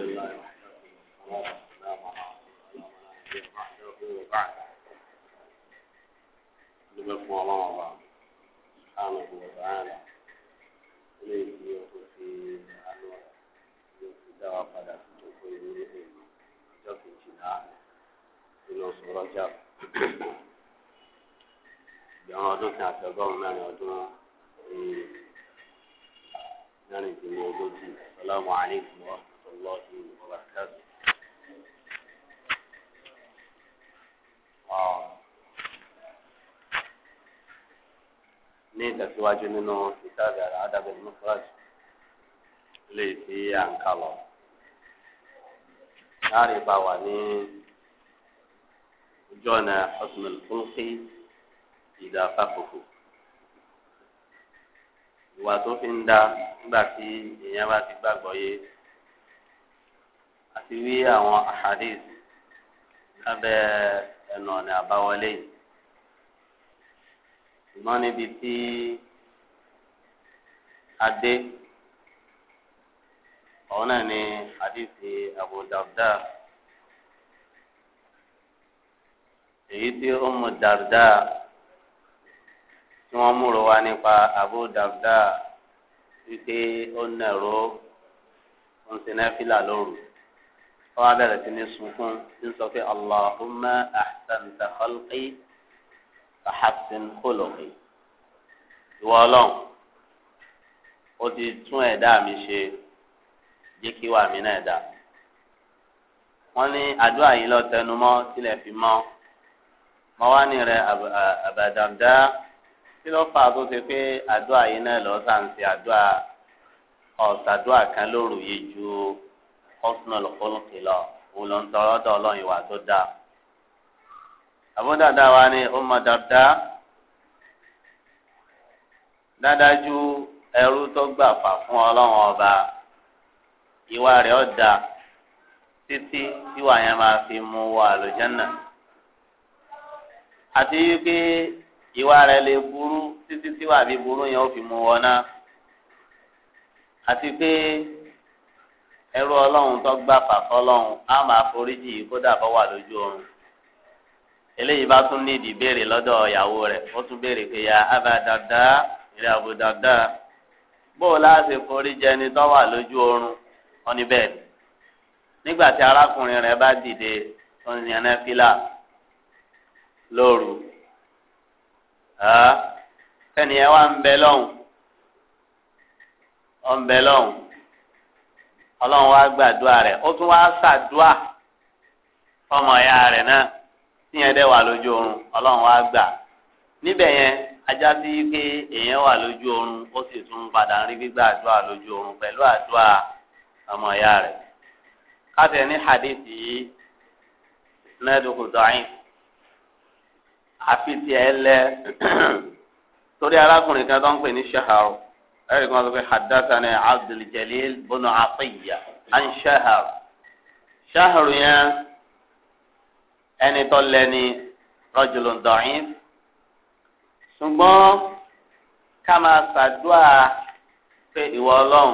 everybody. tẹ̀síwájú nínú ìtàgé àrà àdàbẹ̀ mọ́fúrájì lè fi à ń kà lọ. láàrin bá wà ní ojú ọ̀nà ọ̀sùnmọ̀ fúnfí ìdá fáfòfò. ìwà tó fi ń da nígbà tí èèyàn bá ti gbàgbọ́ yé àti wí àwọn àhàdís lábẹ́ ẹnu ọ̀nà àbáwọlé yìí ṣùgbọ́n níbi tí adé ọ̀hún náà ni àdìsí Abu Darda èyí tí Ummu Darda tí wọ́n múrò wá nípa Abu Darda wípé ó nàró ó ń sinẹ́ fílà lóru wọ́n á bẹ̀rẹ̀ sí ní sunkún tí ń sọ pé Allahumma ahsanta khalqi fahassin khuluqi ìwọ ọlọ́run ó ti tún ẹ̀dá mi ṣe jẹ́ kí wà mí náà dà. wọ́n ní àdúrà yìí lọ tẹnu mọ́ sílẹ̀ fi mọ́ mọ́ wá ní rẹ̀ àbàdàndá kí ló fà tó ṣe pé àdúrà yìí náà lọ sàn sí àdúrà ọ̀sàdúrà kan lóru yìí ju husnul khuluqi lọ òun ló ń tọrọ dọ̀ ọlọ́run ìwà tó dáa. àbúdàdà wa ni ó mọ dáadáa dáadáa ju. ẹrú tó gbà fà fún ọlọ́run ọba ìwà rẹ̀ ọ̀dà títí tíwà yẹn máa fi mú wọ àlùjànnà àti wípé ìwà rẹ̀ lè burú títí tíwà bí burú yẹn ó fi mú wọ náà àti pé ẹrú ọlọ́run tó gbà fà fọlọ́run á máa foríjì kódà bọ́ wà lójú oorun eléyìí bá tún ní béèrè lọ́dọ̀ ìyàwó rẹ̀ ó tún béèrè pé ya Aba Darda bóò láti forí jẹni tó wà lójú oorun ọ̀ní bẹ́ẹ̀ nígbà tí arákùnrin rẹ bá dìde ọ̀nìyàn náà fílà lóru kẹ́ni ẹ wá ń bẹ lọ́hùn ọ ń bẹ lọ́hùn ọlọ́run wá gbàdúrà rẹ̀ ó tún wá ṣàdúà fọmọ ìyá rẹ náà tíyẹn dẹ́ wà lójú oorun ọlọ́run wá gbà níbẹ̀ yẹn ajá sí pé èèyàn wà lójú oorun ó sì tún padà ń rí gbígbà àdúrà lójú oorun pẹ̀lú àdúrà ọmọ ìyá rẹ̀ káfíń ní hadith yìí mẹ́ẹ̀dógún dọ́yìn àfi tí ẹ lẹ torí arákùnrin kan tó ń pè ní shahar ẹ̀rí kan tó fi haddathana Abdul Jalil bunu Atiyya an shahar shahar yẹn ẹni tó lẹ́ni rajulun da'if ṣùgbọ́n ká máa ṣàdúrà pé ìwọ ọlọ́run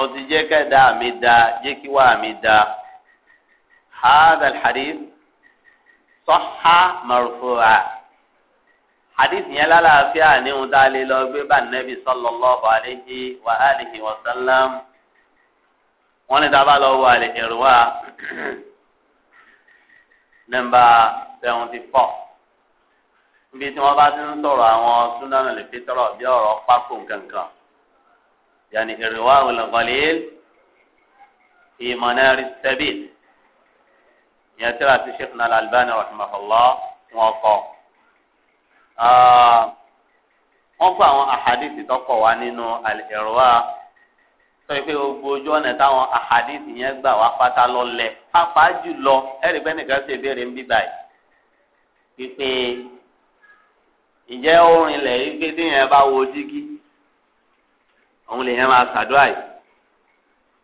ọtí jẹ́ kẹ́dà mi da jẹ́ kí wà mí da hadha alhadith sahha marfu'a hadith yẹn lálàáfíà ní ohun tá a lè lọ gbé bá nẹ́bí sallallahu alayhi wa alihi wa sallam wọ́n ní dábàá lọ àlè ẹ̀rọ wa nọ́mbà seventy four níbi tí wọ́n bá ti ń sọ̀rọ̀ àwọn súnánà lè fi tọrọ bí ọ̀rọ̀ pákó nkankan yàní ìrìwá òlùkọ́lé ìmọ̀nẹ́rì sẹ́bì ìyẹn tí wàá ti ṣe fún Al-Albani rahimahullah wọn kọ wọn kọ àwọn àhàdìsì tọkọ wa nínú ìrìwá sọ pé gbogbo ojú ọ̀nà táwọn àhàdìsì yẹn gbà wá pátá lọ́lẹ̀ pàápàá jùlọ ẹ̀rí bẹ́ẹ̀ nìkan ṣe ìbéèrè ń bí wípé ìjẹ́ orin lẹ̀ yìí pé téèyàn bá wo dígí òun lèèyàn máa ṣàdúrà yìí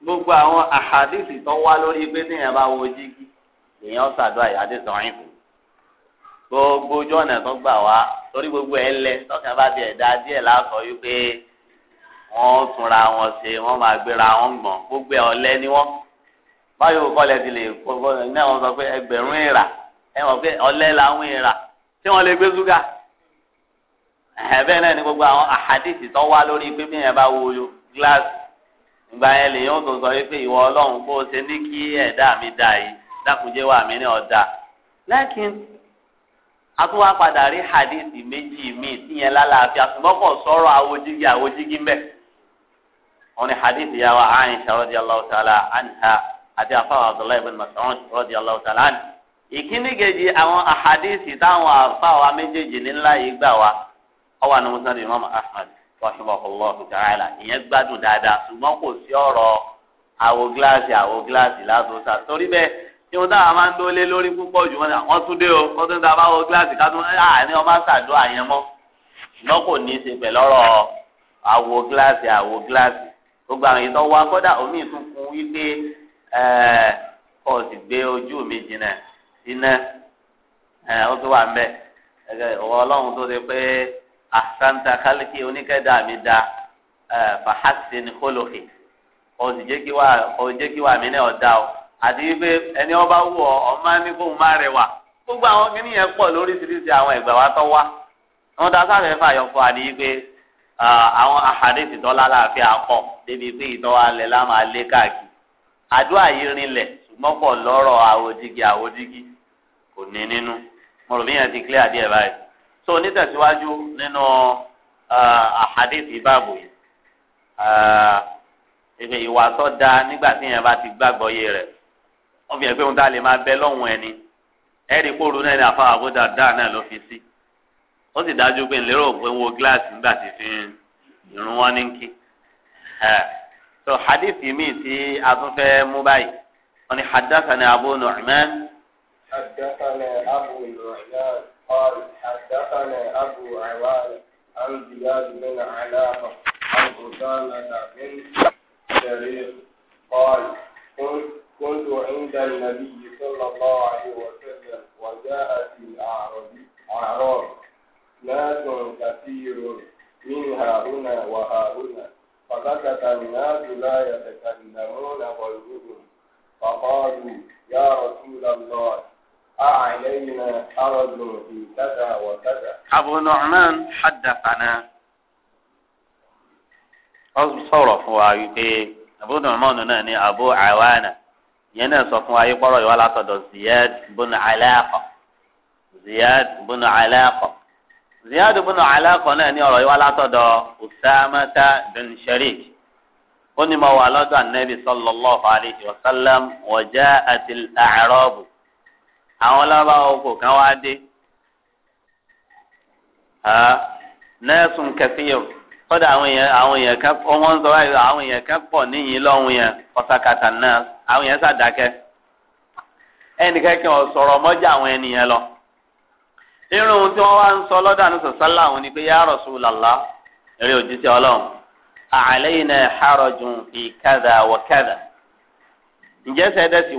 gbogbo àwọn àhàdìsì tó wá lórí pé téèyàn bá wo dígí lèèyàn ṣàdúrà yìí àdìsì ọ̀hìn fún gbogbo ojú ọ̀nà tó gbà wá torí gbogbo ẹ̀ lẹ tọ́kàn bá tiẹ̀ dá díẹ̀ lásọ yìí pé wọ́n túnra wọn ṣe wọ́n máa gbéra wọn gbọ̀n gbogbo ẹ̀ ọ̀lẹ ni wọ́n báyọ̀ kọ́lẹ̀ ti lè kọ́ náà wọ́n sọ pé ẹgbẹ̀rún ìrà ẹ̀ wọ́n pé ọ̀lẹ làwọn ìrà tí wọ́n lè gbé ṣúgà. ẹ̀bẹ́ náà ni gbogbo àwọn ahadisi tó wá lórí pé bí yẹn bá wo gíláàsì ìgbà yẹn lèyìn tó sọ wípé ìwọ ọlọ́run bó ṣe ní kí ẹ̀dá mi dà yìí dákúnjẹ́ wà mí ní ọ̀dà lẹ́kìn atúwá rí hadith méjì míì tíyẹn lálàáfíà ṣùgbọ́n sọ̀rọ̀ awojigi awojigi mbẹ́ wọn ni hadith yà wá Aisha radiyallahu ta'ala anha àti ọwọ́ àni musa ni imam ahmed rahimahullahu ta'ala ìyẹn gbádùn dáadáa ṣùgbọ́n kò sí ọ̀rọ̀ àwo gíláàsì àwo gíláàsì ládùúsà torí bẹ́ẹ̀ tí wọn dáhà máa ń dólé lórí púpọ̀ jù wọn ni tún dé o wọn tún dáa bá wo gíláàsì ká tún á ọmọ àṣàdó àyẹn mọ́ ṣùgbọ́n kò ní í ṣe pẹ̀lú ọ̀rọ̀ àwo gíláàsì àwo gíláàsì gbogbo àwọn ìtọ́ wa kọ́dà omi tún wípé eh, kò sì gbé ojú mi jìnnà sínú eh, ó tún wà ń bẹ̀ ọlọ́run tó pé. Asanta khalqi oníkẹ́dá mi da fahasin Koloki náà àti wípé ẹni ọba wù ọmọ ní kó rẹwà gbogbo àwọn kìíní yẹn pọ lóríṣiríṣi àwọn ìgbà wa wa wọn da fún àwọn àhàdìsì tọ́lá láàfin akọ débi pé káàkiri ṣùgbọ́n pọ̀ lọ́rọ̀ àwòdìgí àwòdìgí kò ní nínú mo rò bí yẹn ti clear díẹ̀ so onítẹ̀síwájú nínú àhàdìsí báàbò yìí ìpè ìwà tó dáa nígbà tí yẹn bá ti gbàgbọ́ yé rẹ̀ wọ́n fi hàn pé òun tá a lè máa bẹ lọ́hùn ẹni ẹ̀rí kóru náà ní àfa àbúdá dáa náà ló fi sí ó sì dájú pé ńlérò pé ń wo gíláàsì nígbà tí fi irun wọn ní kí so hadithi mi tí a tún fẹ́ mú báyìí wọ́n ní hadathana abu nu'man. hadathana abu nu'man. قال حدثنا أبو عوال عن زياد بن علامة عن أسامة بن شريف قال كنت عند النبي صلى الله عليه وسلم وجاءت أعراب ناس كثير من هنا وهنا فبكت الناس لا يتكلمون غيرهم فقالوا يا رسول الله علينا أرض في كذا وكذا أبو نعمان حدثنا ọsùn sọ̀rọ̀ fún wa wípé Abu Nu'man náà ni Abu Awana yẹn náà sọ fún wa yìí kpọ́rọ̀ ìwà látọ̀dọ̀ Ziyad bùnú Alaqa Ziyad bùnú Alaqa Ziyad bùnú Alaqa náà ni ọ̀rọ̀ ìwà látọ̀dọ̀ Usamata bin Sharik ó ní mo wà lọ́dọ̀ anabi sallallahu alayhi wa sallam wa ja'atil a'rabu. àwọn lábá oko kan wá dé nẹ́ẹ̀sùn kẹfíyọ̀ kọ́dà àwọn èèyàn àwọn èèyàn kan wọ́n ń sọ báyìí àwọn èèyàn kan pọ̀ níyìn yẹn náà àwọn èèyàn àwọn ènìyàn lọ irun ohun tí na wá ń sọ lọ́dà ní sọ̀sálà àwọn ni pé ji Rasulullah eré òjíṣẹ́ ọlọ́run alaina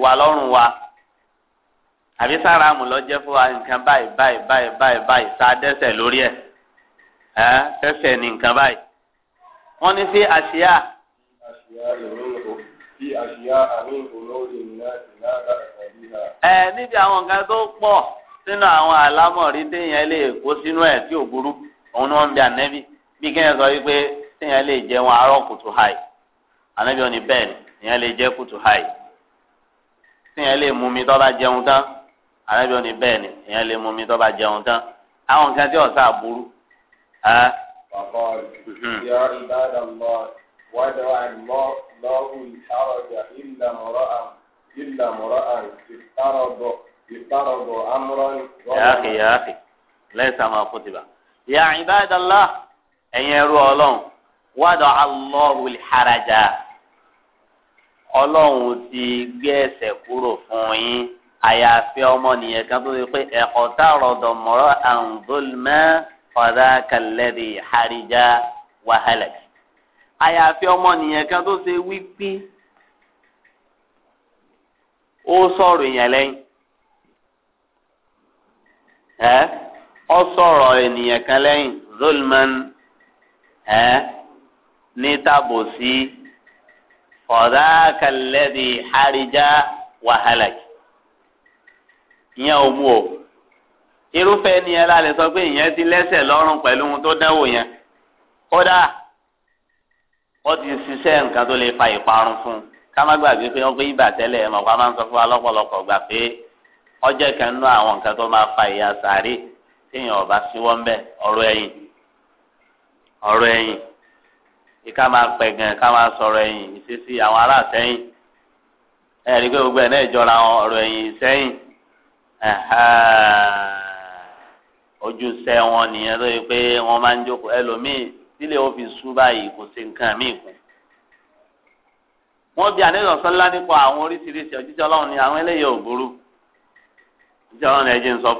wà wa. àbí sára àmùlọ jẹ́ fún wa nǹkan báyìí báyìí báyìí báyìí báyìí sá dẹ́sẹ̀ lórí ẹ̀ ẹ́ dẹ́sẹ̀ ní nǹkan báyìí. wọ́n ní sí àṣìyá. ẹ níbi àwọn nǹkan tó pọ̀ sínú àwọn àlámọ̀rí téèyàn lè kó sínú ẹ̀ tí ò burú òun ni wọ́n ń bi ànẹ́bí bí kéèyàn sọ wípé téèyàn lè jẹun àárọ̀ kùtù háì ànẹ́bí ò ní bẹ́ẹ̀ ni èèyàn lè jẹ kùtù háì téèyàn lè mú mi tó bá jẹun tán. arábíọ́ ni bẹ́ẹ̀ ni ìyẹn lè mú mi tó bá jẹun tán àwọn nǹkan tí ọ̀sà burú. yáàkì yáàkì lẹ́sà máa kú ya ẹrú ọlọ́run wàdà allahu haraja ọlọ́run ti gbé kúrò fún yín. àyàfi ọmọ nìyẹn kan tó ṣe pé ẹ̀kọ́ tá a rọ̀dọ̀ mọ́rọ́ àǹdólmẹ́ ọ̀dà kàlẹ́rì hàrìjà wàhálẹ̀. àyàfi ọmọ nìyẹn kan tó ṣe wípé ó sọ̀rọ̀ èèyàn lẹ́yìn. ẹ ọ sọ̀rọ̀ ènìyàn kan lẹ́yìn zolman ẹ ní tàbọ̀sí ọ̀dà kàlẹ́rì hàrìjà wàhálẹ̀. ìyẹn ò mú o irúfẹ́ ni ẹ lálẹ́ sọ pé ìyẹn ti lẹ́sẹ̀ lọ́rùn pẹ̀lú ohun tó dánwò yẹn kódà wọ́n ti ṣiṣẹ́ nǹkan tó lè fa ìparun fún un ká má gbàgbé pé wọ́n pé tẹ́lẹ̀ ẹ̀ mọ̀ pa máa ń sọ fún wa lọ́pọ̀lọpọ̀ gbà pé fa sàárè téèyàn ọba síwọ́ ń bẹ̀ ọ̀rọ̀ ẹ̀yìn ọ̀rọ̀ ẹ̀yìn ìka máa ká máa sọ̀rọ̀ ẹ̀yìn ìṣesí àwọn ẹ̀rí pé gbogbo ẹ̀ náà ojú sẹ wọn nìyẹn tó pé wọn máa ń jókòó ẹlòmíì sílẹ̀ ó fi sú báyìí kò sí nǹkan míì kù wọn bí àníyàn sọlá nípa àwọn oríṣiríṣi òjíṣẹ́ Ọlọ́run ni àwọn eléyìí ò burú òjíṣẹ́ Ọlọ́run ẹ ń sọ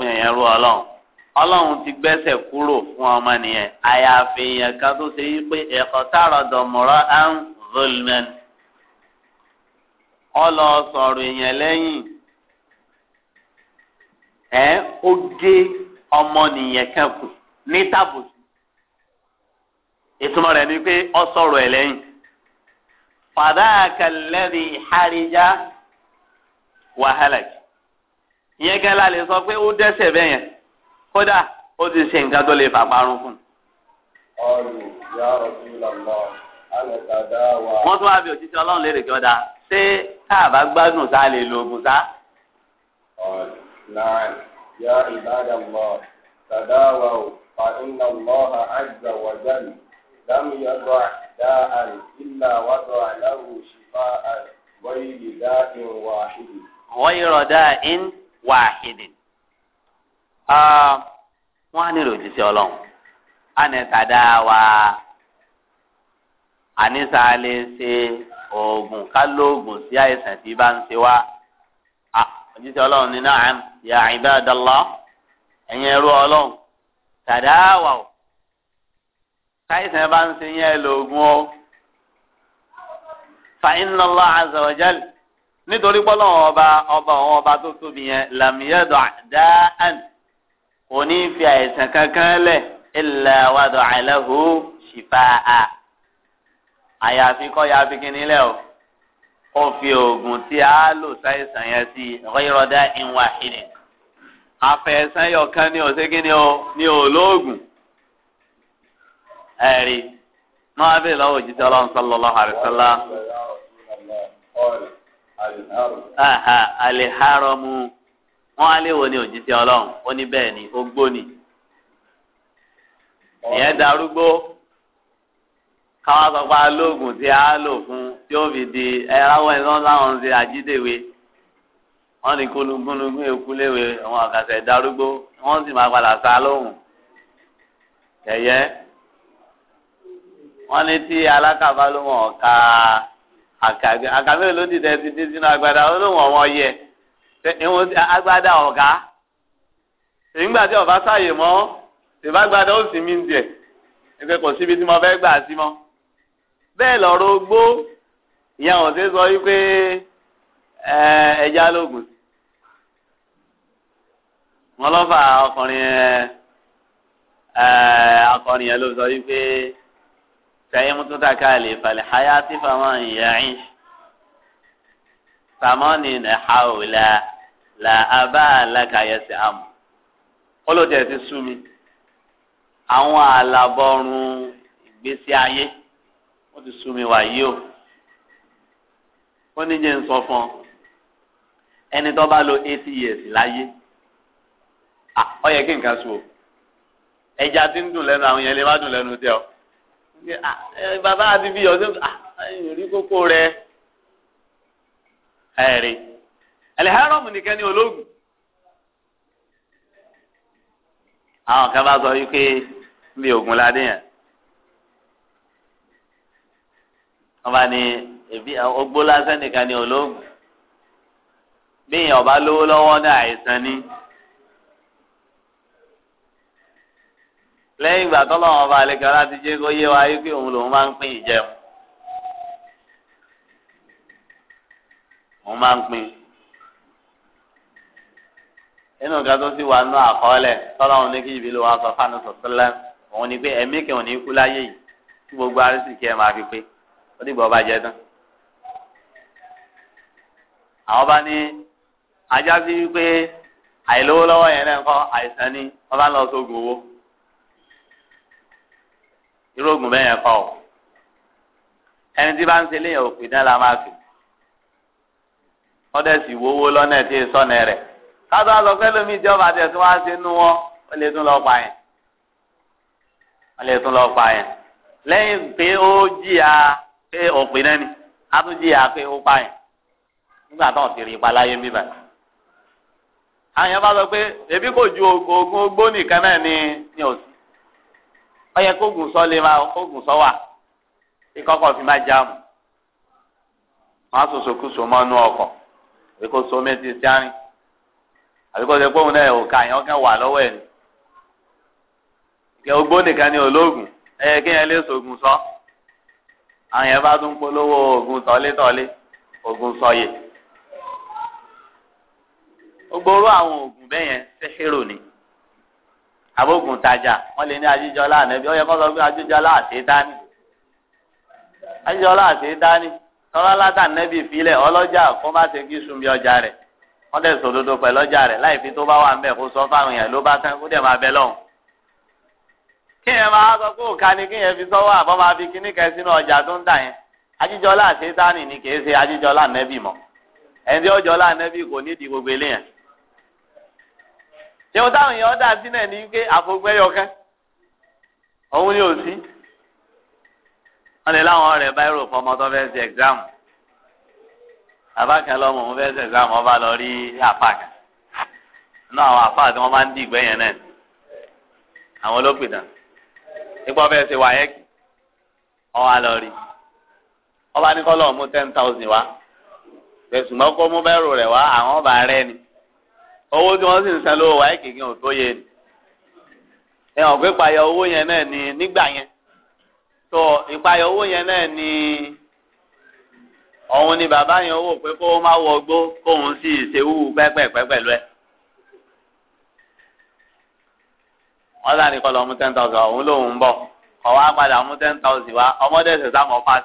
ti gbẹ́sẹ̀ kúrò fún ọmọ nìyẹn àyàfi yẹn kan tó ṣe yí pé sọ̀rọ̀ ẹ ó gé ọmọnìyàn kan kù ní tàbùsù ìtumọ̀ rẹ̀ ni pé ọ sọ̀rọ̀ ẹ̀ lẹ́yìn fàdáàkà lẹ́bi hàríjà wàhálà ìyẹn gẹ́lá lè sọ pé ó dẹ́sẹ̀ bẹ́ẹ̀ yẹn kódà ó ti ṣe nǹkan tó lè fà parun fún un. ọ̀rùn ya Rasulullah alẹ́kàdá wa. wọ́n tún wá bí òṣìṣẹ́ ọlọ́run lè rè kí ọ dáa ṣé tá gbádùn tá lè lo oògùn sá. ọ̀rùn. نعم يا عباد الله تداووا فإن الله عز وجل لم يضع داء إلا وضع له شفاء غير داء واحد غير داء واحد آه wọ́n á nílò òjíṣẹ́ ọlọ́run á ní tàdáwà oògùn ká sí àìsàn tí bá ń ṣe wá. ojúṣe ọlọ́run ní na'am ya ibadallah ẹ̀yin ẹrú ọlọ́run tàdáwà o káyìsàn bá ń sin yẹn lóògùn o fa inna Allah azza wa jal nítorí pọ́lọ́wọ́n ọba ọba òun ọba tó tóbi yẹn lam yad'a da'an kò ní fi àìsàn kankan lẹ̀ illa wada'a lahu shifaa àyàfi kọ́ ya fi o. ó fi oògùn tí a lò sáìsàn yẹn sí rírọdá ìwà ìdè àfẹsán yọkan ní òsèké ní olóògùn ẹ̀rí máa bẹ lọ́wọ́ òjíṣẹ́ Ọlọ́run sallallahu alaihi wasallam wọn á ní ni ó káwá sọ pé alóògùn tí a lò fún tí ó fi di ẹ̀ráwọ̀ ẹ̀ lọ́n láwọn ń ṣe àjídèwe wọ́n ní kólúgúnlúgún èkúléwe àwọn àkàṣẹ̀ darúgbó wọ́n sì máa padà sá lóhùn ẹ̀yẹ́ wọ́n ní tí alákàbá ló mọ̀ ká àkàgbé àkàgbé ló dìde ti dé sínú agbada ó lóhùn ọmọ yẹ ìwọ̀n agbada ọ̀gá nígbà tí ọba sáyè mọ́ ìbágbada ó sì mí ń jẹ ẹgbẹ́ kò síbi tí mo fẹ́ gbà sí mọ́ bẹ́ẹ̀ lọ́rọ̀ ogbó ìyá wọn ṣe sọ wípé ẹja lóògùn wọn lọ́fà ọkùnrin akọrin yẹn ló sọ wípé sẹ́yìn mú túta káàlì ìfàlẹ̀ háyá tí fàmọ́ ìyá yín sàmọ́nì nàá òòlà là abá àlàkàyẹsẹ̀ àmọ́ ọlọ́dẹ ti sú mi àwọn àlàbọ̀rùn ìgbésí ayé wọ́n ti sún mi wàyí o wọ́n ní jẹ́ ń sọ fún ọ ẹni tó bá lo eighty years láyé ọ yẹ kí nǹkan sùn o ẹja ti ń dùn lẹ́nu àwọn yẹn lè má dùn lẹ́nu tẹ ọ bàbá àti bíi ọdún ìrì kókó rẹ ẹ̀rí ẹlẹ́hẹ́rọ́mù nìkan ní ológun àwọn kan bá sọ wípé mi ògùn ládé yẹn. wọn bá ní ebi ogbó lásán nìkan ni olóògùn bí èèyàn ọba lówó lọ́wọ́ ní àìsàn ni lẹ́yìn ìgbà tó lọ́wọ́ ọba àlekà láti jẹ́ kó yé wa yí pé òun lòun máa ń pín ìjẹun òun máa ń pín inú nǹkan tó sì wà nú àkọọ́lẹ̀ tọ́lọ́run ní kí ibi ló wà sọ fáànù sọ̀tún lẹ́nu òun ni pé ẹ̀mí kẹ́ òun ní kú láyé yìí tí gbogbo arísìkí ẹ̀ máa fi pé ó dìgbà ọba jẹ tán àwọn bá ní ajá sí wípé àìlówó lọ́wọ́ yẹn náà kọ́ àìsàn ni wọ́n bá ń lọ sóògùn owó irú oògùn bẹ́ẹ̀ yẹn kọ́ ọ ẹni tí bá ń ṣe léyìn òfin náà la máa fi wọ́n dẹ̀ sì wówó lọ́nà tí ì sọ̀nà rẹ̀ kátó àlọ́ pẹ́ lómi ìjọba àti ẹ̀sìn wá ṣe nú wọn ó lè tún lọ pa yẹn ó lè tún lọ pa yẹn lẹ́yìn pé ó jìyà. pé òpin náà ni atúndíyà pé ó pààyàn nígbà tó ń ti rí ipa láyé mi báyìí. ju oògùn ogbó nìkan náà ni ni òsì ó yẹ kóògùn sọ lè máa kóògùn sọ wà kí kọ́kọ́ fi máa jáàmù wọn á sòsòkúsò mọ́nú ọkọ̀ àbí kó so méjì sí àárín àbí kó ṣe pé òun náà ka àyàn wà lọ́wọ́ ẹ̀ ni. ìkẹ́ ogbó nìkan ni olóògùn sọ. àwọn yẹn bá tún polówó oògùn tọ́létọ́lé oògùn sọyè gbogbo àwọn oògùn bẹ́ẹ̀ yẹn sẹ́hérò ni abógun tajà wọ́n lè ní ajíjọlá ànẹ́bí ó yẹ kó sọ pé ajíjọlá àṣetání ajíjọlá àṣetání tọ́lá látà nẹ́bí ìfilẹ̀ ọlọ́jà kó má ṣe kí sunbi ọjà rẹ̀ wọ́n dẹ̀ sòdodo pẹ̀lú ọjà rẹ̀ láì fi tó bá wà ń bẹ̀ kó sọ fáwọn yẹn ló bá tán kó dẹ̀ máa bẹ lọ́hùn. kéèyàn máa sọ pé òka ni kéèyàn fi sọ́wọ́ àbọ̀ máa fi kíní sínú ọjà tó ń tà yẹn ajíjọlá àṣetánì ni kìí ṣe ajíjọlá nẹ́bì mọ́ ẹni tí ọjọ́lá nẹ́bì kò gbogbo eléyàn. ṣéun táwọn èèyàn dà ni ò sí. wọ́n lè láwọn fọmọ tó fẹ́ ṣe lọ́mọ òun fẹ́ ṣe ọba lọ rí àpá kan àwọn àpá wọ́n máa ń dìgbẹ́ nípa ọbẹ̀ ṣe wáyẹ́kì ọ̀hà lọ rí ọba ní kọ́ mú ten thousand wá ẹ̀sùn mọ́kọ́ mú bẹ́rù rẹ̀ wá àwọn ọba rẹ̀ ni owó tí wọ́n sì ń san lówó wáyẹ́kì kí wọ́n tó yé ni ẹ̀hàn pé ìpayà owó yẹn náà ni nígbà yẹn tó ìpayà owó yẹn náà ni òun ni bàbá yẹn wò pé kó má wọgbó kóun sì ṣe wúwú pẹ́pẹ́pẹ́ pẹ̀lú ẹ̀. wọ́n sàn ní kọ́ lọ ten thousand òun lòun ń bọ̀ ọwọ́ apàdà mú ten thousand wá ọmọdé ẹ̀sẹ̀ sáàmù ọ̀fàṣì.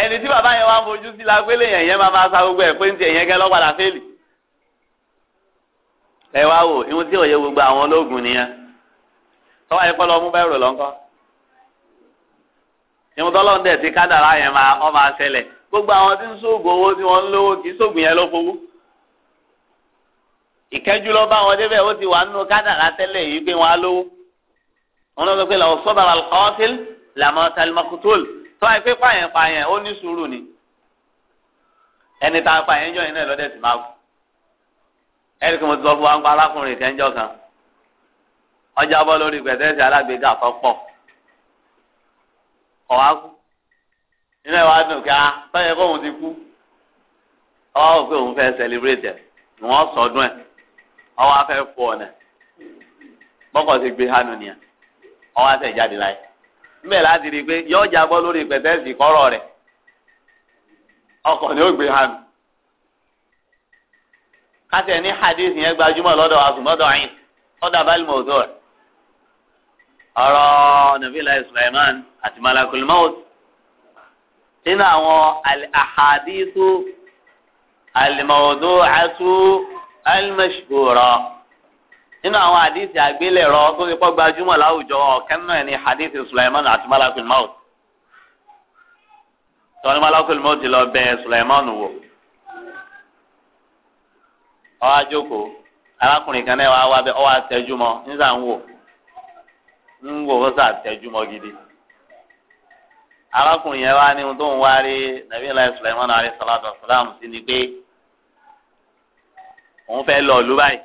ẹni tí bàbá yẹn wá ń sí la gbélé yẹn yẹn máa máa sa gbogbo ẹ̀ pé ní ti ẹ̀yẹn gẹ́ lọ́padà fẹ́ẹ̀lì. ẹ wá wò ihun tí òye gbogbo àwọn ológun nìyẹn tọ́wọ́ yẹn kọ́ lọ mú bẹ́ẹ̀rù lọ́nkọ́. ihun tọ́lọ́ ń dẹ̀ ti kádàrá yẹn máa ọ máa ṣẹlẹ̀ gbogbo àwọn tí ń sóògùn owó tí wọ́n ń lówó kì í sóògùn yẹn ló fowó ìkẹ́jú lọ bá wọn débẹ̀ ó ti wà nínú kádàrá tẹ́lẹ̀ yìí pé wọ́n á lówó wọn lọ sọ pé làwọn sọ́bàrà al-qatil lamọ́tàlì makutul tó àìpé pààyàn pààyàn ó ní sùúrù ni ẹni tá a pààyàn jọ yìí náà lọ́dẹ̀ sì máa kú ẹni kí mo ti sọ fún wa ń pa alákùnrin kẹ́ńjọ́ kan ọjà bọ́ lórí pẹ̀tẹ́sì alágbèéká kan pọ̀ ọ̀wá kú nínú ẹ̀ wá dùn kí tọ́yẹ kóun ti kú ọwọ́ òfin òun fẹ́ celebrate ọwọ́ afẹ fọ ọ̀nà bọ́kọ̀ ti gbé hánu nìyà ọwọ́ afẹ́ jáde láyé níbẹ̀ láti pé yọ ọjà bọ́ lórí pẹ̀tẹ́ẹ̀sì kọrọ rẹ ọkọ ni ó gbé hánu kásẹ̀ ní hadith yẹn gbajúmọ̀ lọ́dọ̀ asùnmọ́dọ̀ ayin ọ̀dọ̀ abálùmọ̀ òtó rẹ̀ ọrọ nàbílà Sulaiman àti nínú àwọn alimashura nínú àwọn àdìsí àgbélẹ̀rọ tó ti kọ́ gbajúmọ̀ láwùjọ ọ̀kẹ́ náà ni àdìsí Sulaiman àti malakul maut tọ́ni malakul maut ti lọ bẹ̀ Sulaiman wò ó wá jókòó arákùnrin kan náà wàá wá bẹ ó wá tẹjú mọ́ nígbà ń wò ń wò ó sà tẹjú mọ́ gidi arákùnrin yẹn wá ní ohun tó ń wá rí nàbí ilà Sulaiman alayhi salatu wa sí ni pé òun fẹ́ lọ ìlú báyìí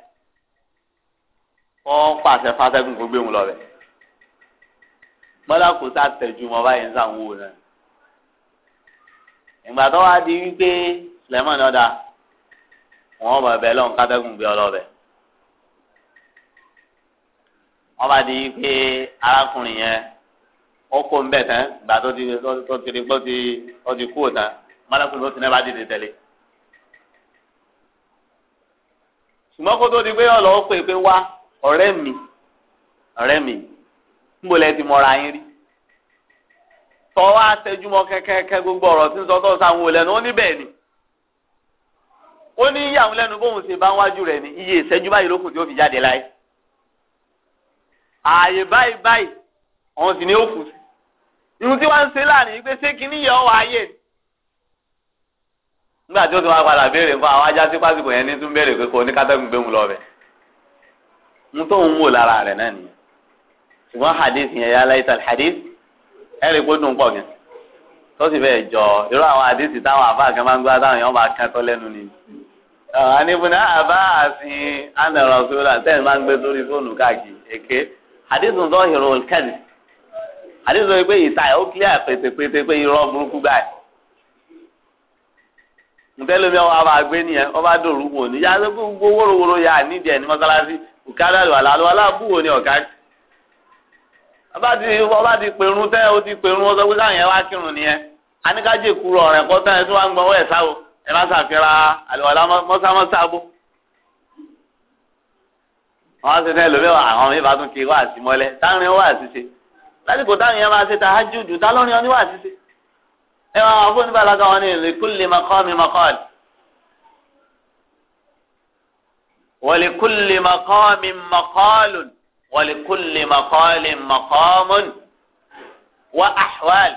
wọ́n pàṣẹ fásẹ́gun kó gbé wọn lọ bẹ̀. mọ́lá kò sá tẹ̀jú wọn báyìí ń sàwọn wò náà. ìgbà tó wá di wípé lẹ́mọ̀ náà dá wọ́n bọ̀ bẹ́ẹ̀ lọ́n kátẹ́gùn gbé ọlọ́bẹ̀. wọ́n bá di wípé arákùnrin yẹn ọkọ̀ ń bẹ̀ tán ìgbà tó ti tó ti rí pé ó ti kú òtán mọ́lá ti náà bá dìde tẹ̀lé. ṣùgbọ́n kó tó di pé wa pè pé wá ọ̀rẹ́ mi ọ̀rẹ́ mi níbo lẹ ti mọ̀ra yín rí tọ́wọ́ àtẹjúmọ́ kẹ́kẹ́kẹ́ gbogbo ọ̀rọ̀ tí ń sọ tọ́ sáwọn olẹ́nu ó ní bẹ́ẹ̀ ni ó ní ìyàwó lẹ́nu bóun ṣe bá ń wájú rẹ̀ iye ìṣẹ́jú báyìí lókùn tí ó fi jáde láyé ààyè báyìí ni ó sí tí ń ṣe láàrin nígbà tí ó ti wá padà béèrè fún àwọn ajá sí pásítọ̀ yẹn ní tún béèrè pé kò ní kátẹ́gùn gbé mu lọ bẹ̀. ń tó ń wò lára rẹ̀ náà nìyẹn ṣùgbọ́n hadith yẹn yálà ìtàn hadith ẹ̀rì kó dùn pọ̀ gan tó sì fẹ́ jọ irú àwọn hadith táwọn àfa kan máa ń gbá táwọn èèyàn máa kán tó lẹ́nu ni. àníbùnà àbá àsìn ànàrà òṣèlú àtẹ́yìn máa ń gbé sórí fóònù káàkiri èké hadith te mi àwọn àgbé nìyẹn ọba dòrú wò ní ya gbogbo wórówóró yá nídìí ẹ̀ ní mọ́sálásí òkàdá lò àlọ́ aláàbù wò ní ọ̀ká. ọba ti ọba ti pèrún tẹ́ ó ti pèrún ó pé sáà wá kírun nìyẹn aníkájẹ kúrò ọ̀rẹ́ kọ́ tán ẹ tí wọ́n á ń gbọ́n ẹ̀ sáwọ́ ẹ má ṣàfihàn àlọ́ àlọ́ mọ́sámọ́sá bó. wọ́n ti tẹ́ lómi àwọn mi ya kiri wá àti mọ́lẹ̀ táwọn yẹn wá àti ẹ wọn àwọn fóònù bàlágà wọn ní lèkúlè makọ́mi makọ́l wọlékúlè makọ́mi makọ́lùn wọlékúlè makọ́lì makọ́mùn wà áhwàl.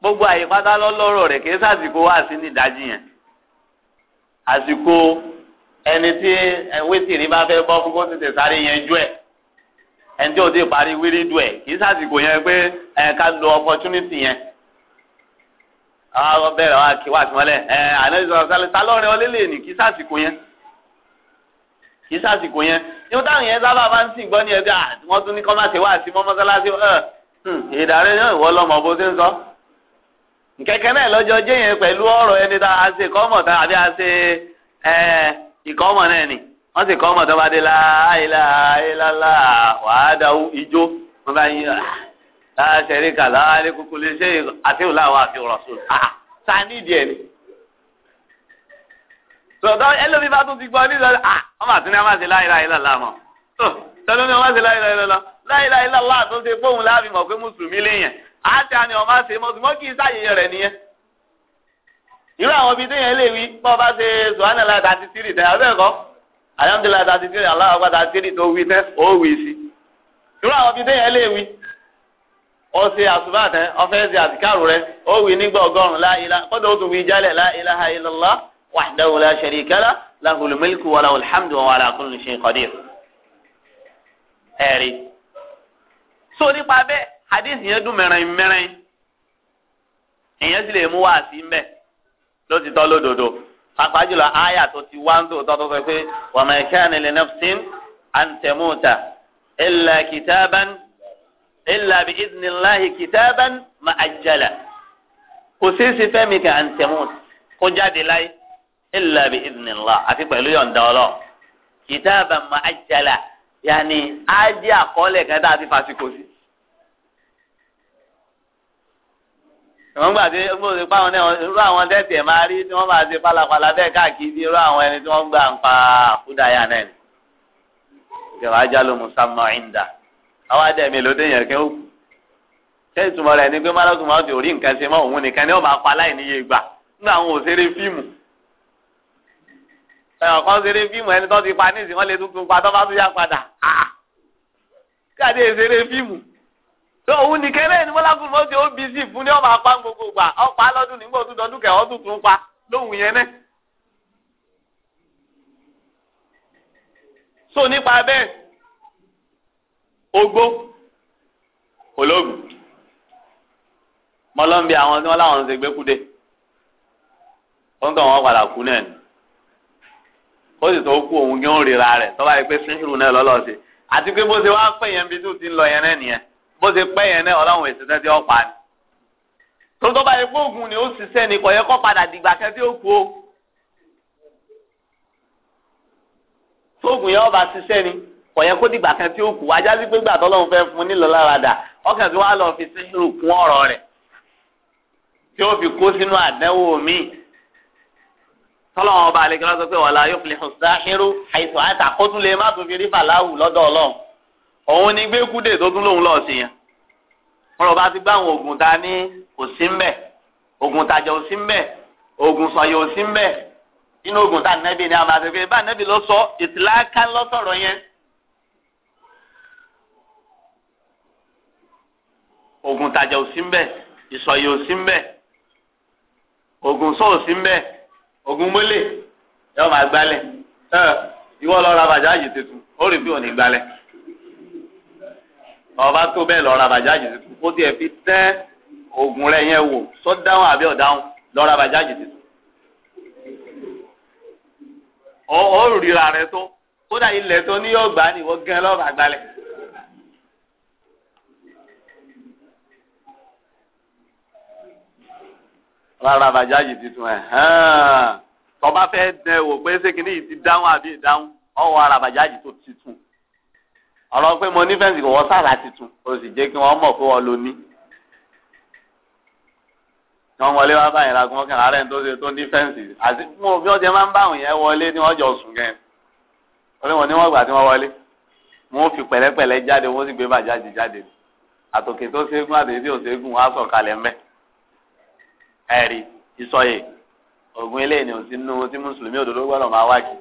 gbogbo àyípadà lọ́lọ́rọ̀ rẹ̀ kì í sàsìkò wá sí ní ìdájí yẹn àsìkò ẹni tí wíìtì ní bá fẹ́ bọ́ fún kó tètè sáré yẹn jú ẹ̀ ẹni tí o ti parí wírí du ẹ kì í sàsìkò yẹn pé ẹ ká lo opportunity yẹn àwọn bẹ̀rẹ̀ wa kí wà tìmọ́lẹ̀ ẹ ànájú sọ̀rọ̀ sálẹ̀ sálọ́rin ọlẹ́lẹ̀ ní kì í sàsìkò yẹn kì í sàsìkò yẹn ní o táwọn yẹn sábà máa ń sìn gbọ́ ní ẹbí wọ́n tún ní kọ́ máa ṣe wá sí mọ́mọ́sálásí ẹ hmm, ìdàrẹ́ yẹn ìwọ lọ́mọ bó ṣe ń sọ. kẹ̀kẹ́ náà lọ́jọ́ jẹ́ yẹn pẹ̀lú ọ̀rọ̀ ẹni tá a ṣe kọ́mọ̀ tá àbí a ṣe ìkọ́mọ̀ náà ni wọ́n sì kọ́ ọmọ tó bá dé láàyèlá àyèlálá wàá dáwó ijó wọ́n bá yín láṣẹrí kàlá alẹ́ kúkú lè ṣe àfihàn láwọn àfihàn rọ̀ṣùn ta nídìí ẹ̀ ni. sọ̀dọ̀ ẹlòmíì bá tún ti gbọ́ nílò ah ọmọ àti ní a máa ṣe láyèlá àyèlálá mọ̀ tọ́lú ni a máa ṣe láyèlá àyèlálá láyìlá ilá wà tó ṣe fóun láàbì mọ̀ pé mùsùlùmí léèyàn àti àmì ọ̀ma ṣe mọ̀tìmọ́ kì í sáyẹyẹ rẹ̀ nìyẹn. irú àwọn ibi téèyàn lè wí bọ́ bá ṣe zuwana láti àti sírì tẹ̀ abẹ́ẹ̀kọ́ alhamdulilayi ta ti tiri alahu akpa ta tiri tó wí tẹ ó wí sí irú àwọn bíi téèyàn lè wí ọsẹ àsùbà tẹ ọfẹ ṣe àtìkárù rẹ ó wí nígbà ọgọ́rùn la ilaha kódà ó tún wí jálẹ la ilaha illallah wahdahu la sharika lah lahul mulku wa lahul hamdu wa ala kulli shay'in so nípa bẹ́ẹ̀ hadith yẹn dún mẹ́rin mẹ́rin èèyàn sì lè mú wáàsí mbẹ́ ló ti tọ́ lódodo pàápàá jùlọ àyà tó ti wá ń tó tọ́tọ́ sọ pé wa ma kana li nafsin an tamuta illa kitaban illa bi iznillahi kitaban ma'ajjala kò sí sí fẹ́mi kan an tamuta kó jáde láyé illa bi idhnillah àti pẹ̀lú yọ̀ǹda ọlọ́ kitaban ma'ajjala yàní ájẹ́ àkọọ́lẹ̀ kan tá a sí. wọ́n gbà tí ó ti pa àwọn náà irú àwọn tẹ́tì ẹ̀ máa rí tí wọ́n máa ṣe pálapàla bẹ́ẹ̀ káàkiri bí irú àwọn ẹni tí wọ́n gbà ń pa àkúdàáyà náà ni. ìjọba ajá ló mú sámọ ìndà àwọn ajá mi ló déyàn kí ó kù. ṣé ìtumọ̀ rẹ̀ ni pé málọ́tù máa ti orí nǹkan ṣe mọ́ òun nìkan ni ó máa pa láì níye gbà nínú àwọn òṣèré fíìmù. ẹ̀wọ̀n kan ṣeré fíìmù ẹni tó ti pa níìsín wọ́n lè tuntun pa tó bá tún yá padà. Ah! káàdé ìṣeré fíìmù òun nìkan náà ni mọ́lákùn mọ́tì ó bí sí fún ní ọmọ apá gbogbo gbà ọ̀pá lọ́dún nígbà tó dọdún kẹ̀ ọdún tó ń pa lóhùn yẹn náà. so nípa bẹ́ẹ̀ ogbó ológun mọ́lọ́mbì àwọn tí wọ́n láwọn ṣe gbé kúdé wọ́n tàn wọ́n padà kú náà ni ó sì tó kú òun gé ń rira rẹ̀ tọ́ba yìí pé síhìrù náà lọ́lọ́ sí àti pé bó ṣe wá pè yẹn bí tó ti ń lọ yẹn náà nìyẹn bó ṣe pẹ́ yẹn náà ọlọ́run èsì náà ti ọ̀pá ni. tó tó bá yẹ kó ni ó ṣiṣẹ́ ni kò yẹ kó padà dìgbà kan ó kú o. tó yẹn ọba ṣiṣẹ́ ni kò yẹ kó dìgbà kan tí ó kú ajá sí pé gbàtọ́ lọ́run fẹ́ fún nílò láradà ọkàn tí wàá lọ fi sí irú kún ọ̀rọ̀ rẹ̀ tí ó fi kó sínú àdánwò míì tọ́lọ́wọ́n ọba àlekẹ́lá sọ pé wàlá yóò fi òun ni gbẹ́kúdè tó tún lòun lọ́ọ̀ sí yẹn wọn lọ bá ti gbá àwọn oògùn ta ní òsí ń oògùn tajà òsí ń oògùn sọ̀yẹ̀ òsí ń inú oògùn ta nẹ́bí ni a máa fi pé bá nẹ́bí lọ sọ ìtìláká lọ́sọ̀rọ̀ yẹn oògùn tajà òsí ń bẹ̀ ìsọ̀yẹ̀ òsí oògùn sọ̀ òsí ń oògùn mọ́lẹ̀ yọ máa gbálẹ̀ ìwọ lọ ra bàjá yìí tuntun ó rí bí òní gbálẹ̀ ọba tó bẹ́ẹ̀ lọ ra bàjáàjì tuntun kó tiẹ̀ fi tẹ́ oògùn rẹ̀ yẹn wò sọ dáhùn àbí ọ̀dáhùn lọ ra bàjáàjì tuntun. ó ríra rẹ tó kódà ilẹ̀ tó ní yóò gbà ní ìwọ gẹ́ lọ́ọ̀bà àgbálẹ̀. rárá bàjáàjì tuntun ẹ̀ tọ́ba fẹ́ dẹ̀ wò pé ṣé kìnnìyàn ti dáhùn àbí ìdáhùn ọ̀wọ́ ara bàjáàjì tó tuntun ọ̀rọ̀ pé mo ní fẹ́ǹsì kò wọ́n sára tuntun o sì jẹ́ kí wọ́n mọ̀ pé wọ́n lo ní. wọ́n wọlé wá báyìí la gbọ́n kàn àárẹ̀ tó ṣe tó ní fẹ́ǹsì àti mo bí wọ́n ti máa ń bá àwọn yẹn wọlé ni wọ́n jọ sùn kẹ́ orí wọn ni wọ́n gbà tí wọ́n wọlé mo fi pẹ̀lẹ́pẹ̀lẹ́ jáde wọ́n sì gbé bàjáde jáde àtòkè tó ṣeégún àtòkè tí ò ṣeégún wọ́n á sọ̀ kalẹ̀ mẹ́ ẹ̀rí ìsọyè ògùn eléyìí ni ò sí nínú tí mùsùlùmí òdòdó gbọ́dọ̀ máa wá kí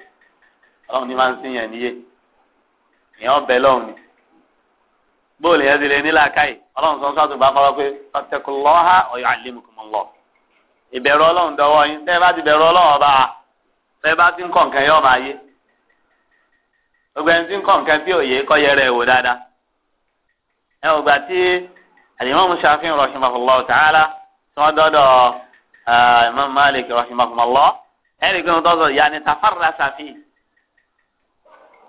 ọlọ́run ní máa ń sìn yẹn níyè ìyẹn ọbẹ̀ lọ́hùn ni bóòlù yẹn ti lè ní làákàyè ọlọ́run sọ sọ́tún bá kọ́ra pé ọ̀tẹ̀kùlọ́hà ọ̀yọ́ àlẹ́mùkùmọ̀lọ́ ìbẹ̀rù ọlọ́run dọwọ́ yín tẹ́ ẹ bá ti bẹ̀rù ọlọ́run ọba tẹ́ ẹ bá ti ń kọ̀ nǹkan yóò máa yé gbogbo ẹni tí ń kọ̀ nǹkan bí òye kọ́ yẹrẹ ẹ̀wò dáadáa ẹ ò gbà tí àdìmọ́ musaafin rahimahullah ta'ala tí wọ́n dọ́dọ̀ uh, imam malik rahimahullah ẹ̀ẹ́dẹ̀gbẹ́ni tọ́sọ̀ yanni tafarra safi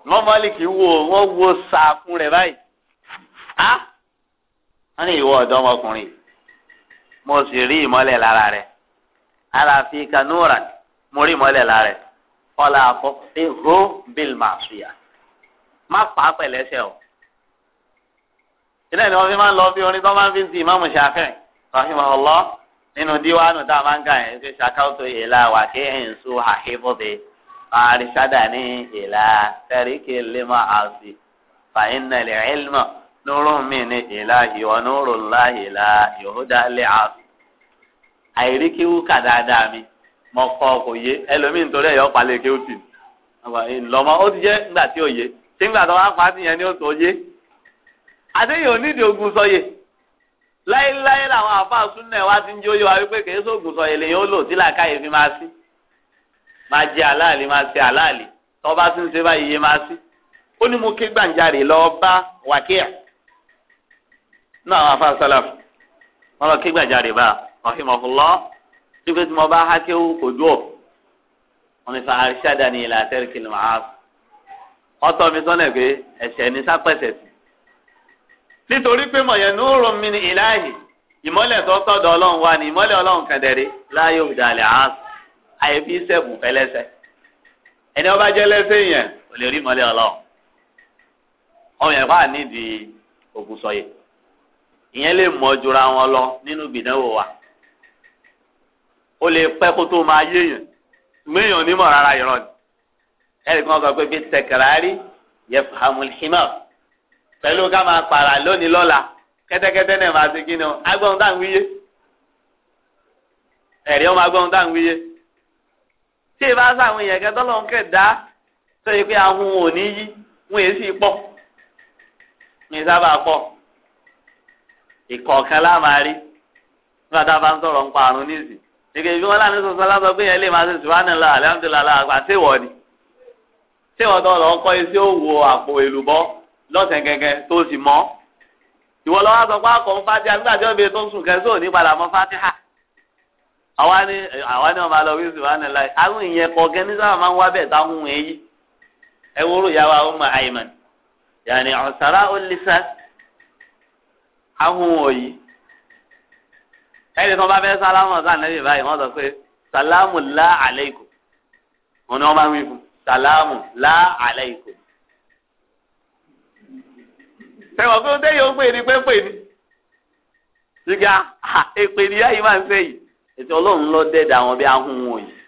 wọ́n mọ́lìkì wo wọ́n wo sàkún rẹ̀ báyìí á wọ́n ní ìwọ ọ̀dọ́mọkùnrin mo sì rí ìmọ́lẹ̀ lára rẹ̀ aláfi kanúra mo rí ìmọ́lẹ̀ lára rẹ̀ ọ̀là àfọ́ ihò bíl máa má pa á o ilé ni wọn fi máa ń lọ bí orin tó máa ń fi ti ìmáàmù ṣàfihàn rahimahullah nínú díwáànù tá a máa ń kà yẹn ṣe ṣàkáwùtò ìlà wà kí ẹ̀yìn sùn àhíbọ̀dé àrísádà ní ìlà tẹríkì lèmọ àti fàyínàlì ẹlmọ nuru mi ní ìlà ìwọ nuru ńlá ìlà yòhúdà lè àti. àìríkíwú kà dáadáa mi mọ kọ kò yé ẹlòmíì nítorí ẹ̀yọ́ palẹ̀ kí ó tì lọ́mọ ó ti jẹ́ nígbà tí ò yé tí nígbà tó wá pa á ti yẹn ni ó tó yé adéyìn onídìí ogun sọyè láéláé làwọn àfa àsúnnà wa ti ń jó yé wa wípé kèé sóògùn sọyè lèyìn ó lò sí làákàyè fi máa sí máa jẹ aláàlì máa ṣe aláàlì tó bá ti ń ṣe báyìí yé máa sí. ó ní mo ké gbàǹjarè lọ bá wákìá náà àwọn afáà sálàm wọn lọ ké gbàǹjarè bá rahimahullah nígbà tí mo bá hákéwù kò dúọ̀ wọn ní fa àrísàdá ni ìlà àtẹ́rìkì ni màá ọtọ mi sọ́nà pé ẹ̀ṣẹ̀ ní sápẹ̀sẹ̀ sí nítorí pé mọ̀yẹ́nú rọ̀ mí ní ìláhì ìmọ́lẹ̀ tó tọ́dọ̀ ọlọ́run wà ní ìmọ́lẹ̀ ọlọ́run kẹ̀dẹ̀rẹ́ láyé òdàlẹ̀ àásù àyèfi sẹ́ẹ̀bù fẹ́lẹ́sẹ̀ ẹni ọba jẹ́ lẹ́sẹ̀ yẹn ò lè rí mọ́lẹ́ ọlọ́run ọmọ yẹn wà nídìí òkúsọyè ìyẹn lè mọ wọn lọ nínú gbìdánwò wa ó lè pẹ́ kó tó máa yéèyàn méèyàn onímọ̀ rárá ìrọ̀ ni ẹ̀rí kan sọ pé bí tẹkẹrẹ́rì yẹ fàmùlì hímọ̀ pẹ̀lú ká máa pààrà lónìí lọ́la kẹ́tẹ́kẹ́tẹ́ náà máa ti kí ni o agbọ́n tá ẹ̀rí ọmọ agbọ́n tí ì bá sáwọn èèyàn kẹtọ́ lọ́n kẹ̀dá tó yẹ pé àwọn ò ní yí wọn èsì pọ̀ wọn èsì àbá ìkọ̀ọ̀kan lámàárí nígbà tá a bá ń sọ̀rọ̀ ń parun níìsì nígbà tí wọ́n láti sọ̀sọ́ lásán pé yẹn lè máa ṣe sùwánà lọ àlẹ́hàmdùlá àgbà séwọ̀ ni séwọ̀ tó lọ kọ́ iṣẹ́ òwò àpò èlùbọ́ lọ́sẹ̀ gẹ́gẹ́ tó sì mọ́ ìwọ lọ́wọ́ sọ pé àkọ́ fatiha nígbà tí wọ́n bẹ tó ń sùn kẹ́sọ́ ò ní padà mọ́ fatiha àwa ni àwa ni wọn máa lọ wíṣọ wa nílá yìí àwọn èèyàn kọ̀ọ̀kẹ́ ní sábà máa ń wá bẹ́ẹ̀ táwọn èèyàn yìí ẹ wúrò yàrá àwọn ọmọ àyèmọ̀ yàní ọ̀sára ó lisa àwọn òyì ẹni tí wọn bá fẹ́ sálámù ọ̀sán nẹ́bí báyìí wọ́n sọ pé sàlámù lá àlẹ́kù wọn ni wọ́n máa wí fún sàlámù lá àlẹ́kù. sẹ́wọ̀n pé ó dé yóò pè ní pé pè ní. ṣìgá èpè ni yáyí máa ń sẹ́yìn ètò ọlọ́run ló dẹ́dẹ̀ àwọn bí ahun wọn yìí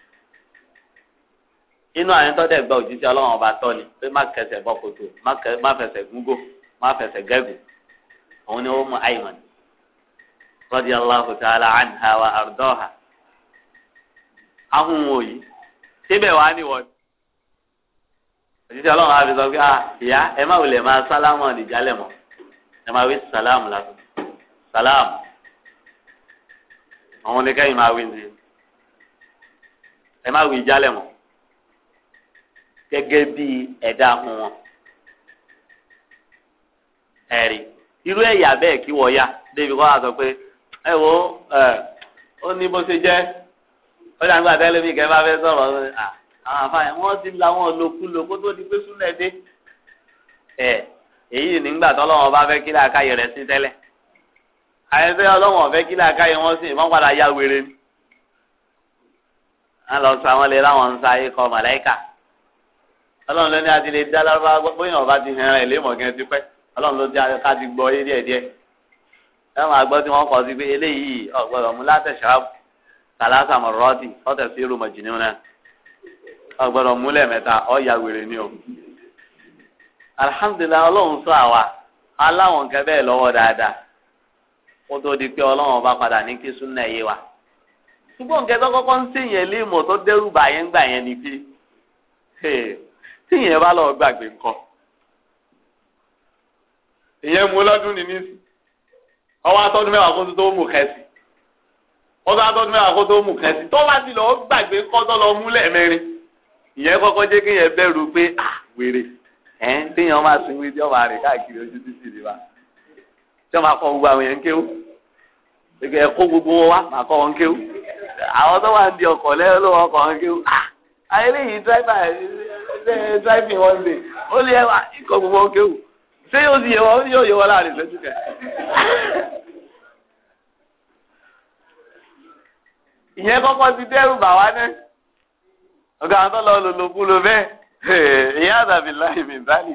inú àyẹn tó dẹ̀ gba òjíṣẹ́ ọlọ́run ọba tọ́ ni pé má kẹsẹ̀ bọ́ kòtò má fẹsẹ̀ gúngò má fẹsẹ̀ gẹ́gùn òun ni ó mú àyìnbọn radiyallahu ta'ala anha wa ardaha ahun wọn yìí síbẹ̀ wàá ní wọ́n òjíṣẹ́ ọlọ́run àfi sọ pé ah, ìyá ẹ má wulẹ̀ máa sálámù ọ̀nìjálẹ̀ mọ́ ẹ má wí sàlámù lásán sàlámù àwọn ní kẹ́yìn máa wí ní ẹ má wí jálẹ̀ mọ́ gẹ́gẹ́ bí ẹ̀dá fún wọn ẹ̀rí irú ẹ̀yà bẹ́ẹ̀ kí wọ́n yá débi kọ́ àtọ̀ pé ẹ wo ó ní bó ṣe jẹ́ ó dàgbà àtẹ́lẹ́ mi kẹ́ bá fẹ́ sọ̀rọ̀ àwọn àfààyàn wọ́n ti la wọn lòkulò kó tó di pé súnlẹ̀ dé ẹ̀ èyí nígbà tọ́lọ́wọ́n bá fẹ́ kí láàkáyè rẹ̀ sí tẹ́lẹ̀ àyẹ̀fẹ́ ọlọ́wọ̀n ọ̀fẹ́ kí làákàyè wọn sìn wọ́n padà ya wèrè ni wọ́n lọ sọ àwọn lè ráwọn ń sáyé kọ màláìkà ọlọ́run ló ní àti lè dá lárúbá bóyá ọba ti hẹ̀rẹ̀ ẹ̀ lémọ̀gẹ́ ti pẹ́ ọlọ́run ló dá ká ti gbọ́ yé díẹ̀ díẹ̀ ẹ máa gbọ́ tí wọ́n kọ́ sí pé eléyìí ọ̀gbọ́dọ̀ mú látẹ̀sáàbù tàlásà mọ̀rọ́dì ọ̀tẹ̀ sí náà kó tó di pé ọlọ́run ọba padà ní kí súnà yé wa ṣùgbọ́n nǹkan tó kọ́kọ́ ń sèyàn léèmọ̀ tó dẹ́rù bà yẹn gbà yẹn ni pé tíyẹn bá lọ gbàgbé nǹkan ìyẹn mú lọ́dún ní nísì ọwọ́ atọ́dún mẹ́wàá kó tó mú kẹ́sì ọdún atọ́dún mẹ́wàá kó tó mú kẹ́sì tó bá ti lọ gbàgbé nǹkan tó lọ mú lẹ́ẹ̀mẹ́rin ìyẹn kọ́kọ́ jẹ́ kéèyàn bẹ̀rù pé à ah, wèrè ẹ̀ ń téèyàn máa sinmi tí ọba tí wọ́n máa kọ́ gbogbo àwọn yẹn kéwú ẹ̀kọ́ gbogbo wọn wá máa kọ́ wọn kéwú àwọn tó wà ń di ọkọ̀ lẹ́yìn ló wọ́n kọ́ wọn kéwú ayélujára dráìbà dráìbì wọn lè ó lé ẹwà ikọ̀ gbogbo wọn kéwú ṣé yóò sì yẹ wọn yóò yẹ wọn láàrin ìfẹ́ tukẹ̀. ìyẹn kọ́kọ́ ti dẹ́rù bà wá ná ọ̀gá àwọn tó lọ lòlòkulò bẹ́ẹ̀ ìyá àdàbí láì mí báyìí.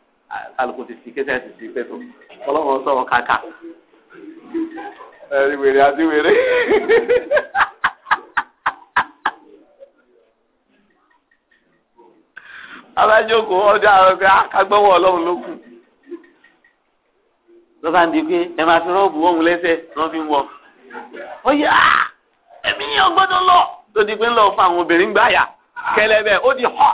alùpùpù ti fi kẹsẹ̀ ti fi pẹ̀tọ́ ọlọ́run sọ̀rọ̀ kàkà wèrè àti wèrè. alájoko ọjọ́ àwọn ọgbẹ́ akagbọ́wọ́ ah, ọlọ́run ló kù. lọ́ba ń di pé ẹ máa fi rọ́ọ̀bù ọ̀hún lẹ́sẹ̀ lọ́n fi ń wọ. ó yẹ ẹ̀mí ah, yẹn gbọ́dọ̀ lọ. tó di pé ń fún àwọn obìnrin gbáyà kẹlẹ́bẹ̀ ó di họ́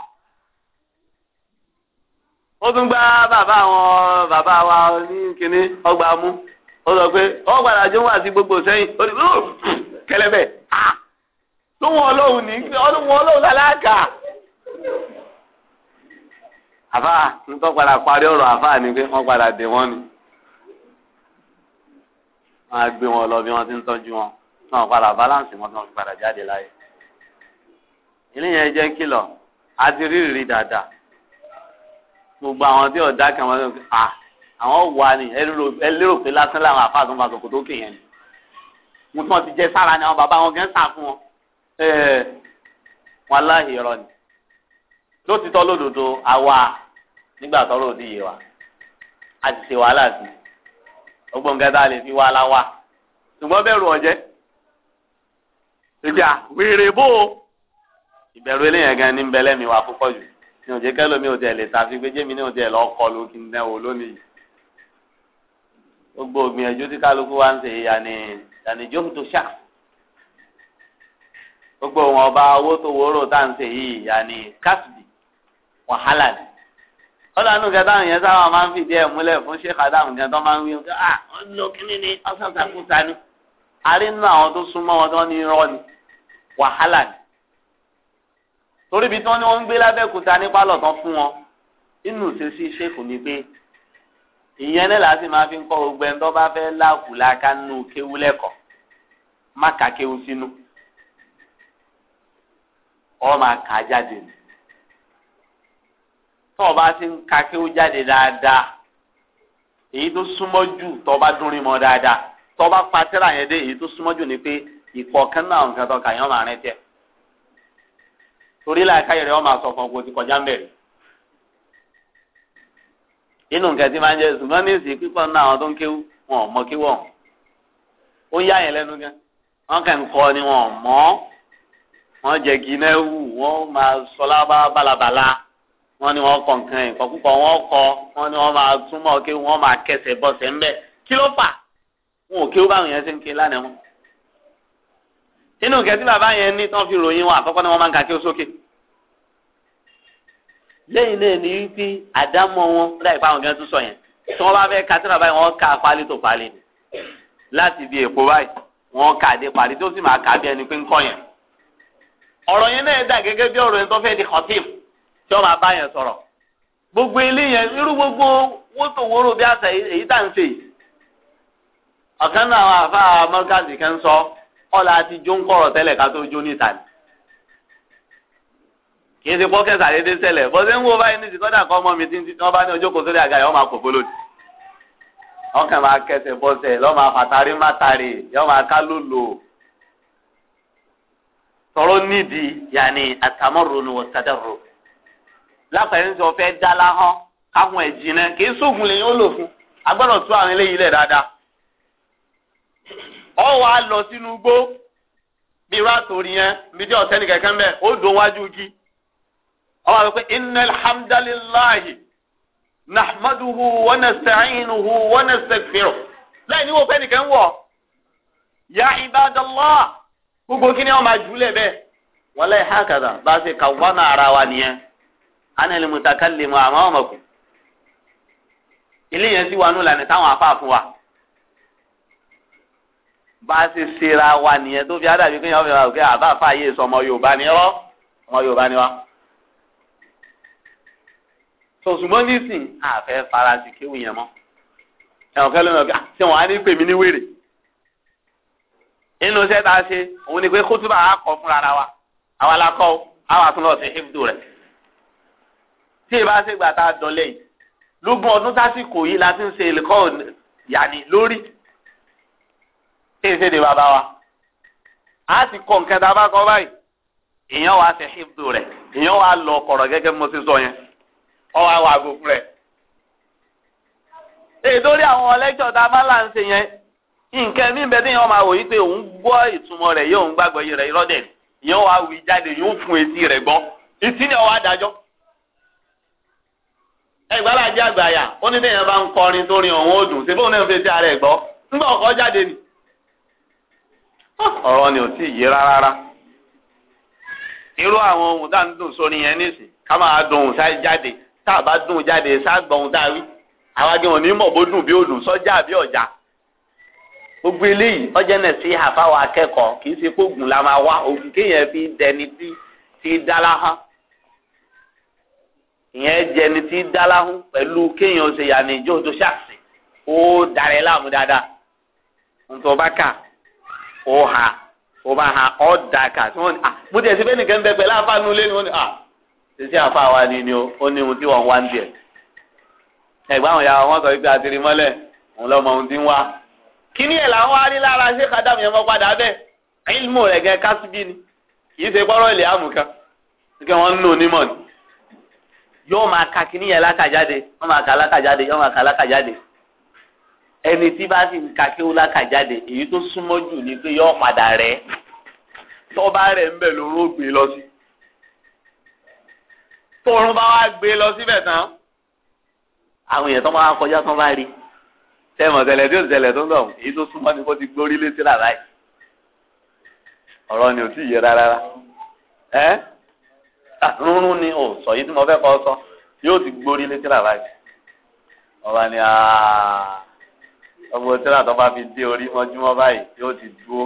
ó tún gbá bàbá àwọn bàbá wa ní kinní ọgbà mú ó sọ pé ó gbàdá jó wà sí gbogbo sẹ́yìn ó ní kẹlẹ́bẹ̀ tó wọn ọlọ́run ní ọdún wọn ọlọ́run lálákà. àfà nítorí padà parí ọ̀rọ̀ àfà ni pé wọ́n padà dé wọ́n ni wọ́n á gbé wọn lọ bí wọ́n ti ń tọ́jú wọn wọ́n padà balance wọn tí wọ́n fi padà jáde láyé. ilé yẹn jẹ́ kìlọ̀ a ti rí ìrírí dáadáa gbogbo àwọn tí ọ̀dà kan wọn ṣe à àwọn wà ní ẹ lérò pé lásán làwọn àfa àtúntò àtòkò tó kéèyàn ni mo tún ti jẹ sára ni àwọn bàbá wọn gẹ́ń sàn fún wọn wọn aláhì irọ́ ni ló ti tọ́ lódodo àwa nígbà tọ́rọ̀ òdì yìí wa a ti ṣe wàhálà sí ọgbọ́n nǹkan tá a lè fi wá aláwa ṣùgbọ́n bẹ̀rù ọ̀jẹ́ ìgbà wèrè bó ìbẹ̀rù eléyàn gan ní ń bẹ lẹ́mìí wa púpọ̀ jù tí ò jẹ́ kẹ́lómi ò tẹ̀ lè ta fi pé jẹ́mi ní ò tẹ̀ lọ́ kọ ló kí n náwó lónìí. gbogbo ìgbìyànjú tí kálukú wa ń ṣe yàní yàní jókòtò ṣáà gbogbo wọn ọba owó tó wóró tá à ń ṣe yìí yàní kásìbì wàhálà ni ọlọ́run kẹta yẹn sábà máa ń fìdí ẹ̀ múlẹ̀ fún Sheikh Adam kan tó máa ń wí ọ́n ah wọ́n lo kíní ni ọ̀sán ṣàkóso ni àrí nínú àwọn tó súnmọ́ wọn tó ní irọ́ ni wàhálà ni torí ibi tí wọ́n ní wọ́n ń gbé lábẹ́òkúta ní pálọ̀ fún wọn inú ṣèṣì ṣèkù ni pé ìyẹn náà láti máa fi ń kọ́ gbogbo ẹni tó bá fẹ́ láàkú láka nù kéwú lẹ́kọ̀ọ́ má kà kéwú sínú ọ máa kà á jáde nù tó o bá ti ń ka kéwú jáde dáadáa èyí tó súnmọ́ jù tó o bá dúnrín mọ́ dáadáa tó o bá pa tẹ́lá yẹn dé èyí tó súnmọ́ jù ni pé ìkọ̀ọ̀kan náà nǹkan tó kà yẹn máa rìn tiẹ̀ torí làákàyè rẹ̀ wọ́n máa sọ fún ọkọ̀ tí kọjá ń bẹ̀rẹ̀ inú nǹkan tí máa ń jẹ ṣùgbọ́n ní ìsìn pípọ̀ náà àwọn tó ń kéwú wọn ò mọ kí wọ́n ó yá yẹn lẹ́nu gan wọ́n kàn ń kọ́ ni wọn ò mọ́ wọ́n jẹ gíná wù wọ́n máa sọ lábá bálabàla wọ́n ní wọ́n kọ nǹkan ìkọkúkọ wọ́n kọ wọ́n ní wọ́n máa túmọ̀ kéwú wọ́n máa kẹsẹ̀ bọ́sẹ̀ ńbẹ̀ kí ló fà wọn ò kéwú báwọn yẹn ṣe ń ké lánàá wọn inú kẹtí bàbá yẹn ní tán fi ròyìn wọn àkọ́kọ́ ni wọ́n máa ń ka kí ó sókè lẹ́yìn náà ní wípé àdámọ́ wọn láì pa àwọn gan tún sọ yẹn tí wọ́n bá fẹ́ ka tí bàbá yẹn wọ́n ka pálí tó pálí ni láti báyìí wọ́n kà dé pálí tó sì máa kà bí ẹni pé ń yẹn ọ̀rọ̀ yẹn náà dà gẹ́gẹ́ bí ọ̀rọ̀ yẹn tó fẹ́ di tí wọ́n máa sọ ọ̀la àti jó ń kọ̀rọ̀ tẹ́lẹ̀ ká tó jó níta ni kì í ṣe pọ́ kẹsà dédé ṣẹlẹ̀ bó ṣe ń wo báyìí ní ìsìnkọ́dà kọ́ ọmọ mi tí wọ́n bá ní ọjọ́ kò sórí àga yọ̀ máa kò gbólódì wọ́n kàn máa kẹsẹ̀ bọ́sẹ̀ lọ́ máa fàtàrí mátàrí yọ̀ máa ká lòlò tọrọ nídìí yàní àtàmọ́rònú ọ̀sádàrò lápẹ̀rẹ́ ní sọ fẹ́ dá láhán káwọn ẹ̀jìn náà kì í sóògùn lèyìn ó lò fún agbọ́dọ̀ tó àwọn eléyìí lẹ̀ dáadáa ọ wà á lọ sínú igbó bí torí yẹn kan ó dùn wájú jí ọ wà pé innal hamdalillahi nahmaduhu wa nasta'inuhu wa nastaghfiruh lẹ́yìn wo fẹ́ nìkan wọ̀ ya ibadallah gbogbo kí ni wọ́n máa jùlẹ̀ bẹ́ẹ̀ wallahi hakadha bá a ṣe kàwọ́nà ara wa nìyẹn àmọ́ ọmọkùn ilé yẹn sì wà nù táwọn wa. bá a ṣe ṣera wa nìyẹn tó fi àdàbí kéèyàn fi hàn pé àbá fàáyé sọ ọmọ Yorùbá ni ọ ọmọ Yorùbá ni wa. sọ̀sùmọ́ nísìn àfẹ́ farasì kéwù yẹn mọ́ ẹ̀wọ̀n kẹ́lẹ́ mi ah, ọ̀gá ṣé wọ́n á ní pèmí ní wèrè. inú iṣẹ́ tá a ṣe òun ni pé kótóbà á kọ́ fúnra wa àwa la kọ́ àwa tún lọ sí hibdu rẹ̀. tí ì bá ṣe gbà tá a dọ̀lẹ́ yìí lógún ọdún sásìkò yìí la ti ń ṣe ìlẹ̀kọ́ yàní lórí tí èsè de bàbá wa a ti kọ nǹkan abakọba a bá kọ wàá hibdu rẹ èèyàn wàá lọ kọrọ gẹgẹ bí sọ yẹn ọ wàá wà rẹ. àwọn lẹ́kṣọ̀ tá là ń yẹn nǹkan mí máa wò yí pé òun gbọ́ ìtumọ̀ yóò ń gbàgbọ́ yìí wàá wí jáde yóò fún etí gbọ́ etí ni ọwọ́ adájọ́. ẹgbàá làjẹ́ àgbàyà ó ní téèyàn bá ń kọrin tó rin òun ara gbọ́ ńgbà ọkọ̀ jáde ọ̀rọ̀ ni ò tí ì yé rárá irú àwọn ohun tá à ń dùn sórí yẹn nísìn ká máa dùn òun sáré jáde tá a bá dùn jáde ságbọ̀n ohun tá a wí àwa gé wọn ní mọ̀ bó dùn bí ó dùn sọ́jà bí ọ̀já gbogbo eléyìí ọjọ́ náà sí àfáwọn akẹ́kọ̀ọ́ kì í ṣe kóògùn la máa wá òògùn kéèyàn fi dẹni tí tí dára hán ìyẹn jẹni tí dára hán pẹ̀lú kéèyàn ṣe yànnìjó tó ṣàṣì ó darẹ̀ láàmú dáadáa ntọ́ bá kà ó ha ó bá ha ọ́ da kà tí wọ́n ní à ah, mo tẹ̀sí bẹ́ẹ̀ nìkan bẹ pẹ̀lú àfáànú lé ni wọ́n ní à ah, títí àfáà wa ni ni o ó ní ohun tí wọ́n wá ń jẹ ẹ̀gbọ́n àwọn ìyá wọn sọ wípé àtìrí mọ́lẹ̀ òun lọ́mọ ohun tí ń wá kíní ẹ̀ làwọn arí lára ṣé kádàmù yẹn mọ́ padà bẹ́ẹ̀ ilmu rẹ̀ gẹ́ kásíbí ni kì í ṣe gbọ́rọ̀ ilé àmù kan nígbà wọn ń lò onímọ̀ ni yóò máa ka kíní yẹn lákàjáde yóò máa ka lákàjáde yóò máa ka lákàjáde ẹni tí bá sì ń ka kí ó láka jáde èyí tó súnmọ́ jù ni pé yọ padà rẹ̀ tọ́ba rẹ̀ ń bẹ̀ lóró gbé lọ sí tọrun bá wá gbé lọ síbẹ̀ tán àwọn èèyàn tó máa kọjá tán bá rí tẹmọ tẹ́lẹ̀ tí ó tẹ́lẹ̀ tó ń dọ̀ èyí tó súnmọ́ ni kó ti gbórí létí rárá yìí ọ̀rọ̀ ni ò tí ì yẹ rárá ẹ́ rúnrún ni ò sọ yìí tí mo fẹ́ kọ́ sọ yóò ti gbórí létí rárá yìí ọba ni aaa ọgbọ tíra tó bá fi dé orí mọ́júmọ́ báyìí yóò ti dúró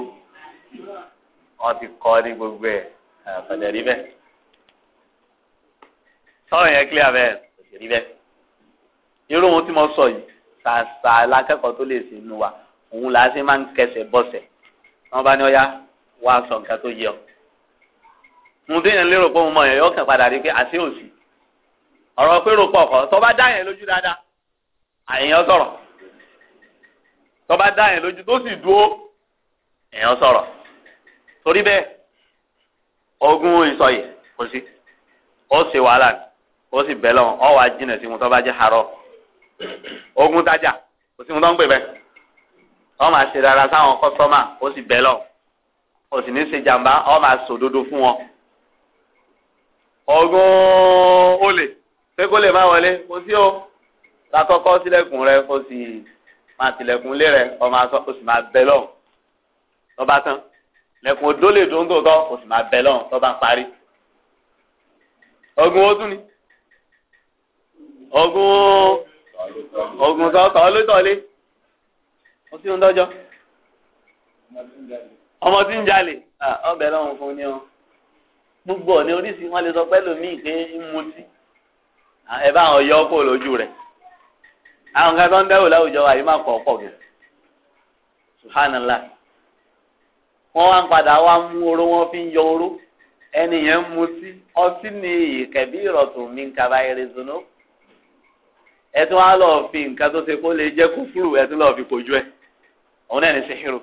wọ́n ti kọ́ ní gbogbo ẹ̀ àpẹẹrẹ rí bẹ́ẹ̀ sọ̀rọ̀ yẹn clear bẹ́ẹ̀ kò rí bẹ́ẹ̀ irú ohun tí mo sọ yìí ṣàṣà alákẹ́kọ̀ọ́ tó lè sí inú wa òun là á sì máa ń kẹsẹ̀ bọ́sẹ̀ wọ́n bá ní ọyá wá sọ nǹkan tó yẹ ọ mo déyàn lérò pé mo mọ ẹ̀yọ́ kan padà rí pé àti òsì ọ̀rọ̀ pé rò pọ̀ kọ́ tó bá dá yẹn lójú dáadáa àyẹ̀yàn sọ̀rọ̀ tó bá dá yẹn lójú tó sì dúró èèyàn sọ̀rọ̀ torí bẹ́ẹ̀ ogun ìsọyè kò sí ó ṣe wàhálà ni ó sì bẹ́ lọ́wọ́ ọ wàá jìnà sí mu tó bá jẹ́ ogun tajà kò sí mu tó ń pè bẹ́ẹ̀ ọ máa ṣe dára sáwọn kọ́sọ́mà ó sì bẹ́ lọ́wọ́ ó sì ní ṣe jàǹbá ọ máa sòdodo fún wọn ogun olè pé kó lè má wọlé kò sí o látọkọ sílẹ̀kùn rẹ kó sì máa tilẹ̀kùn lé rẹ̀ kọ́ máa sọ o sì máa bẹ lọ́hùn lọ́ba tán lẹ̀kùn odó lè dùn tó o sì máa bẹ lọ́hùn lọ́ba parí ogun wo tún ni ogun ogun sọ̀tọ̀ olótọ̀lé o sì ń dọ́jọ́ ọmọ tí ń jalè ọbẹ̀ lọ́hùn fún ni o gbogbo ọ̀nà oríṣi wọn lè sọ pẹ́ lómi ìpín mutí ẹ bá àwọn yọ kó lójú rẹ̀ àwọn kan tó ń dẹ́wò láwùjọ wa yìí máa kọ̀ ọ̀pọ̀ gẹ̀ subhanallah wọ́n wá ń padà wá mú oró wọ́n fi ń yọ oró ẹni yẹn ń mutí ọtí ni ìkẹ̀bí ìrọ̀tún mi ń kaba ìrìnsùnú ẹtún wá lọ́ọ́ fi nǹkan tó ṣe kó lè jẹ́ kúfúrú ẹtún lọ́ọ́ fi kojú ẹ̀ òun náà ní sèhírò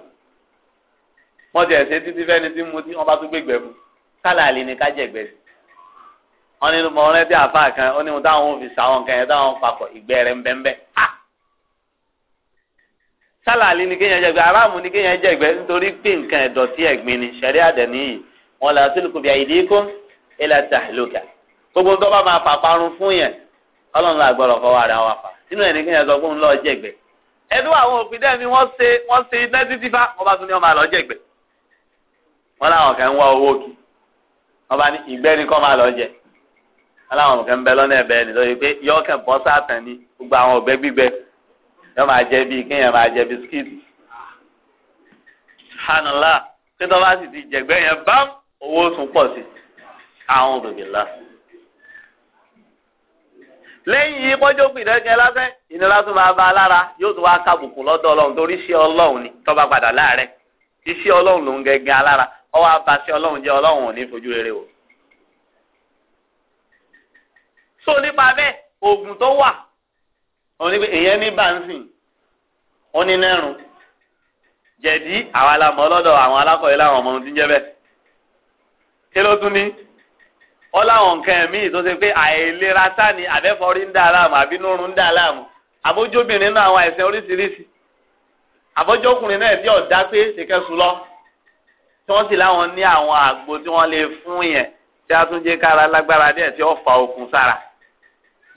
wọ́n ti ẹ̀ ṣe títí fẹ́ni tí ń mutí wọ́n bá tún gbégbẹ́ fún kálá àlè ni ká jẹ̀gbẹ́ sí wọn nínú mọ ọrẹ tí àfa kan ó ní mo táwọn fi sàwọn kan yẹn táwọn papọ̀ ìgbẹ́rẹ́ ńbẹ́ńbẹ́ à sálàlí ni kéèyàn jẹgbẹ́ aráàmù ni kéèyàn jẹgbẹ́ nítorí pé nǹkan ẹ̀dọ̀tí ẹ̀gbin ni sẹ̀rí àdẹ̀ní yìí wọn là sílùkù bíi àyídíkó ilẹ̀ tàlókà gbogbo tó bá máa pàparun fún yẹn ọlọ́run là gbọ́dọ̀ fọwọ́ ara wa fà sínú ẹ̀ ní kéèyàn sọ pé òun lọ́ọ́ jẹgbẹ́ ẹdún àwọn òfin dẹ́mi wọ́n ṣe wọ́n ṣe iná títí fá wọ́n bá tún ní ọmọ àlọ́ jẹgbẹ́ wọ́n láwọn kan ń wá owó kì wọ́n bá ní ìgbẹ́ ni kọ́ máa lọ jẹ aláwọn kan bẹ lọ́nà ẹ̀bẹ ni lórí pé yọ kàn bọ́ sátàn ni gbogbo àwọn ọ̀bẹ gbígbẹ yọ máa jẹ bíi kéèyàn máa jẹ bisikíìtì hanala pé tó bá sì ti jẹ̀gbẹ́ yẹn bám owó sùn pọ̀ sí àwọn òbèbè la. lẹ́yìn yìí kọ́jọ́ pìdẹ́kẹ́ lásán ìnira tó máa bá a lára yóò tó wá kábùkù lọ́dọ̀ ọlọ́run torí iṣẹ́ ọlọ́run ni tó bá padà láàrẹ̀ iṣẹ́ ọlọ́run lòún gẹ́gẹ́ alára ọwọ́ abàṣẹ ọlọ́run jẹ́ ọlọ́run ò ní fojú rere wò. tó nípa bẹ́ẹ̀ oògùn tó wà òun ni pé èyẹ ní báńsìn ó ní nẹ́rùn jẹ̀dí àwọn alamọ̀ lọ́dọ̀ àwọn alákọ̀ọ́yẹ láwọn ọmọ ohun tí ń jẹ́ bẹ́ẹ̀ kí ló tún ní ó láwọn nǹkan ẹ̀mí tó ṣe pé àìlera sáni àbẹ́fọ́rí ń dà láàmú àbínúrun ń dà láàmú àbójóbìnrin náà àwọn àìsàn oríṣiríṣi àbójókùnrin náà bí ọ̀dá pé ṣèkẹ́sù lọ tí wọ́n sì láwọn ní àwọn àgbo tí wọ́n lè fún yẹn tí a tún jẹ́ kára lágbára díẹ̀ tí ó fa okun sára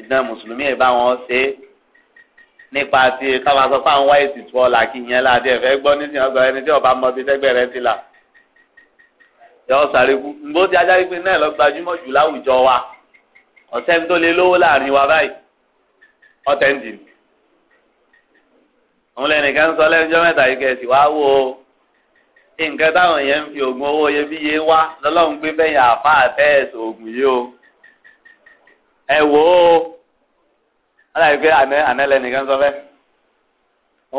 ìdán mùsùlùmí ẹ̀ bá wọn ṣe é nípa ti káwọn sọ pé àwọn wáyé ti tu ọ̀la kí ìyẹn láti ẹ̀fẹ́ gbọ́ nísìnyí ọgbà ẹni tí ọba mọ bíi tẹ́gbẹ́ rẹ ti là yọ sáré kú nbó ti ajá wípé náà lọ gbajúmọ̀ jù láwùjọ wa ọ̀sẹ̀ tó lé lówó láàrin wa báyìí ọ̀tẹ̀ǹdì ni òun lẹ́nìkan sọ lẹ́njọ́ mẹ́ta yìí kẹ̀sì wá wò ó nǹkan táwọn yẹn ń fi oògùn owó iyebíye wá lọ́lọ́run gbé bẹ́yìn àfa àtẹ́ẹ̀sì oògùn yìí o. ẹ wò ó aláàbí pé àná àná lẹnìkan sọ fẹ o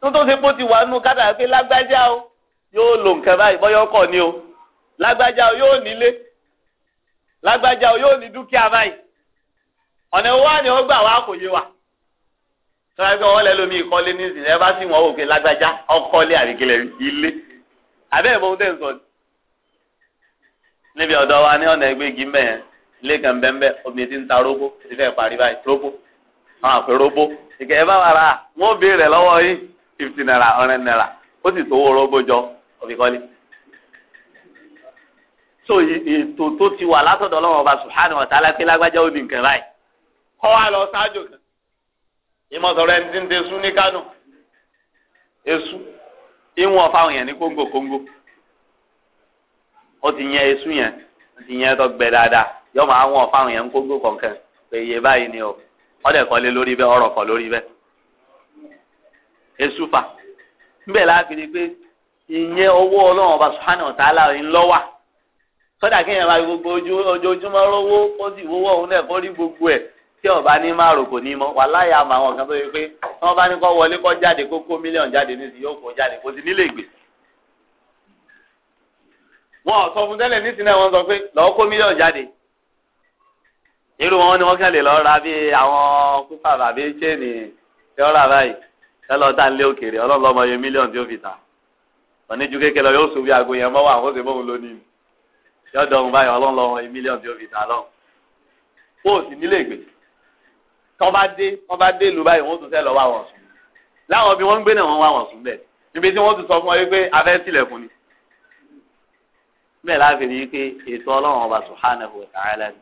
tó tó ṣe ti wà nù kádà pé lágbájá o yóò lo nǹkan báyìí bọ́yọ̀ kọ ni o lágbájá o yóò nílé lágbájá o yóò ní dúkìá báyìí ọ̀nà ni ó wa kò wa sọ́ra pé ọwọ́ lẹ́lómi ìkọ́lé ní ìsìn ẹ bá sì wọ́n lágbájá ọkọ́lé àríkìlẹ̀ ilé àbẹ́ ìbọn tẹ̀ ń sọ níbi wa ní ọ̀nà ẹgbẹ́ ilé kan bẹ́ẹ̀ obìnrin ti ń ta róbó ti fẹ́ parí báyìí róbó àwọn àpè róbó ìkẹ́ ẹ bá wà rà wọ́n béèrè lọ́wọ́ yín fifty naira hundred naira ó sì tówó róbó jọ òbíkọ́lé. so ètò tó ti wà látọ̀dọ̀ ọlọ́run ọba subhanahu wa ta'ala pé lágbájá ó di nǹkan báyìí kọ́ wa lọ ṣáájú kan ìmọ̀sọ̀rọ̀ ẹni tí ń desú ní kánò esu ìwọ̀n fáwọn èèyàn ní kóńgò kóńgò ó ti yẹn esu yẹn ó ti yẹn tó gbẹ dáadáa. yọ máa wọn fáwọn yẹn ń kóńgó kọ̀ọ̀kan pé iye báyìí ni o ọ̀dẹ̀ kọ́ lé lórí bẹ ọ̀rọ̀ kọ́ lórí bẹ́ẹ̀. esufa níbẹ̀ pé ìyẹn owó ọlọ́run ọba wa. sọ́dà kí yẹn gbogbo ojoojúmọ́ rówó ó sì wówó náà gbogbo ọba ní máa rò ní mọ́ wàláyà àmọ́ àwọn kan tó yẹ pé wọ́n jáde kó kó jáde ní ti yóò jáde kó nílé wọn irú wọn ni wọn kàn lè lọ ra bí àwọn kúpà bàbí chéènì tí wọn rà báyìí ẹ lọ tá nílé òkèèrè ọlọ́run lọ́mọ yẹn mílíọ̀nù tí ó fi tà oníjú kékeré lọ yóò sùn bí aago yẹn mọ́ wà fún sèbóhùn lónìí yọ̀dọ̀ ọ̀hún báyìí ọlọ́run lọ́mọ yẹn mílíọ̀nù tí ó fi tà lọ́hùn. wọn ò sì nílé ìgbè tọ́ dé wọ́n dé ìlú báyìí wọ́n tún fẹ́ lọ wá wọn sùn láwọn bí wọ́n ń gbé náà wọ́n wá wọn sùn bẹ́ẹ̀ níbi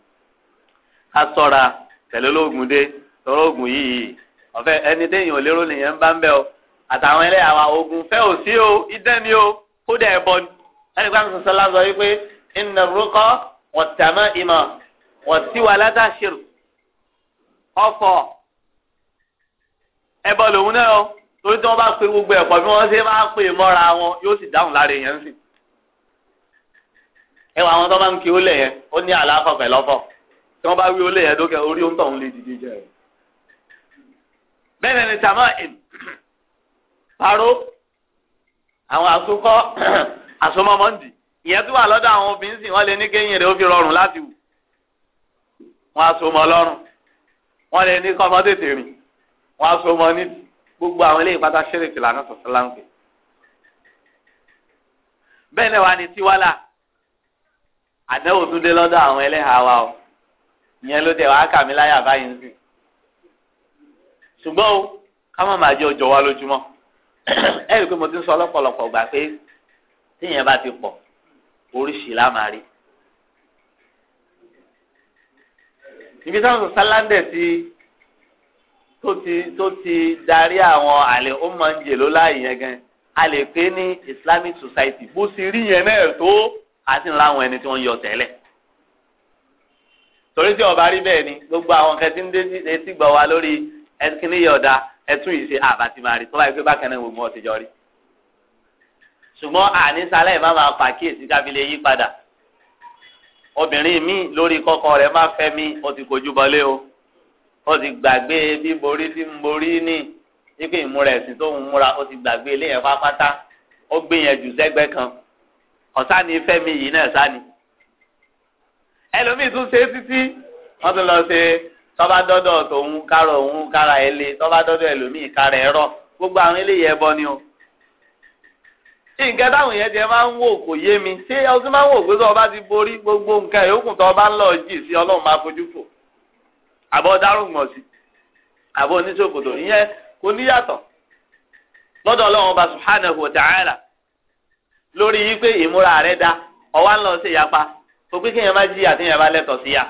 ká sọ́ra tẹ̀lé ológun dé tọ́rọ ogun yìí ọ̀fẹ́ ẹni déyìn ò lérò nìyẹn bá ń bẹ́ ọ àtàwọn ẹlẹ́yà wa ogun fẹ́ ò sí o idẹ́ o kódà ẹ̀bọ ni ẹni pàmò sọ̀sọ́ lásán wípé ìnà rúkọ wọ̀tàmọ́ ìmọ̀ wọ̀tíwà látàṣírù ọ̀fọ̀ ẹ̀bọ lòun náà o torí tí wọ́n bá pe gbogbo ẹ̀kọ́ bí wọ́n ṣe máa pe mọ́ra wọn yóò sì dáhùn láre yẹn sí ẹwà àwọn tó bá ń kí ó lẹ̀ yẹn ó ní àlàáfọ̀ pẹ̀lọ́fọ̀ tí wọ́n bá wí olè yẹn dókè orí ó ń tọ̀hún lè dìde bẹ́ẹ̀ ni tàmá parọ́ àwọn àsokọ́ àsomọ́mọ́ndì ìyẹn tó wà lọ́dọ̀ àwọn obìnrin sì wọ́n lè ní kéyìn rẹ̀ ó fi rọrùn láti wù wọ́n àsomọ́ lọ́rùn wọ́n lè ní kọ́mọ́ tètè rìn wọ́n àsomọ́ ní gbogbo àwọn eléyìí pátá ṣẹ́rẹ̀kì lànà sọ̀tún láǹkì. bẹ́ẹ̀ ni wà ní tiwálà àdéhùn tún dé lọ́dọ̀ àwọn ẹlẹ́hàá wa o ìyẹn ló dé wàá kà mí láyà báyìí ń sìn ṣùgbọ́n o ká má máa jẹ́ ọjọ́ wa lójúmọ́ ẹ rí i pé mo ti ń sọ lọ́pọ̀lọpọ̀ gbà pé tíyẹn bá ti pọ̀ oríṣìí la máa rí. ibi táwọn sọ sálándẹ̀ ti tó ti tó ti darí àwọn àlè ó máa ń jè ló láàyè yẹn gan a lè pè ní Islamic Society bó ti rí yẹn náà tó àti ńlá àwọn ẹni tí wọ́n ń yọ tẹ́lẹ̀ torí tí ọba rí bẹ́ẹ̀ ni gbogbo àwọn nǹkan tí ń dé etí gbọ̀ wá lórí ẹtìníyà ọ̀dà ẹtún yìí ṣe àbàtì máa rí tó báyìí pé bákan náà gbogbo ọtí rí. ṣùgbọ́n ànísàlẹ̀ ìmá máa fà kíyèsí kábílẹ̀ yí padà obìnrin mi lórí kọ́kọ́ rẹ̀ má fẹ́ mi ó ti kojú bọlé o ó ti gbàgbé bí borí tí ń borí ní ipe ìmúra ẹ̀sìn tó ń múra ó ti gbàgbé ilé yẹn pátápátá ó gbìyànjú sẹ́gbẹ́ kan ọ̀sán fẹ́mi yìí náà sáni ẹlòmíì tún ṣe títí wọ́n tún lọ ṣe tọ́ba dọ́dọ̀ tòun kárọ̀ òun kára ẹ lé tọ́ba dọ́dọ̀ ẹlòmíì kára ẹ rọ̀ gbogbo àwọn eléyìí ẹbọ ni o. nǹkan táwọn yẹn ti máa ń wò kò yé mi ṣé ọtún máa ń wò pé tó ọba ti borí gbogbo nǹkan ìyókùn tó ọba ń lọ jì sí ọlọ́run máa fojú fò àbọ̀ dárúgbọ̀n sí àbọ̀ oníṣòkòtò ìyẹn kò níyàtọ̀ lọ́dọ̀ ọlọ́run ọba subhanahu wa ta'ala lórí yí pé ìmúra rẹ̀ da ọwá ń lọ sí ìyapa tó pé kéèyàn má jìyà téèyàn bá lẹ́tọ̀ọ́ sí yà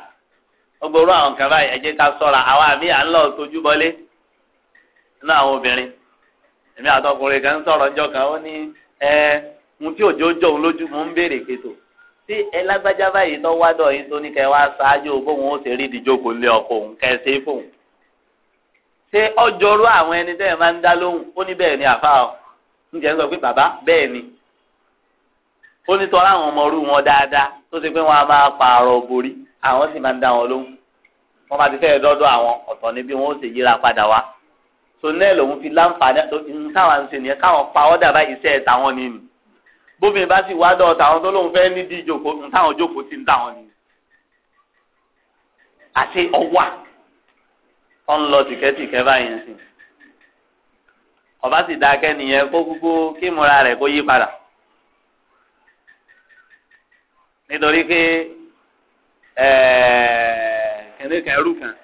ọgbọ̀rún àwọn kan báyìí ẹ ká sọ́ra àwa àmì à ń lọ tójú bọlé àwọn obìnrin èmi àtọkùnrin kan ń sọ̀rọ̀ kan ó ní ẹ òjò jọ ń béèrè kéto tí ẹ báyìí tó wá dọ̀ kẹ wá ṣáájú bóun ó sì rí ìdíjókòó lé ọkọ máa ń dá lóhùn ó ní bẹ́ẹ̀ ni àfa ó ní tọ́lá àwọn ọmọ orú wọn dáadáa tó ṣe pé wọ́n á máa pààrọ̀ borí àwọn sì máa ń dá wọn lóhùn wọ́n máa ti fẹ́ dọ́dọ̀ àwọn ọ̀tọ̀ níbi wọn ó sì yíra padà wá so náà lòun fi láǹfààní ní káwọn ń ṣe nìyẹn káwọn pa ọ́dà bá iṣẹ́ ẹ̀ táwọn ní nì bóbi bá sì wá dọ̀ọ̀tà àwọn tó lóun fẹ́ nídìí ìjòkó táwọn jókòó ti ń táwọn ní. àti ọwà ọ ń lọ tìkẹ́tìkẹ́ báyìí sí ọba sì dákẹ́ nìyẹn kó gbogbo kí ìmúra rẹ̀ kó yí padà nítorí pé kẹ̀ndékan ẹrú kan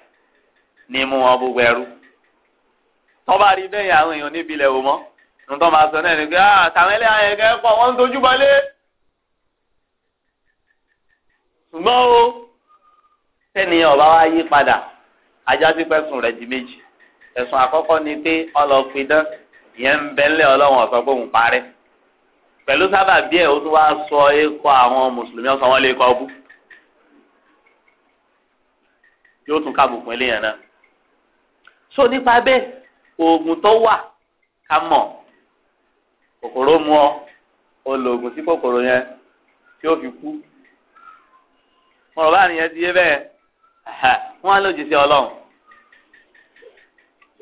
ní mú wọn gbogbo ẹrú wọ́n bá rí bẹ́ẹ̀ àwọn èèyàn níbi ilẹ̀ wò mọ́ nítorí máa sọ náà ni pé ah, àtàwọn ẹlẹ́yà yẹn kẹ́ pọ̀ wọ́n ń dojú bọlé ṣùgbọ́n o sẹ́niyàn ọba wa yí padà ajá ti pẹ́ rẹ̀ di méjì ẹ̀sùn àkọ́kọ́ ni pé ọlọ́pìdán ìyẹn ń bẹ́ńlẹ̀ ọlọ́run ọ̀sán pé parẹ́ pẹ̀lú sábà bí ẹ̀ ó tún wá sọ ikọ̀ àwọn mùsùlùmí ọ̀sán wọn lè kọ́ ọbú yóò tún kábùkún eléyàn náà so nípa bẹ́ẹ̀ oògùn tó wà ká mọ̀ kòkòrò mu ọ o lo oògùn sí kòkòrò yẹn tí ó fi kú mọ̀rọ̀ bá nìyẹn ti yé bẹ́ẹ̀ wọ́n á lòdì sí ọlọ́run.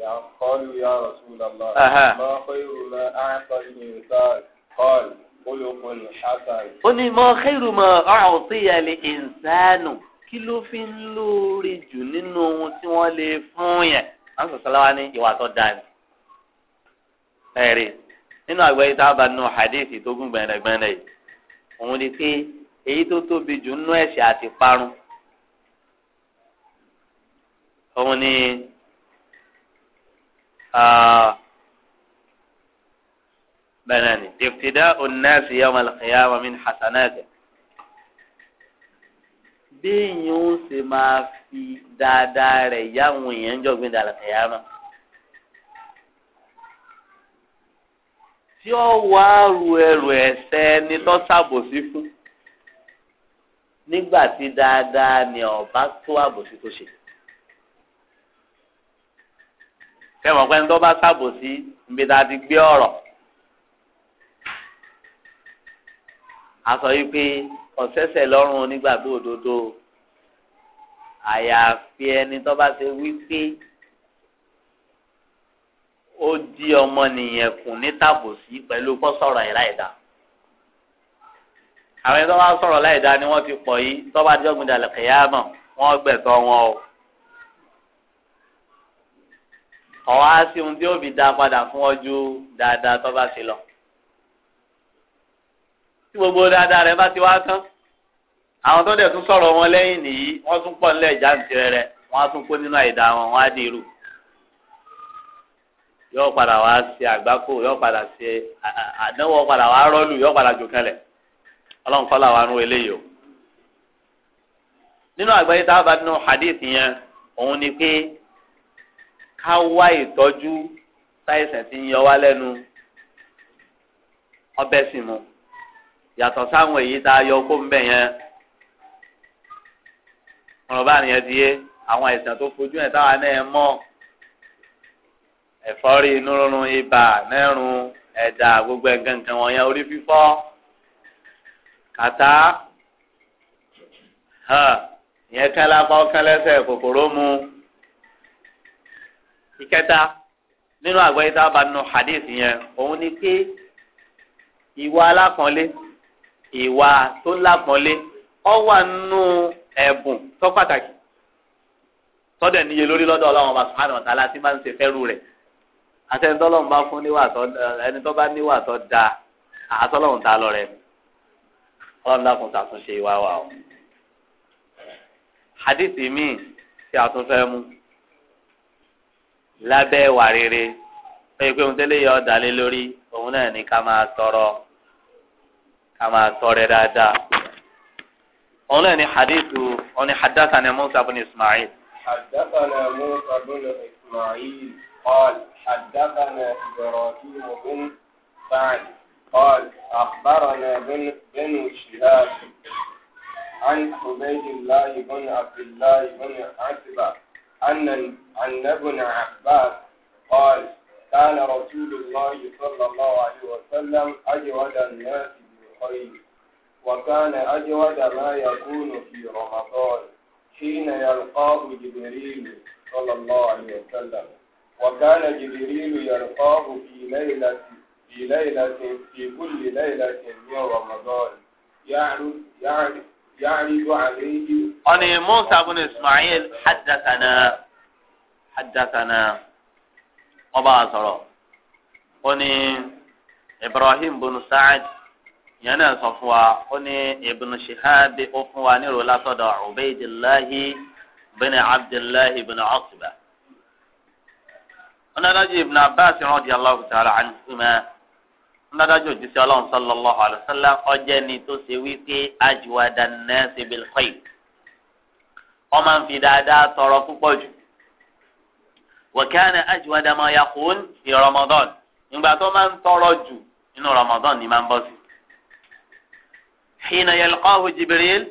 يا قالوا يا رسول الله ما خير ما أعطى الإنسان ó ní mọ khairu mọ ọrùn sí ẹlẹ ìnsánù kí ló fi ń lóore jù nínú ohun tí wọ́n lè fún yẹn wọ́n sọ sọlá wa ní ìwà tó dáa ni ẹ̀rí nínú àgbẹ̀ yìí tábà nù hadithi tó gún gbẹ̀rẹ̀gbẹ̀rẹ̀ yìí òun ni pé èyí tó tóbi jù nínú ẹ̀ṣẹ̀ àti parun òun ni. Ah, بناني náà الناس يوم onáàsì من حسناته بين min hasanati. béèyàn ó sì máa fi dáadáa rẹ̀ yáwọn èèyàn jọ̀gbìn dàlàkìyàmà. tí ó wá ru ẹrù ẹ̀ṣẹ̀ ni tó ṣàbòsí fún nígbà tí dáadáa ni ọba tó àbòsí tó ṣe. kẹ́mọ̀ pé ní tó bá ṣàbòsí níbi tá a ti gbé ọ̀rọ̀. asọ yìí pé ọ̀sẹ̀sẹ̀ lọ́rùn onígbàgbọ́ òdodo àyàfi ẹni tó bá ṣe wí pé ó di ọmọnìyàn kùn ní tàbùsí pẹ̀lú kó sọ̀rọ̀ ẹ̀ láìda àwọn ẹni tó bá sọ̀rọ̀ láìda ni wọ́n ti pọ̀ yìí tó bá jọ́gbìn dàlẹ̀ kẹ̀yàmọ̀ wọ́n gbẹ̀tọ̀ wọn o ọ̀hún á sí ohun tí ó fi dá padà fún ọ dáadáa tó bá ṣe lọ tí gbogbo dáadáa rẹ bá ti wá tán àwọn tó dẹ̀ tún sọ̀rọ̀ wọn lẹ́yìn nìyí wọ́n tún pọ̀ nílẹ̀ jáǹtirẹ̀ rẹ̀ wọ́n á tún kó nínú àìdá wọn wọ́n á di irú yóò padà wá ṣe àgbákò yóò padà ṣe àdánwò padà wá rọ́ọ̀lù yóò padà jò kanlẹ̀ ọlọ́run kọ́ làwọn arún eléyìí o. nínú àgbáyé tá a bá nínú hadith yẹn òun ni pé ká wá ìtọ́jú sáyẹ̀sẹ̀ tí ń yọ wá lẹ́nu ọbẹ̀ sì mu yàtọ̀ sáwọn èyí tá a yọ kó ń bẹ̀ yẹn ọ̀rọ̀ nìyẹn ti yé àwọn àìsàn tó fojú ẹ̀ táwa náà mọ̀ ẹ̀fọ́rí inú ibà nẹ́rùn ẹ̀dà gbogbo ẹ̀gán wọ̀nyẹn orí fífọ́ kàtá ìyẹn kálápá ọ̀kánlẹ́sẹ̀ kòkòrò mu ìkẹta nínú àgbáyé bá nù hadith yẹn òun ni pé ìwà alákànlé ìwà tó lápọ́nlé ọ wà nù ẹ̀bùn tó pàtàkì tọ́dẹ̀ níye lórí lọ́dọ̀ ọlọ́run ọba subhanahu wa ta'ala tí máa ń ṣe fẹ́rù rẹ̀ àtẹnudọ́lọ́run bá fún níwà tó ẹni tó bá níwà tó da àtọ́lọ́run ta lọ rẹ̀ ọlọ́run dákun ṣàtúnṣe ìwà wa o. hadithi mi, tí a tún fẹ́ mú lábẹ́ ìwà rere pé pé ohun tẹ́lẹ̀ yọ ọ̀dà lé lórí òun náà ní ká máa tọrọ ká máa tọrẹ dáadáa òun náà ni hadithu òun ni haddatha حدثنا موسى بن إسماعيل قال حدثنا إبراهيم بن سعد قال أخبرنا بن بن شهاب عن عبيد الله بن عبد الله بن عتبة أن أن ابن عباس قال كان رسول الله صلى الله عليه وسلم أجود الناس الطريق وكان أجود ما يكون في رمضان حين يلقاه جبريل صلى الله عليه وسلم وكان جبريل يلقاه في ليلة في ليلة في كل ليلة من رمضان يعرض يعني-, يعني يعني عليه أنا موسى بن إسماعيل حدثنا حدثنا أبا أزرار أني إبراهيم بن سعد ìyẹn náà sọ fún wa ó ní ibn shihab ó fún wa nírò látọ̀dọ̀ ubaidillahi bin abdullahi bin ọ̀sùbà. ọ̀nàdájú ibn abbas radiyallahu ta'ala anhuma ọ̀nàdájú òjíṣẹ́ ọlọ́run sallallahu alayhi wa sallam ọjẹ́ ni tó ṣe wípé ajwada an-nasi bil khayr wọ́n máa ń fi dáadáa tọrọ púpọ̀ jù wa kana máa ń tọrọ jù hina yalqahu jibril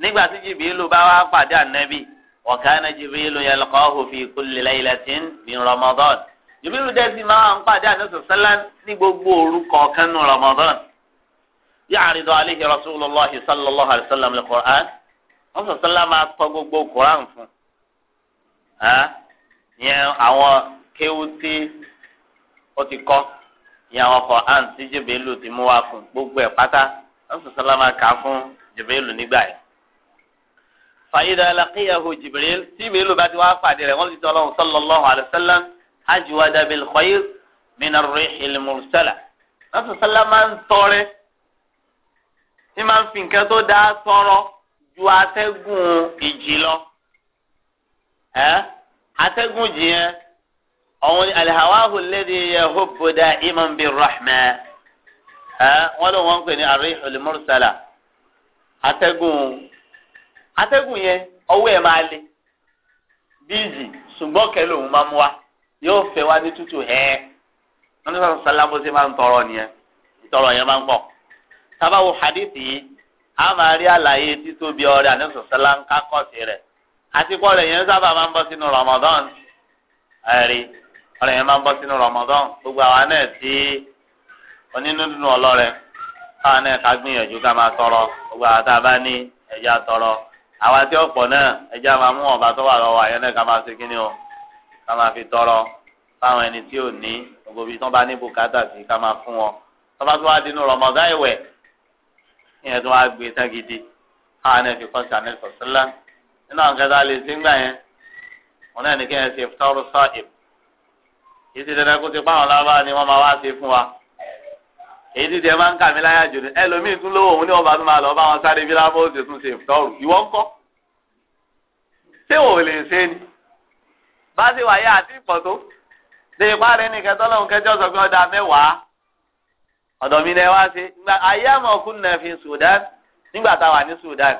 nígbà tí jibril bá wá pàdé ànábì wa kana jibril yalqahu fi kulli laylatin min ramadan jibril dẹ́sí máa ń pàdé ànábì sọ́lán ní gbogbo òru kọ̀ọ̀kan ní ramadan ya'ridu alayhi rasulullah sallallahu alayhi wa sallam al-qur'an wọ́n sọ sọ́lá máa tọ́ gbogbo quran fún yẹn àwọn kéwú tí ó ti kọ́ yẹn àwọn quran tí jibril ti mú wá fún gbogbo ẹ̀ pátá ọsùn sálámà kà fún Jibril nígbà yẹn fàyídà alákéyàwó Jibril tí Jibril bá ti wá pàdé rẹ̀ wọ́n ti tọ́ lọ́wọ́ sallallahu alaihi wasallam ajiwada bil khayr min ar-rihil mursala ọsùn sálámà ń tọrẹ ní máa ń fi nǹkan tó dáa tọrọ ju atẹ́gùn ìjì lọ atẹ́gùn jì ọ̀hún alihawahu lẹ́dí yẹ hóbodà imam bi rahman. ẹ wọn ló wọn ń pè ní àrí rihul atẹ́gùn atẹ́gùn yẹn ọwọ́ ẹ̀ máa le bíìjì ṣùgbọ́n kẹlẹ òun máa mú yóò fẹ́ wa ní tútù hẹ́ẹ́ wọn ní sọ̀rọ̀ sálábó tọrọ nìyẹn ìtọrọ yẹn máa ń pọ̀ hadithi yìí a máa rí àlàyé títóbi ọrẹ ń rẹ̀ àti yẹn sábà máa ń bọ́ sínú ẹ̀rí yẹn máa onínúdùnú ọlọ́rẹ káwọn náà ká gbìyànjú ká máa tọrọ gbogbo àwọn tá a bá ní ẹja tọrọ àwa tí ọ̀pọ̀ náà ẹja máa mú ọ̀bà tó wà lọ́wọ́ àyẹ̀ náà ká máa ṣe kíni o ká máa fi tọrọ fáwọn ẹni tí ò ní gbogbo ibi tí wọ́n bá ní bùkátà sí ká máa fún wọn tó bá tó wá dínú rọmọdá ìwẹ̀ ìyẹn tó wá gbé tán gidi káwọn náà fi kọ́ sí àná ìfọ̀sílá nínú àwọn kẹta lè sí ńgbà yẹn wọn náà ní kí yẹn ṣe tọrọ sọ ìb ni wọ́n máa wá ṣe èyí ti dẹ̀ máa ń kà mí láyà jù ní ẹlòmíì tún lówó òun ní ọba tó máa lọ bá wọn sáré bí lábọ́ọ̀sì tún ṣe ìfọ̀rù ìwọ ń kọ́ ṣé ò lè ṣe ni bá ṣe wáyé àti ìpọ̀tó lè parí ní kẹtọ́lọ́hún kẹjọ sọ pé ọ̀dà mẹ́wàá ọ̀dọ̀ mi lẹ wá ṣe gba ayé àmọ́ ọkùnrin náà fi Sudan nígbà tá a wà ní Sudan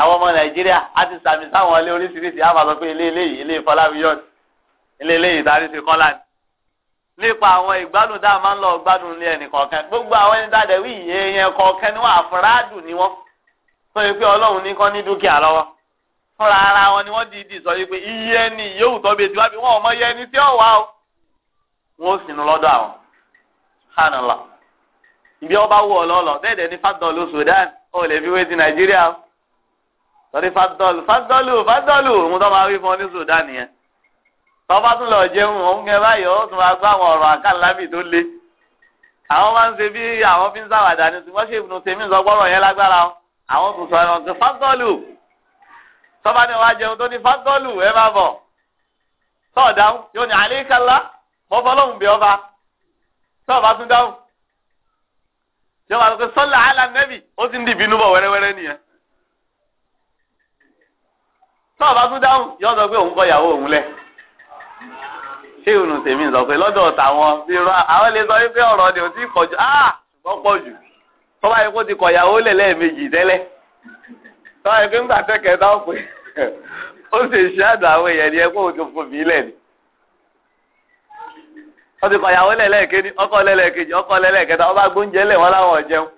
àwọn ọmọ Nàìjíríà á ti sàmì sáwọn ilé oríṣiríṣi á máa sọ pé ilé eléyìí ilé Fọláwíyọ́n ilé eléyìí tá a rí ṣe kọ́lá ni nípa àwọn ìgbádùn tá a máa ń lọ gbádùn ní ẹnì kọ̀ọ̀kan gbogbo àwọn ẹni tá a dẹ̀ ìyẹn kọ̀ọ̀kan ni wọ́n àfúrádùn ni wọ́n sọ pé ọlọ́run ní kán ní dúkìá lọ́wọ́ fúnra ara wọn ni wọ́n dìídì sọ pé iye ẹni yóò tọ́ bẹ́ẹ̀ tí wọ́n fi wọ́n ọmọ yẹ ẹni tí ó wà o wọ́n sì nu lọ́dọ̀ àwọn hànàlá ìbí ọba wù ọ lọ́lọ́ bẹ́ẹ̀ dẹ̀ ni fàdọ́lù Sudan ó lè fi wé ti Nàìjíríà Sudan sọ tọ́ba tún lọ jẹun òun kẹ báyìí ó tún máa gbọ́ àwọn ọ̀rọ̀ àkàlámì tó le àwọn máa ń ṣe bí àwọn fi ń sàwàdà ni ṣùgbọ́n ṣe ìbùnú tèmi sọ gbọ́rọ̀ yẹn lágbára o àwọn kò sọ ẹ̀rọ ṣe fásitọ́lù tọ́ba ni wàá jẹun tó ní fásitọ́lù ẹ bá bọ̀ tọ́ọ̀ dáhùn yóò ní alẹ́ kálá mọ́fọ́lọ́hùn bí ọba tọ́ọ̀bá tún dáhùn yóò máa sọ sọ́lá àlà nẹ́bì ó ti ń dìbì inú bọ̀ wẹ́rẹ́wẹ́rẹ́ nìyẹn tọ́ọ̀bá tún dáhùn yóò sọ pé òun bọ̀ ìyàwó òun lẹ̀ ṣé ìrùn tèmi sọ pé lọ́dọ̀ tàwọn bí irọ́ àwọn lè sọ wípé ọ̀rọ̀ ni ò tí kọjú á ah! ṣùgbọ́n pọ̀ jù tó bá yẹ kó ti kọ̀yàwó lẹ̀ lẹ́ẹ̀mejì tẹ́lẹ̀ tó bá yẹ kó ń gbà tẹ́kẹ̀ẹ́ náà pé ó sì ṣe àdùn àwọn èèyàn ni ẹ òjò fún lẹ̀ ni. wọ́n ti kọ̀yàwó lẹ̀ lẹ́ẹ̀kejì ọkọ lẹ́lẹ́kejì ọkọ lẹ́lẹ́kẹta ọba gbóúnjẹ lẹ̀ wọ́n láwọn jẹun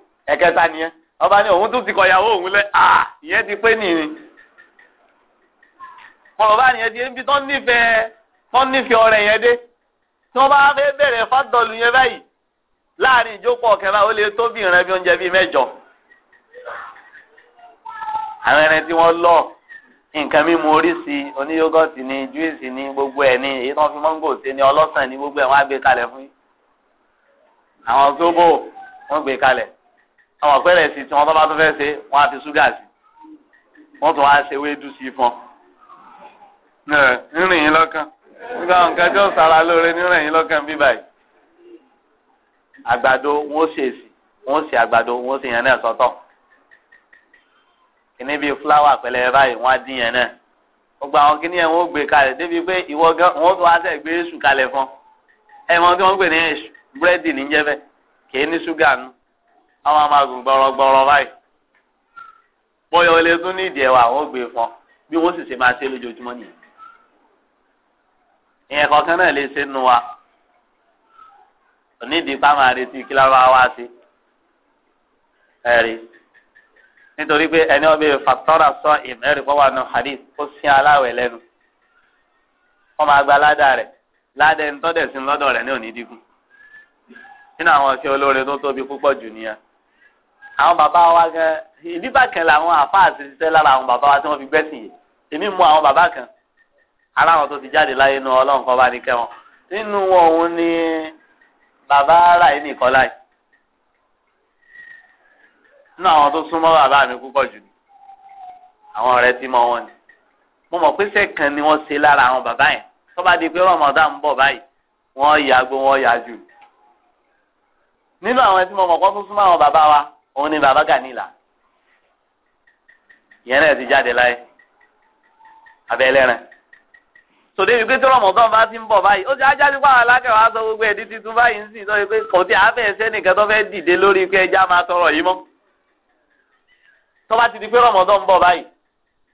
wọ́n nífẹ̀ẹ́ ọ̀rẹ́ yẹn dé tí wọ́n bá fẹ́ bẹ̀rẹ̀ fádọ́lù yẹn báyìí láàrin ìjókòó ọ̀kẹ́ra ó lè tó bí ìrìn bí oúnjẹ bíi mẹ́jọ. àwọn ẹni tí wọ́n lọ nǹkan mímu oríṣi oníyógọ́tì ni júìsì ni gbogbo ẹ̀ ni èyí tí wọ́n fi mọ́ngò ṣe ni ọlọ́sàn ni gbogbo ẹ̀ wọ́n á gbé kalẹ̀ fún yín. àwọn sóbò wọ́n gbé kalẹ̀ àwọn ọ̀pẹ̀rẹ̀ sí tí wọ́n bá tó fẹ́ ṣe wọ́n á fi ṣúgà sí wọ́n tún wá ṣe wéédú sí fún ọ. rìn yín lọ́kàn nígbà wọn nǹkan tí ó sara lóore ní rẹ̀yìn lọ́kàn bí báyìí. àgbàdo wọn ó ṣe èsì wọn ó ṣe àgbàdo wọn ó ṣe yẹn náà sọ́tọ̀. kìnní bíi fúláwà pẹlẹ báyìí wọn á dín yẹn náà. gbogbo àwọn kìnní yẹn wọn ó gbé kalẹ̀ débi pé ìwọ gan wọn ó tún wá sẹ́ gbé èṣù kalẹ̀ fún. ẹ wọn kí wọn gbé ní èṣù búrẹ́dì níjẹ́ bẹ́ẹ̀ kì í ní ṣúgà nù. àwọn amagùn gbọrọgbọrọ báyìí. bọ́yọ̀ ilé tún ní ìdí ẹ̀wà wọn ó gbé fún bí wọ́n sì ṣe máa ṣe lójoojúmọ́ nìyẹn ìyẹn kọ̀ọ̀kan náà lè ṣe nu wa onídìí pa máa retí kí lára wa sí ẹ̀rí nítorí pé ẹni ọbẹ̀ fàtọ́rà sọ ìmẹ́rì kọ́ wà nù hadith ó sí aláwẹ̀ lẹ́nu wọ́n máa gba ládà rẹ̀ ládà ẹni tọ́dẹ̀ sí lọ́dọ̀ rẹ̀ ní òní dínkù nínú àwọn ọ̀sẹ̀ olóore tó tóbi púpọ̀ jù nìyẹn àwọn bàbá wa gan ìdí bá làwọn àfáà ti ṣiṣẹ́ lára àwọn bàbá wa tí wọ́n fi gbẹ́sìn yìí èmi mú àwọn bàbá kan aláwọn tó ti jáde láyé nu ọlọ́run kọ́ bá ní kẹ́wọn nínú wọn ni bàbá ráì nìkan láì nínú àwọn tó súnmọ́ bàbá mi púpọ̀ jù àwọn ọ̀rẹ́ tí mọ wọn ni mo mọ̀ pé sẹ́kàn ni wọ́n ṣe lára àwọn bàbá yẹn tó bá di pé rọmọdá ń bọ̀ báyìí wọ́n yà gbó wọ́n yà jù nínú àwọn tí mo mọ̀ kọ́ tó súnmọ́ àwọn bàbá wa òun ni bàbá Ganila ìyẹn náà ti jáde láyé abẹ́ ẹlẹ́rìn sòdè yìí pé tí rọmọdún bá ti ń bọ̀ báyìí ó ti ajá nípa àwọn alákẹ́wàá sọ gbogbo ẹ̀dí tuntun báyìí ń sìn sọ́yìn pé kò tí a fẹ́ sẹ́nìkan tó fẹ́ dìde lórí pé ẹja máa tọrọ yìí mọ́ tó ti di pé rọmọdún ń bọ̀ báyìí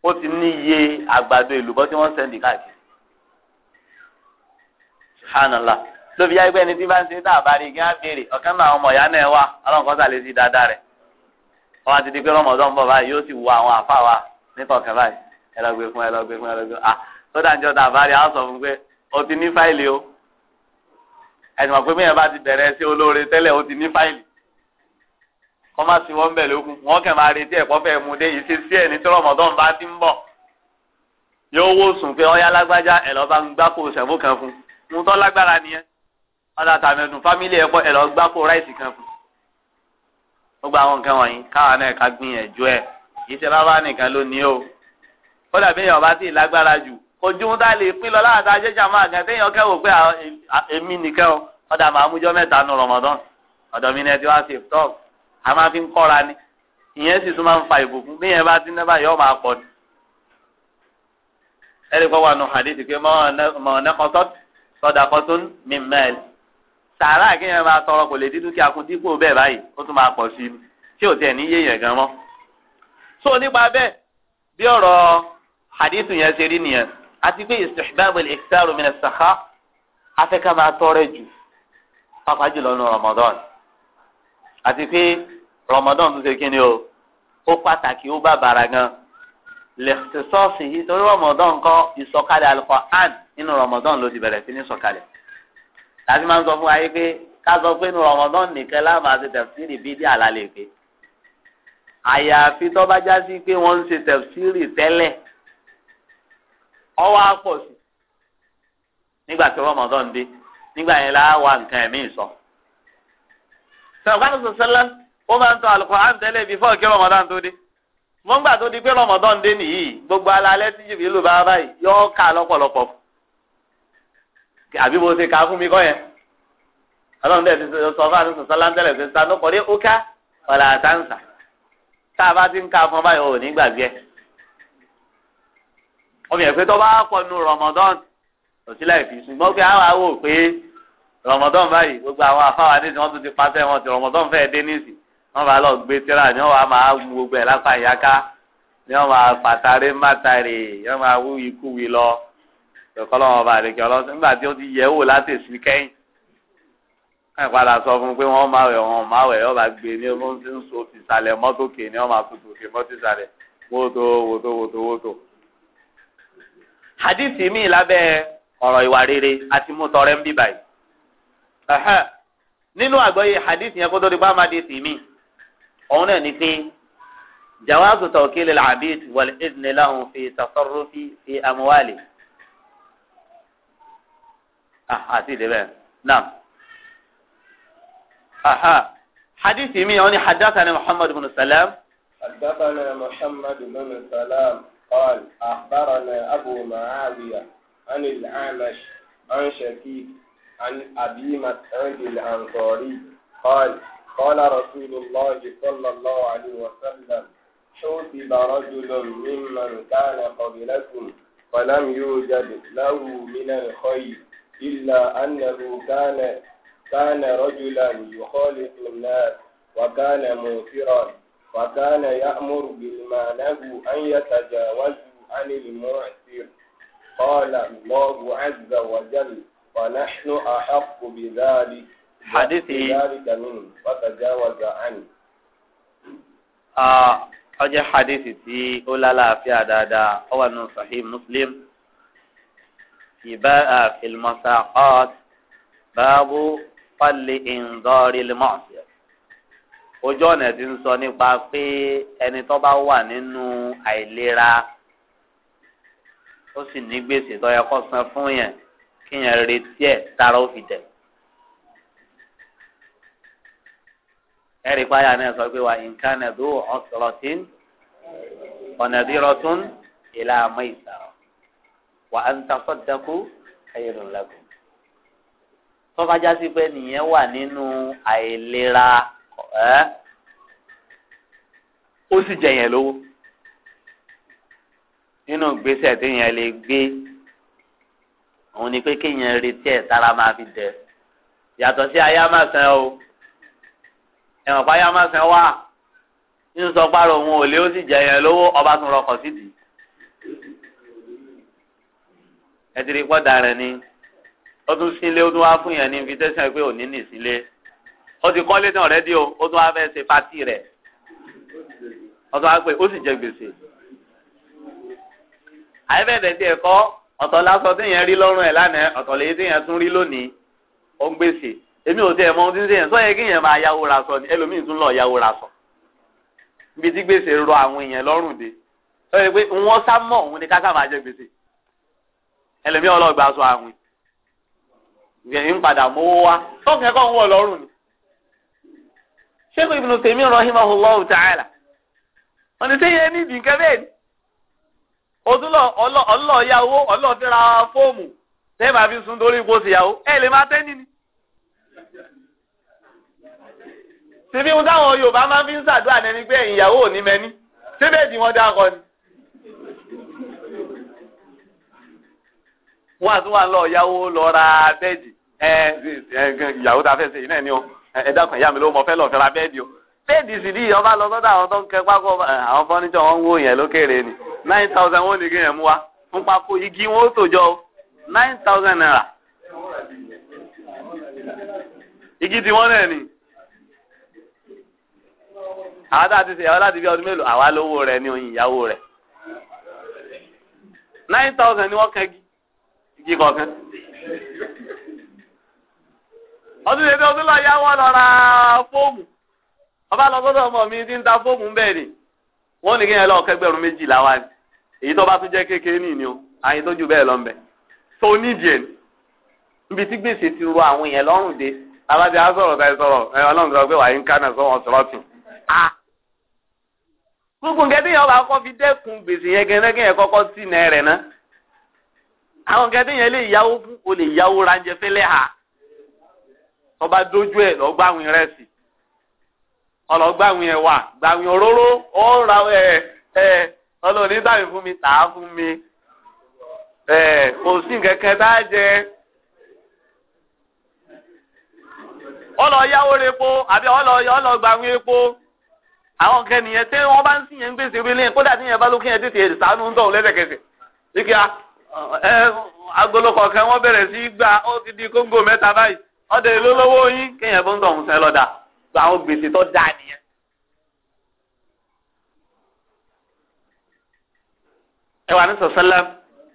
ó ti ní iye àgbàdo èlùbọ́ tí wọ́n sẹ́ndì káàkiri ṣùhánàlá lóbi yá pé ẹni tí bá ń sin tá bá rí gán béèrè ọ̀kan náà àwọn ọmọ náà wà ọlọ́nkọ́ sàlẹ̀ sí dáadáa rẹ̀ wọ́n á ti di pé rọmọdún ń bọ̀ báyìí yóò sì wọ àwọn àfáà wa nípa ọ̀kan báyìí ẹ lọ gbé fún ẹ lọ gbé fún ẹ lọ gbé fún ah kódà ń jọ tàbárí á sọ fún pé o ti ní fáìlì o ẹ̀sìn wà pé mẹ́yàn bá ti bẹ̀rẹ̀ sí olóore tẹ́lẹ̀ o ti ní fáìlì kọ́ má sí wọ́n bẹ̀ lókun wọ́n kàn máa retí ẹ̀kọ́ fẹ́ mu dé yìí ṣe sí ẹ̀ ní tí rọmọdọ́n bá ti ń bọ̀ yóò wò sùn pé ọyá lágbájá ẹ̀ lọ́ọ́ bá ń gbáko ṣẹ̀fó kan fún un tó lágbára nìyẹn ọ̀dà tàmẹ̀dùn fámílì ẹ̀kọ́ ẹ̀ lọ́ọ́ gbáko ráìsì kan fún un. gbogbo àwọn nǹkan wọ̀nyí káwa náà ká gbìyànjú ẹ̀ kì í ṣe bábá nìkan ló o kódà bí èèyàn bá ti lágbára jù kò ju ohun a lè pín lọ láwọn àtàjẹ́ jàmáà gan téèyàn kẹ́wò pé èmi nìkẹ́ o ọ̀dà máa mújọ́ mẹ́ta nu Ramadan ọ̀dọ̀ mi ni ẹ ti wá sí ìtọ́ a máa fi ń kọ́ra ni ìyẹn sì tún máa ń fa ìbùkún bí yẹn bá ti ní báyìí ọ̀ máa pọ̀ ni. ẹ̀rí kọ́ wà nù hadith pé mọ̀ nẹ́kọ̀tọ́ sọ̀dàkọ́ tó ń mi mẹ́ẹ̀l sàárà kí yẹn máa tọrọ kò lè dídú kí akun dípò bẹ́ẹ̀ báyìí ó tún máa pọ̀ sí i tí ò àti pé istihbabul iktaru min as-sakha afẹ́ká máa tọrẹ jù pàápàá jùlọ ní Ramadan àti pé Ramadan tó ṣe kí ni o ó pàtàkì ó bá bàrà gan lẹ́sọ̀sì nítorí Ramadan kọ́ ìsọ̀kalẹ̀ Al-Qur'an nínú Ramadan ló ti bẹ̀rẹ̀ sí ní sọ̀kalẹ̀ láti máa ń sọ wa yìí pé ká sọ pé ní Ramadan nìkan láàmú àti tafsiri bíi dí àlàlẹ̀ pé àyàfi tó bá já sí pé wọ́n ń ṣe ọwọ́ àpọ̀ sí nígbà tí Ramadan dé nígbà yẹn la wà nǹkan ẹ̀mí sọ. sọ̀rọ̀ sọ̀sẹ́lá ó máa ń tọ́ Al-Qur'an tẹ́lẹ̀ bífọ̀ kí Ramadan tó dé wọ́n gbà tó di pé Ramadan dé nìyí gbogbo alalẹ́ tí jìbìlì ló bá báyìí yọ ká lọ́pọ̀lọpọ̀ àbí mo ṣe ká fún mi kọ́ yẹn ọlọ́run dẹ̀ ti sọ fún àtúnṣe sọ́láńtẹ̀lẹ̀ fi sanú kọ́rí ó ká ọ̀là àtàǹsà tá a bá ti ń ká fún báyìí ò ní gbàgbé ẹ̀ wọ́n fi hàn pé tó bá pọ̀ nu Ramadan òsílẹ̀ ìfi ṣùgbọ́n pé àwọn àwò pé Ramadan báyìí gbogbo àwọn afáwà nísìnyí wọ́n tún ti pàṣẹ wọn ti Ramadan fẹ́ẹ́ dé nísì wọ́n bá lọ gbé tíra ni wọ́n wá máa mú gbogbo ẹ̀ lápá ìyáká ni wọ́n máa pàtàrí mátàrí wọ́n máa wú ikú wí lọ ìkọlọ́wọ́n bá àdékè ọlọ́sìn nígbà tí ó ti yẹ wò látẹ̀sí kẹ́yìn ẹ padà sọ fún un pé wọn máa wẹ wọn máa wẹ ọba gbé ní ọdún tí ń so tìsàlẹ̀ mọ́tò kè ní ọmọ àtúntò kè mọ́tò tìsàlẹ̀ wótò wótò wótò wótò hadithi mi lábẹ́ ọ̀rọ̀ ìwà rere àti mú tọrẹ ń bí báyìí nínú àgbọ́yé hadithi yẹn kó tó di bá máa di tì mí òun náà ni pé jawazu tawkil al-abid wal idni lahum fi tasarrufi fi amwali àti ah, ìdíbẹ̀ náà hadithi mi òun ni hadathana muhammad bin salam. hadathana muhammad قال أخبرنا أبو معاوية عن الأعمش عن شكيك عن أبي مسعود الأنصاري قال قال رسول الله صلى الله عليه وسلم حوسب رجل ممن كان قبلكم فلم يوجد له من الخير إلا أنه كان كان رجلا يخالط الناس وكان موفرا فكان يأمر بما بالمانه أن يتجاوز عن المعسر قال الله عز وجل ونحن أحق بذلك حديثي بذلك منه فتجاوز عنه آه ọjọ́ hadithi tí ó lálàáfíà dáadáa ó wà nù sahih muslim ìbá fil masaqat báàbù fali ìǹdọ́rì ojú ọ̀nà ti ń sọ nípa pé ẹni tó bá wà nínú àìlera ó sì ní gbèsè tó yẹ kó san fún yẹn kí yẹn retí ẹ̀ tára ó fi tẹ̀. ẹ̀rí páyà náà sọ pé wà nǹkan ẹ̀dó ọ̀sọ̀rọ̀tì ọ̀nà ìdírọ̀tún ìlà àmọ́ ìsàrọ̀ wà á ń tasọ̀ dẹ́kú ẹ̀yẹ̀ lọ́lẹ́kùn. tó bá já pé nìyẹn wà nínú àìlera ẹ́ ó sì jẹ yẹn lówó nínú gbèsè tí yẹn lè gbé òun ni pé kéèyàn retí ẹ̀ tára máa fi dẹ yàtọ̀ sí ayámàsán o ẹ̀wọ̀n pa ayámàsán wà nínú sọpárò òun ò lé ó sì jẹ yẹn lówó ọba tún rọkọ̀ sídìí ẹtìrì pọ̀ dàrẹ̀ ni ó tún sílé ó tún wá fún yẹn ní invitation pé òní nì sílé ó ti kọ́lé náà rẹ́dí o ó tún wá fẹ́ ṣe pátì rẹ̀ ó tún wá pé ó sì jẹ gbèsè. àyẹ̀bẹ̀dẹ̀ tiẹ̀ kọ́ ọ̀tọ̀ lásán téèyàn rí lọ́rùn ẹ̀ lánàá ọ̀tọ̀ lèyí téèyàn tún rí lónìí ó ń gbèsè èmi ò tiẹ̀ mọ ohun tí ń sèyàn sọ́yẹ́ kéèyàn máa yáwó ra sọ ni ẹlòmíì tún lọ yáwó ra sọ ibi tí gbèsè rọ àwọn èèyàn lọ́rùn dé sọ́yẹ́ pé wọ́n sá mọ̀ òun ni káká máa jẹ gbèsè ẹlòmíì ọlọ́gba sọ àwìn ìgbẹ̀yìn padà mówó wá tọ́kẹ́ kọ́ ń wọ̀ lọ́rùn ni sheikh ibn tèmi rahimahullahu ta'ala ọ̀nà sẹ́yìn ẹni ìdì ni ọdúnlọ fóòmù bá fi sun torí ipò síyàwó lè tẹ́ nínú. síbi ohun táwọn Yorùbá máa fi ń ṣàdúrà nẹni pé ìyàwó ò ní mẹ́ni síbẹ̀ tí wọ́n dákọ ni. wọ́n àtúwà lọ lọ ra ẹ ìyàwó fẹ́ ṣe yìí náà ni ẹ dákun ìyá mi ló mọ lọ ra o bẹ́ẹ̀dì sì ní ọba lọ sọ́dọ̀ àwọn tó ń kẹ pákó àwọn fọ́níṣọ̀ wọn ń wò yẹn lókèrè nine thousand wọn ò ní kí yẹn igi wọn ó tòjọ o nine thousand naira igi tiwọn náà ni àwọn láti ṣe àwọn láti fi ọdún mélòó àwa rẹ ní oyin rẹ nine thousand ni wọn igi ọdún yẹn tí ọdún lọ yá wọn lọ fóòmù ọmọ mi ti ń ta fóòmù ń ni wọn ní kí yẹn lọ méjìlá wa ni èyí tó bá tún jẹ kékeré nìyí o àyìn tó ju lọ bẹ ẹ tí gbèsè ti àwọn yẹn dé alájà sọrọ ẹ sọ pé wàá ń kánà sọ wọn gbogbo gbèsè yẹn náà àwọn yẹn tọba dójú ẹ lọ gbáwìn rẹsì ọlọ ẹwà gbáwìn òróró ó ra ẹ ẹ ọlọ́ọ̀ni dábì fún mi tà fún mi ẹ kò sí jẹ ọlọ yáwó àbí ọlọ ọlọ epo àwọn nǹkan wọn bá ń sìn yẹn ń gbèsè orí lẹ́yìn kódà tí yẹn bá ló kí yẹn tètè sànú ń ẹ agolo wọn sí gba ó ti di kóńgò ọdẹ ìlú lọ́wọ́ yín kéèyàn bó ń tọ̀ ń sẹ́ lọ́dà gba àwọn gbèsè tó dáa nìyẹn. ẹ wà ní sọ̀sẹ́lẹ̀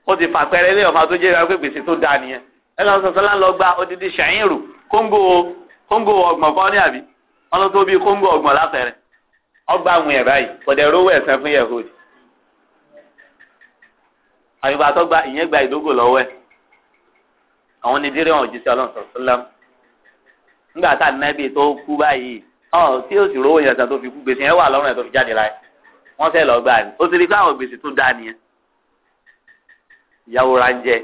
ó ti fàpẹ́rẹ́ ilé ọ̀fà tó jẹ́ ìwé gbèsè tó dáa nìyẹn ẹ lọ sọ̀sẹ́lẹ̀ lọ gba odidi ṣàyìnrù kóńgò kóńgò ọgbọ̀n kan ní àbí ọlọ́tọ́ bíi kóńgò ọgbọ̀n lápẹ̀rẹ̀ ọgbà àwọn ẹ̀rá yìí kọ̀dẹ̀ rówó ẹ̀sẹ̀ fún yẹ̀hóòdì àyùbá tó gba ìyẹn gba ìdógò lọ́wọ́ ẹ̀ àwọn onídìrí àwọn òjíṣẹ́ ọlọ́run sọ̀sẹ́lẹ̀ nígbà tá nabi tó kú báyìí ọ tí ó sì rówó yẹn sàn tó fi kú gbèsè yẹn wà lọ́rùn ẹ̀ tó fi jáde láyé wọ́n sẹ́ lọ gbà ní ó ti rí káwọn gbèsè tó dá nìyẹn ìyàwó ra ń jẹ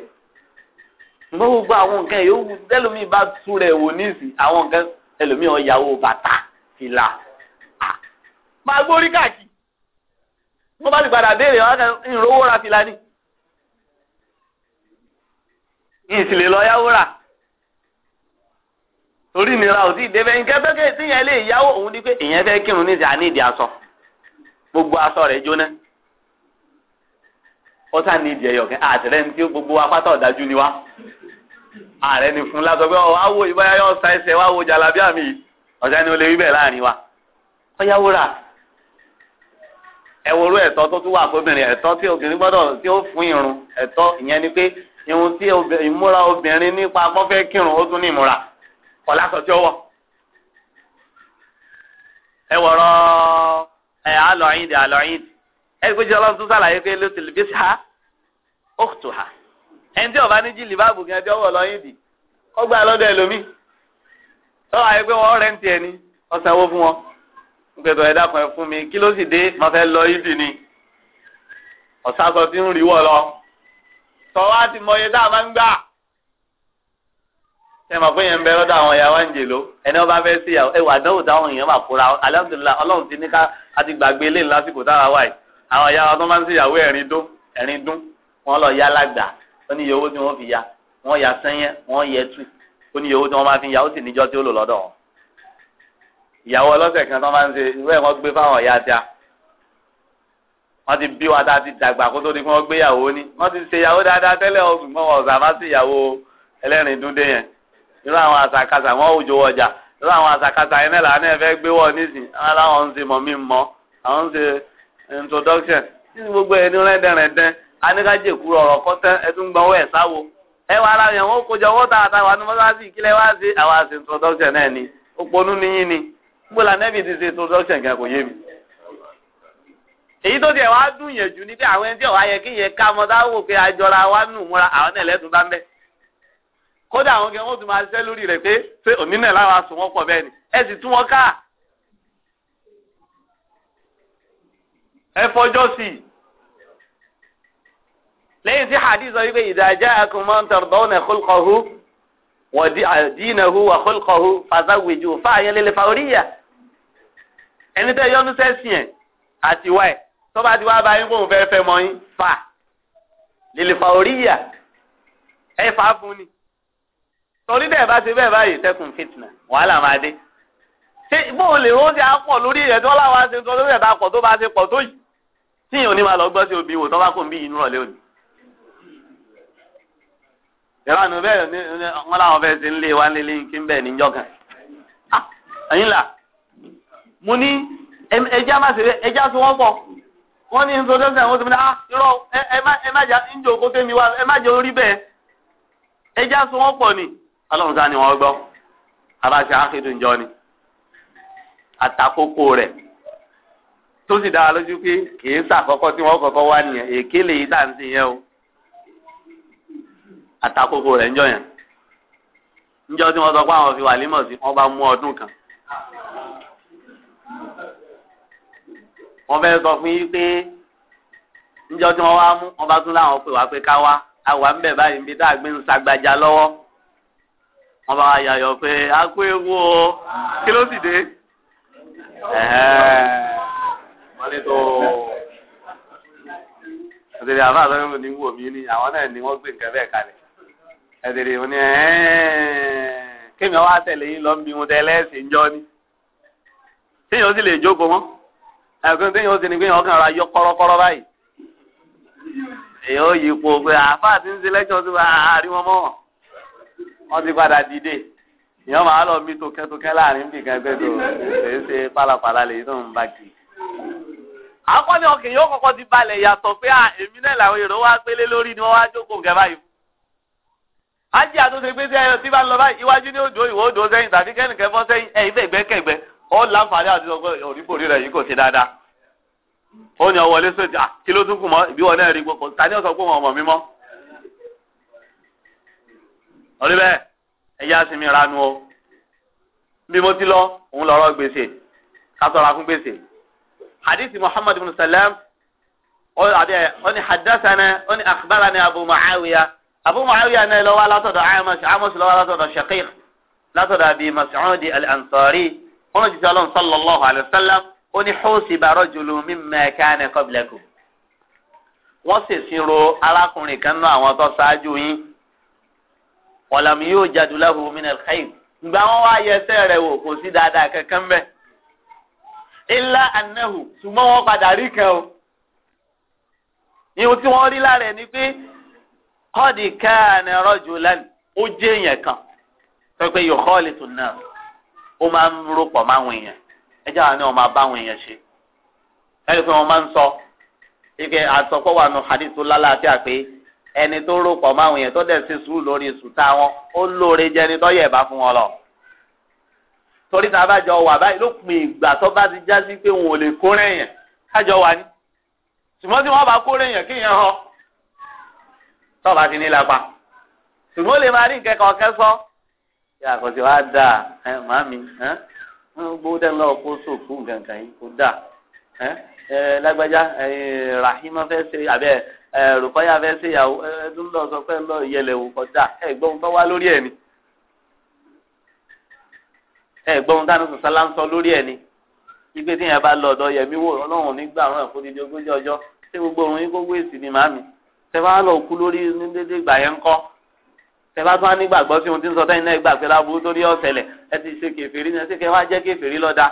mo gbogbo àwọn nǹkan yòówù tẹlómi bá tú rẹ̀ wò níìsì àwọn nǹkan ẹlòmí ọ̀yàwó bàtà fìlà máa gbórí káàkiri mo bá ti padà béèrè wọn kàn ń ra fìlà ni ìsìlè lọ yáwó rà torí ìnira ò sí ìdẹ́fẹ́ nǹkan bẹ́ẹ̀ tí yẹn lè yáwó òun ni pé ìyẹn fẹ́ kírun ní ìsìn àníìdí aṣọ gbogbo aṣọ rẹ̀ jóná ó sá ní ìdí ẹ̀yọ̀ kẹ́ àtẹ̀rẹ́ ní tí gbogbo wa pátá ọ̀dájú ni wá ààrẹ ni fún lásọ pé ọ̀ wá wo ìbáyá yọ ọ̀sá ẹsẹ̀ wá wo jàlábíà mi ọ̀sẹ̀ ni ó lè rí bẹ́ẹ̀ láàrin wa ọ̀yáwó rà ẹ̀wòrú ẹ̀tọ́ tó tún wà fóbìnrin ẹ̀tọ́ tí obìnrin gbọ́dọ̀ tí ó fún irun ẹ̀tọ́ ìyẹn ni pé irun tí ìmúra obìnrin nípa kọ́fẹ́ kírun ó tún ní ìmúra kọlá sọ tí ó wọ ẹ wọrọ ẹ alọ ayíǹde alọ ayíǹde ẹ gbé jẹ Ọlọ́run tó sàlàyé pé ló ti lè fi sá òkùtù ha ẹni tí ọba ní jìlì bá bùkún ẹni tí ọwọ lọ ayíǹde kọ gbà lọ́dọ̀ ẹlòmíì lọ́wọ́ àyè pé wọ́n rẹ́ǹtì ẹni ọ̀sán owó fún wọn gbẹdọ̀ ẹ̀dá kan fún mi kí ló sì dé mo fẹ́ lọ ayíǹde ni ọ̀sán sọ ti ń rí wọ̀ lọ sọ wá ti mọ iye tá a máa ń gbà ẹ máa fún yẹn bẹ lọ́dọ̀ àwọn ìyàwó ń jèló ẹni ọba fẹ́ sí ìyàwó ẹwà àdánwò táwọn èèyàn máa kóra alhamdulilayi ọlọ́run ti ní ká àti gbàgbé ilé lásìkò táwa wà yìí àwọn ìyàwó tó máa ń sí ìyàwó ẹ̀rin dún ẹ̀rin dún wọ́n lọ ya lágbà ó ní iye tí wọ́n fi ya wọ́n ya sẹ́yìn wọ́n yẹ tú ó ní iye tí wọ́n máa fi ya ó sì níjọ́ tí ó lò lọ́dọ̀ wọn. ìyàwó ọlọ́sẹ̀ kan tó máa ń ṣe ìwé wọn irú àwọn àṣàkáṣà wọn ò jówó ọjà irú àwọn àṣàkáṣà yẹn náà làwọn ẹ̀fẹ́ gbé wọ̀ nísìn aláwọn ń ṣe àwọn ń ṣe introduction nínú gbogbo kúrò ẹtún sáwo ẹ wà yẹn wọn kó jọ tààtà wà ní mọ́sáàsì ìkílẹ̀ wá sí àwọn introduction náà ni ni ti introduction kò yé mi èyí tó tiẹ̀ wá dùn ẹni tí ọ̀ kódà àwọn kẹ́ wọ́n tún máa ṣiṣẹ́ lórí rẹ̀ pé ṣé òní náà láwa sùn wọ́n pọ̀ bẹ́ẹ̀ ni ẹ sì tún wọn ká ẹ fọjọ́ sí i lẹ́yìn tí hadith sọ wípé ìdájá akùnmọ́ntàn dọ́wọ́n ẹ̀ kólkọ̀ọ́hù wọ́n dínàhù wà kólkọ̀ọ́hù fàzáwìjù fáyẹn lélẹ̀ fàóríyà ẹni tẹ́ yọ́nú sẹ́sìn ẹ̀ àti wáyé tọ́ba ti wá bá yín fóun fẹ́ fẹ́ mọ́ yín fà lélẹ̀ fàóríyà ẹ fà fún ni. torí bẹ́ẹ̀ bá ti bẹ́ẹ̀ báyìí tẹ́kùn fitna wàhálà máa dé ṣé bó o lè oúnjẹ á pọ̀ lórí ẹ̀ tó láwa ṣe tó lórí pọ̀ tó bá ṣe pọ̀ tó yìí tí ìyẹn máa lọ gbọ́ sí obì wò tó bá kò ń bí wa kí bẹ̀ ah, ẹ̀yin là ní ẹja má ṣe ẹja wọ́n pọ̀ wọ́n ní nítorí ah, ọlọ́run sá ni wọ́n gbọ́ abáṣe ákédùn jọ ni àtàkókò rẹ̀ tó sì dára lójú pé kìí sàkọ́kọ́ tí wọ́n kọ́kọ́ wá nìyẹn èké lè yí tá à ń sìn yẹn o àtàkókò rẹ̀ ńjọ yẹn ńjọ tí wọ́n sọ pé àwọn fi wà límọ̀ sí wọ́n bá mú ọdún kan wọ́n fẹ́ sọ fún yín pé ńjọ tí wọ́n wá mú wọ́n bá tún láwọn pè wá pé ká wá àwa ń bẹ̀ báyìí níbi tá a gbé ń sagbájá lọ́wọ́ wọ́n bá yàyọ̀ pé a kó ewu kí ló sì dé. ẹ̀dẹ̀rẹ̀ àbá àtọ́jú ní wò mí ni àwọn náà ni wọ́n gbé nǹkan bẹ́ẹ̀ kalẹ̀ ẹ̀dẹ̀rẹ̀ òní kémi ọwọ́ àtẹ̀lé yín lọ ń bí wọn tẹ ẹlẹ́sìn jọ ni téèyàn sì lè jókòó mọ́ ẹ̀kún téèyàn sì ní kéèyàn ọkàn ra yọ kọ́rọ́kọ́rọ́ báyìí èèyàn ó yí po pé àáfàá ti ń ṣe lẹ́jọ́ sí wa àárín wọn mọ́ wọn wọ́n ti padà dìde ìyọ́n máa lọ mí tókẹ́tókẹ́ láàrin nìkan ẹgbẹ́ tó ṣe é ṣe pálapàla lè tó ń bá kiri. akọni ọkàn yóò kọ́kọ́ ti balẹ̀ yàtọ̀ pé èmi náà làwọn èrò wa gbélé lórí ni wọ́n wá jókòó nǹkan báyìí. ájì àtúnṣe gbé sí ẹyọ tí bá ń lọ báyìí iwájú ní òjò ìwò òdò sẹ́yìn tàbí kẹ́nìkẹ́ fọ́ sẹ́yìn ẹ̀yìn fẹ̀gbẹ́kẹ̀gbẹ́ ó láǹfààní àti ọgbọ́n òrìbòrí rẹ̀ yìí kò ṣe dáadáa ó ní ọwọ́ lé sójà kí ló tún kù mọ́ ìbí wọn náà rí ọ̀rí bẹ́ẹ̀ ẹ̀yà sinmi ranu o bí mo ti lọ òun lọ́rọ́ gbèsè kásọ̀rọ̀ akún gbèsè hadith muhammad ibn salam ọni hadasana ọni akhbarani abu muawiya abu muawiya náà lọ́wọ́ látọ̀dọ̀ amos amos lọ́wọ́ látọ̀dọ̀ shaqiq látọ̀dọ̀ abi mas'udi al-ansari wọn ti sọlọ́n sallallahu alayhi wa sallam ó ní xoosi bàrọ̀ jùlọ mimma kana qablakum. wọ́n sì sinro arákùnrin kan náà àwọn tó ṣáájú yín ọ̀làmù yóò jáde láhùn min al-khayr ìgbà wọn wá yẹsẹ̀ rẹ̀ wò kò sí dáadáa kankan bẹ́ẹ̀. ilá anahu ṣùgbọ́n wọn padà rí kan o. ihun tí wọ́n rí lára ẹ̀ ni pé kọ́ọ̀dì kana rajulan ó jẹ́ èèyàn kan tó pé yukhalitu an-nas ó máa ń rúpọ̀ máwọn èèyàn ẹjọ́ àwọn náà máa bá àwọn èèyàn ṣe. ẹ̀rí pé wọ́n máa ń sọ ike àtọ́pọ̀ wà nù hadith tó lálàáfíà pé ẹni tó rò pọ̀ máwùn yẹn tó dẹ̀ ṣe sùúrù lórí sùtá wọn ó lóore jẹ́ ẹni tó yẹ̀ bá fún wọn lọ. torí tá a bá jọ wà báyìí ló pin ìgbà tó bá ti já sí pé wọn ò lè kórè yẹn kájọ wà ní. ṣùgbọ́n tí wọ́n bá kórè yẹn kí yẹn hàn tó bá ti ní lápá. ṣùgbọ́n ó lè máa rí nǹkan kan kẹ́sọ́. yà kò sí dà ẹ màá mi ẹ gbogbo dẹ́n lọ kó sòkú nǹkan kan yìí kó dà ẹ lágbájá rahima fẹ́ ṣe àbẹ́ ẹrù kọ́yà fẹ́ ṣe ìyàwó ẹdún lọ sọ pé lọ ìyẹlẹ̀ wò kọjá ẹ̀gbọ́n tó wá lórí ẹ̀ ni ẹ̀gbọ́n dáná sọ̀sá láńsọ lórí ẹ̀ ni ipe tí yẹn bá lọ ọ̀dọ̀ yẹmí wò ọlọ́run nígbà ọ̀rọ̀ ẹ̀kọ́ dídí ogójì ọjọ́ tí gbogbo òun yín gbogbo èsì ni màámi tẹ bá lọ kú lórí ní dédé ìgbà yẹn ń kọ́ tẹ bá tún á nígbàgbọ́ sí ohun tí ń sọ tẹ́yìn náà gbà pé láburú tó rí ọ̀sẹ̀lẹ̀ ẹ ti ṣe kèfèrí ni ẹ sì kẹ́ wá jẹ́ kèfèrí lọ́dà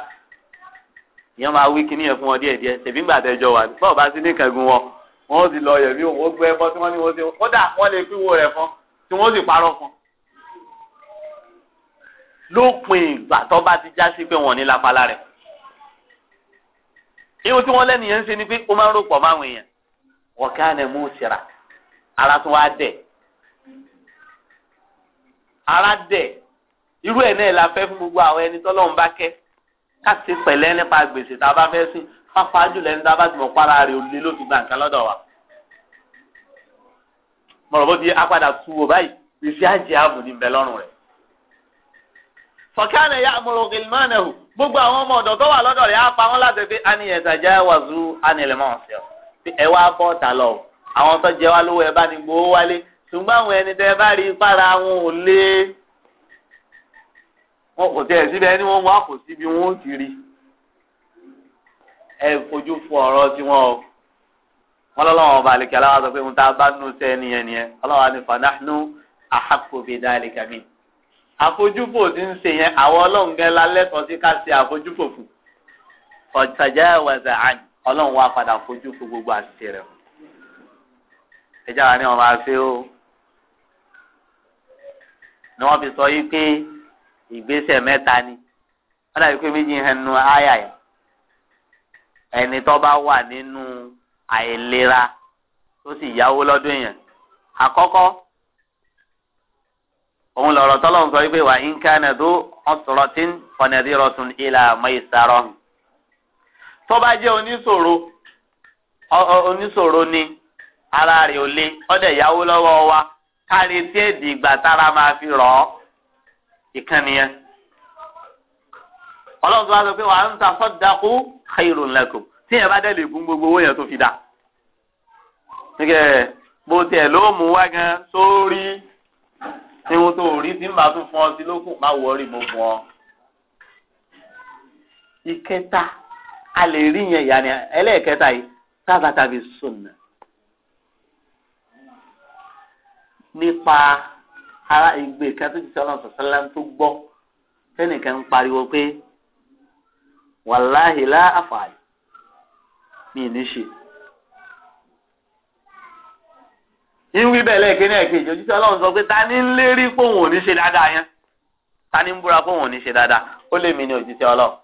ìyẹn máa wí kíní yẹn fún wọn díẹ̀díẹ̀ tèmi gbà tẹjọ wà bọ́ọ̀ wọ́n sì lọ yẹ̀mí òun ó gbẹ́ bọ́ tí wọ́n ní wọ́n ṣe kódà wọ́n lè pínwó rẹ̀ fún tí wọ́n sì parọ́ fún. lópin ìgbà tó bá ti já sí pé wọ́n ní lápálá rẹ̀ irun tí wọ́n lẹ́nìyẹn ń ṣe ni pé ó máa ń rò pọ̀ máwọn èèyàn wọ́n ká ní mú tìrà ara tó wá dẹ̀ ara dẹ̀ irú ẹ̀ náà la fẹ́ fún gbogbo àwọn ẹni tọ́lọ́run bá kẹ́ ká ṣe pẹ̀lẹ́ nípa gbèsè tá a bá fẹ́ sìn pápá jùlọ ẹni tá a bá ti mọ̀ para rẹ̀ olè ló fi gba nǹkan lọ́dọ̀ wa. mọ̀rọ̀ bó ti apádà tu wò báyìí ìfi àjẹ ààbò ní bẹ lọ́rùn rẹ̀. fọ̀kánà ya àmọ̀rọ̀ kìlìmọ́nà hù gbogbo àwọn ọmọ ọ̀dọ̀ tó wà lọ́dọ̀ rẹ̀ á pa wọ́n láti pé ani ẹ̀sàjà wàzú anilẹ̀mọ́ ọ̀sẹ̀ ẹ wá bọ́ ta lọ àwọn tó jẹ wá lówó ẹ bá ní gbowó wálé ṣùgbọ́n àwọn ẹni tẹ́ bá rí ni wọ́n wá kò ẹ fojú ọrọ ọ̀rọ̀ tiwọn o wọn lọ́wọ́ ọba àlekè aláwa sọ pé mo ta bá nù sẹ́ nìyẹn nìyẹn ọlọ́wọ́ ni fanahnu ahaqqu bi dhalika min àfojúfò ti ń yẹn àwọn sí ká gbogbo àṣìṣe ẹni tó bá wà nínú àìlera tó sì yáwó lọ́dún yẹn àkọ́kọ́ òun lọ̀rọ̀ tọ́lọ́hún sọ wípé wà ń kánà tó ọ̀sọ̀rọ̀tìn fọ̀nẹ̀dìrọ̀tún ìlà mẹ́sàrọ̀ tó bá jẹ́ oníṣòro oníṣòro ni ara rẹ̀ ò le ọ̀dẹ̀ yáwó lọ́wọ́ wa kárí tí èdè ìgbà tára máa fi rọ̀ ọ́ ìkànnì yẹn. ọlọ́run tó wá sọ pé wà á ń ta sọ́dákú khairun lakum tí yẹn bá dẹ́lẹ̀ gún gbogbo owó yẹn tó fi dà. nígbà bó tiẹ̀ ló mú wá gan sórí ihun tó rí tí ń bá tún fún ọ sí lókùn má wọrí mo fún ọ. ìkẹta a lè rí yẹn yàní ẹlẹ́ẹ̀kẹta yìí tábàtà fi sùn nípa ara ìgbè kan tó ti sọ ọlọ́run sọ̀sọ́lá tó gbọ́ sẹ́nìkan ń pariwo pé wàláhì láàfààyè mi ní ṣe. ìwí bẹ̀lẹ̀ kéne ẹ̀kejì ojúṣe ọlọ́run sọ pé ta ni ń lérí póun ò ní ṣe dáadáa yẹn ta ni ń búra póun ò ní ṣe dáadáa ó lè mí ní ojúṣe ọlọ́run.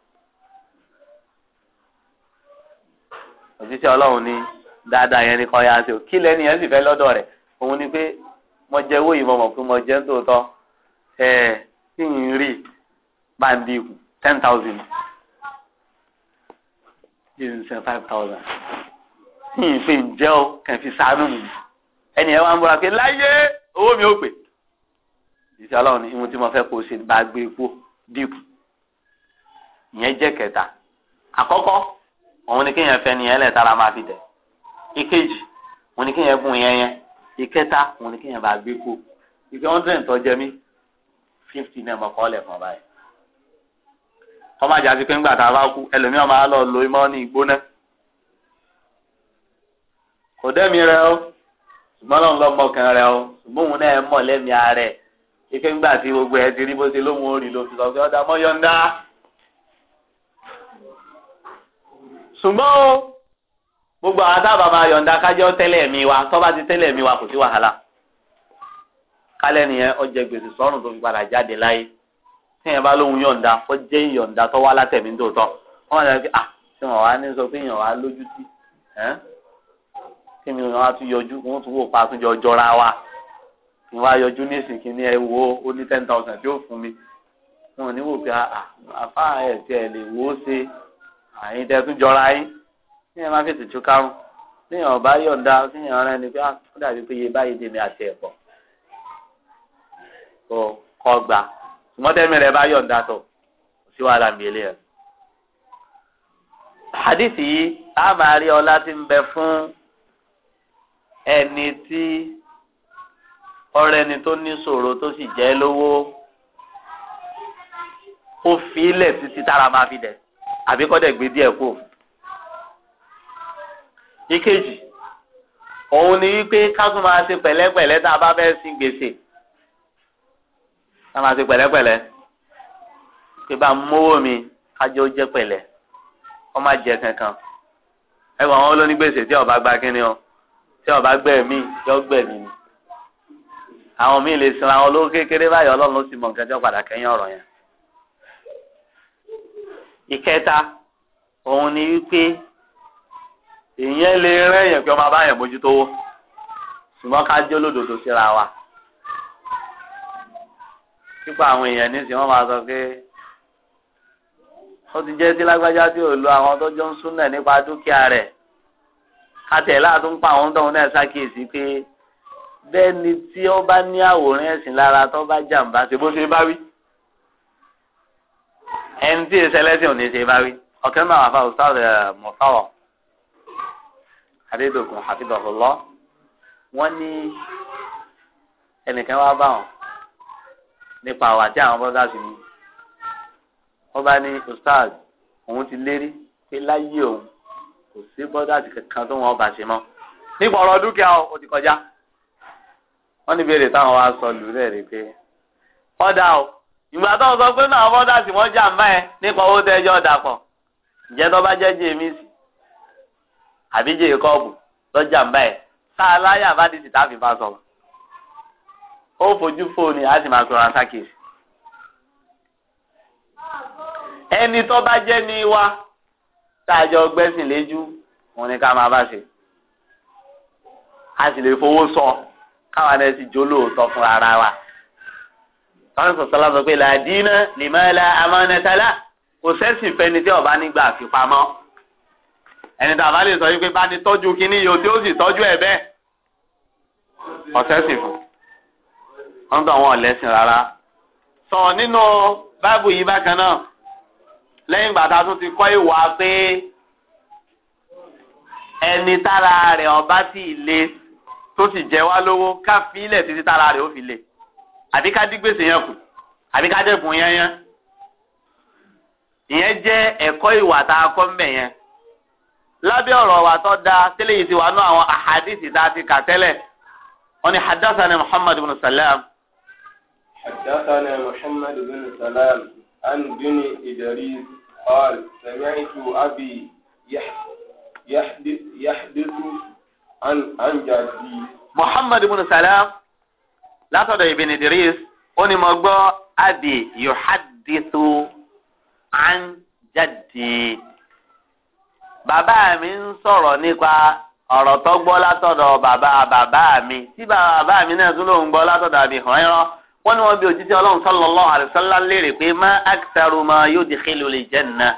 ojúṣe ọlọ́run ní dáadáa yẹn ni kọ́ ya ṣe o kí lẹ́ni yẹn sì fẹ́ lọ́dọ̀ rẹ̀ òun ni pé mo jẹ owó yìí mo mọ̀ pé mo jẹ́ ń tòótọ́ ẹ̀ kí n rí bá ń dínkù ten thousand yìí ń sẹ́ five thousand yìí fi ń jẹ́ o kàn fi sànú mi ẹnì yẹn wá ń bọ́ra pé láyé owó mi ò pè ìṣe ọlọ́run ni ìwọ̀n tí mo fẹ́ kó o ṣe bá gbé epo dípò ìyẹn jẹ́ kẹta àkọ́kọ́ òun ni kéèyàn fẹ́ ni yẹn lẹ̀ tára máa fi tẹ̀ ìkejì òun ni kéèyàn gun yẹn yẹn ìkẹta òun ni kéèyàn bá gbé epo ìfẹ́ hundred tó jẹ mí fifty náà mo kọ́ ọ́ lẹ̀ fún ọ báyìí kọ́má jà sí pé ńgbà tá a bá kú ẹlòmíràn máa lọ lo imọ́ ní ìgbóná. kò dẹ́mi rẹ o ṣùgbọ́n lọ́n lọ́ mọ̀kàn rẹ o ṣùgbọ́n òun náà mọ̀ lẹ́mi ààrẹ ife ńgbà tí gbogbo ẹ ti rí bó ṣe lóhun orí ló fi sọ pé ọ̀dà mọ́ yọ̀ǹda. ṣùgbọ́n o gbogbo àwọn sábà máa yọ̀ǹda kájọ́ tẹ́lẹ̀ mi wa tó bá ti tẹ́lẹ̀ mi wa kò sí wàhálà kálẹ̀ nìyẹn ọjẹ́ gbèsè sọ́run tó fi padà jáde láyé tíyẹn bá lóhun yọ̀ǹda kó jẹ́ ìyọ̀ǹda tó wá látẹ̀mí tó tọ́ wọ́n rẹ̀ pé ah tí wọ́n wá ní sọ pé èèyàn wá lójú sí kí ni wọ́n á tún yọjú wọ́n tún wò pa àtúnjọ jọra wa kí wọ́n á yọjú nísìn kí ni ẹ wo ó ní ten thousand tí ó fún mi wọn ò ní wò pé àfa ẹ̀ tí ẹ lè wò ó ṣe àyìn tẹ́ tún jọra yín kí ni ẹ má fi tìtú kárùn kí ni ọba yọ̀ǹda kí ni ọ̀rẹ́ ni pé ah ó sùmọ́tẹ́mi rẹ̀ bá yọ̀ǹda tó sí wàhálà mi ilé ẹ̀. hadithi yìí a máa rí ọlá tí ń fún ẹni tí ọ̀rẹ́ ni tó ní ṣòro tó sì jẹ́ lówó ó fi ilẹ̀ títí tára máa fi dẹ̀ àbí kọ́ dẹ̀ gbé díẹ̀ kú. ìkejì òun ni wípé ká tún máa tá a bá fẹ́ sin gbèsè ká máa ṣe pẹ̀lẹ́pẹ̀lẹ́ pé bá mówó mi kájọ jẹ́ pẹ̀lẹ́ kọ́ má jẹ kankan ẹ̀wọ̀n àwọn olónígbèsè tí ọba gba kínní o tí ọba gbẹ̀mí yọ gbẹ̀mí ni àwọn míì lè sinra wọn lówó kékeré báyìí ọlọ́run ló sì mọ nǹkan tí wọ́n padà kẹ́yìn ọ̀rọ̀ yẹn. ìkẹta òun ni wípé ìyẹn lè rẹ́yìn pé ọmọ abáyàn mójútówó ṣùgbọ́n ká jẹ́ olódodo síra wa pípa àwọn èèyàn nísìnyí wọ́n máa sọ pé ó ti jẹ́ sí lágbájá tí ò lo àwọn tó jọ ń súnà nípa dúkìá rẹ̀ kátẹ̀ láàtú ń pa àwọn tóun náà ṣàkíyèsí pé bẹ́ẹ̀ ni tí ó bá ní àwòrán ẹ̀sìn lára tó bá jàǹbá ṣe bó ṣe bá wí ẹni tí èsì ẹlẹ́sìn ò ní ṣe bá wí ọ̀kẹ́ náà wà fà ustaz mọ̀sáwọ̀ adédọ̀gùn àti dọ̀fọ̀lọ́ wọ́n ní ẹnìkan wá bá wọn nípa àwọn àti àwọn bọ́dá sí mi wọ́n bá ní ustaz òun ti lérí pé láyé òun kò sí bọ́dá sí kankan tó wọn bá ṣe mọ́ nípa ọ̀rọ̀ dúkìá o ti kọjá wọ́n ní béèrè táwọn wá sọ lù rẹ̀ rí pé ọ̀dà o ìgbà tó ń sọ pé náà bọ́dá sí wọ́n jà mbá yẹn nípa owó tẹ́jọ́ dàpọ̀ ǹjẹ́ tó bá jẹ́ jẹ́ mi sí àbí jẹ́ kọ́ọ̀bù lọ́jà mbá yẹn tá a láyà bá dì sí tá a ó fojú fóònù á sì máa sọ̀rọ̀ àtàkìrì. ẹni tó bá jẹ́ ní wa tá a jọ gbẹ́sìn léjú òun ni ká máa bá ṣe a sì lè fowó sọ káwa náà sì jólóòótọ́ fún ara wa. káwọn sọ̀tọ́ la sọ pé làdínà lèmọ́lá amánẹ́tálá kò sẹ́sìn fẹ́ni tí ọba nígbà fi pamọ́ ẹni tàbá lè sọ yìí pé bá ní tọ́jú kínní yìí o tí ó sì tọ́jú ẹ̀ bẹ́ẹ̀ ọ̀sẹ́sìn fún un wọ́n tọ̀ wọn lẹ́sìn rárá. sọ nínú báìbù yìí bákan náà lẹ́yìn ìgbà tá a tún ti kọ́ ìwà pé ẹni tára rẹ̀ ọba tí le tó sì jẹ wá lówó ká fi ilẹ̀ títí tára rẹ̀ ó fi le àbí ká dí gbèsè yẹn kù àbí ká dẹ̀kun yẹn yẹn ìyẹn jẹ́ ẹ̀kọ́ ìwà tá a kọ́ mbẹ̀ yẹn lábẹ́ ọ̀rọ̀ wa tó da tẹ́lẹ̀ yìí ti wà nú àwọn àhàdìsì tá a ti kà tẹ́lẹ̀ wọ́n ní hadassah ni muhammadu bin salam. حدثنا محمد بن سلام عن بن إدريس قال سمعت أبي يحدث يحدث عن عن جدي محمد بن سلام لا تدع بن إدريس أني مقبع أبي يحدث عن جدي bàbá mi ń sọ̀rọ̀ nípa ọ̀rọ̀ tó gbọ́ látọ̀dọ̀ bàbá bàbá mi tí bàbá mi náà tún lòún gbọ́ látọ̀dọ̀ àbí hàn án wọ́n ní wọ́n bí òjíṣẹ́ ọlọ́run sallallahu alaihi wasallam léèrè pé má aktaru ma yudkhilul janna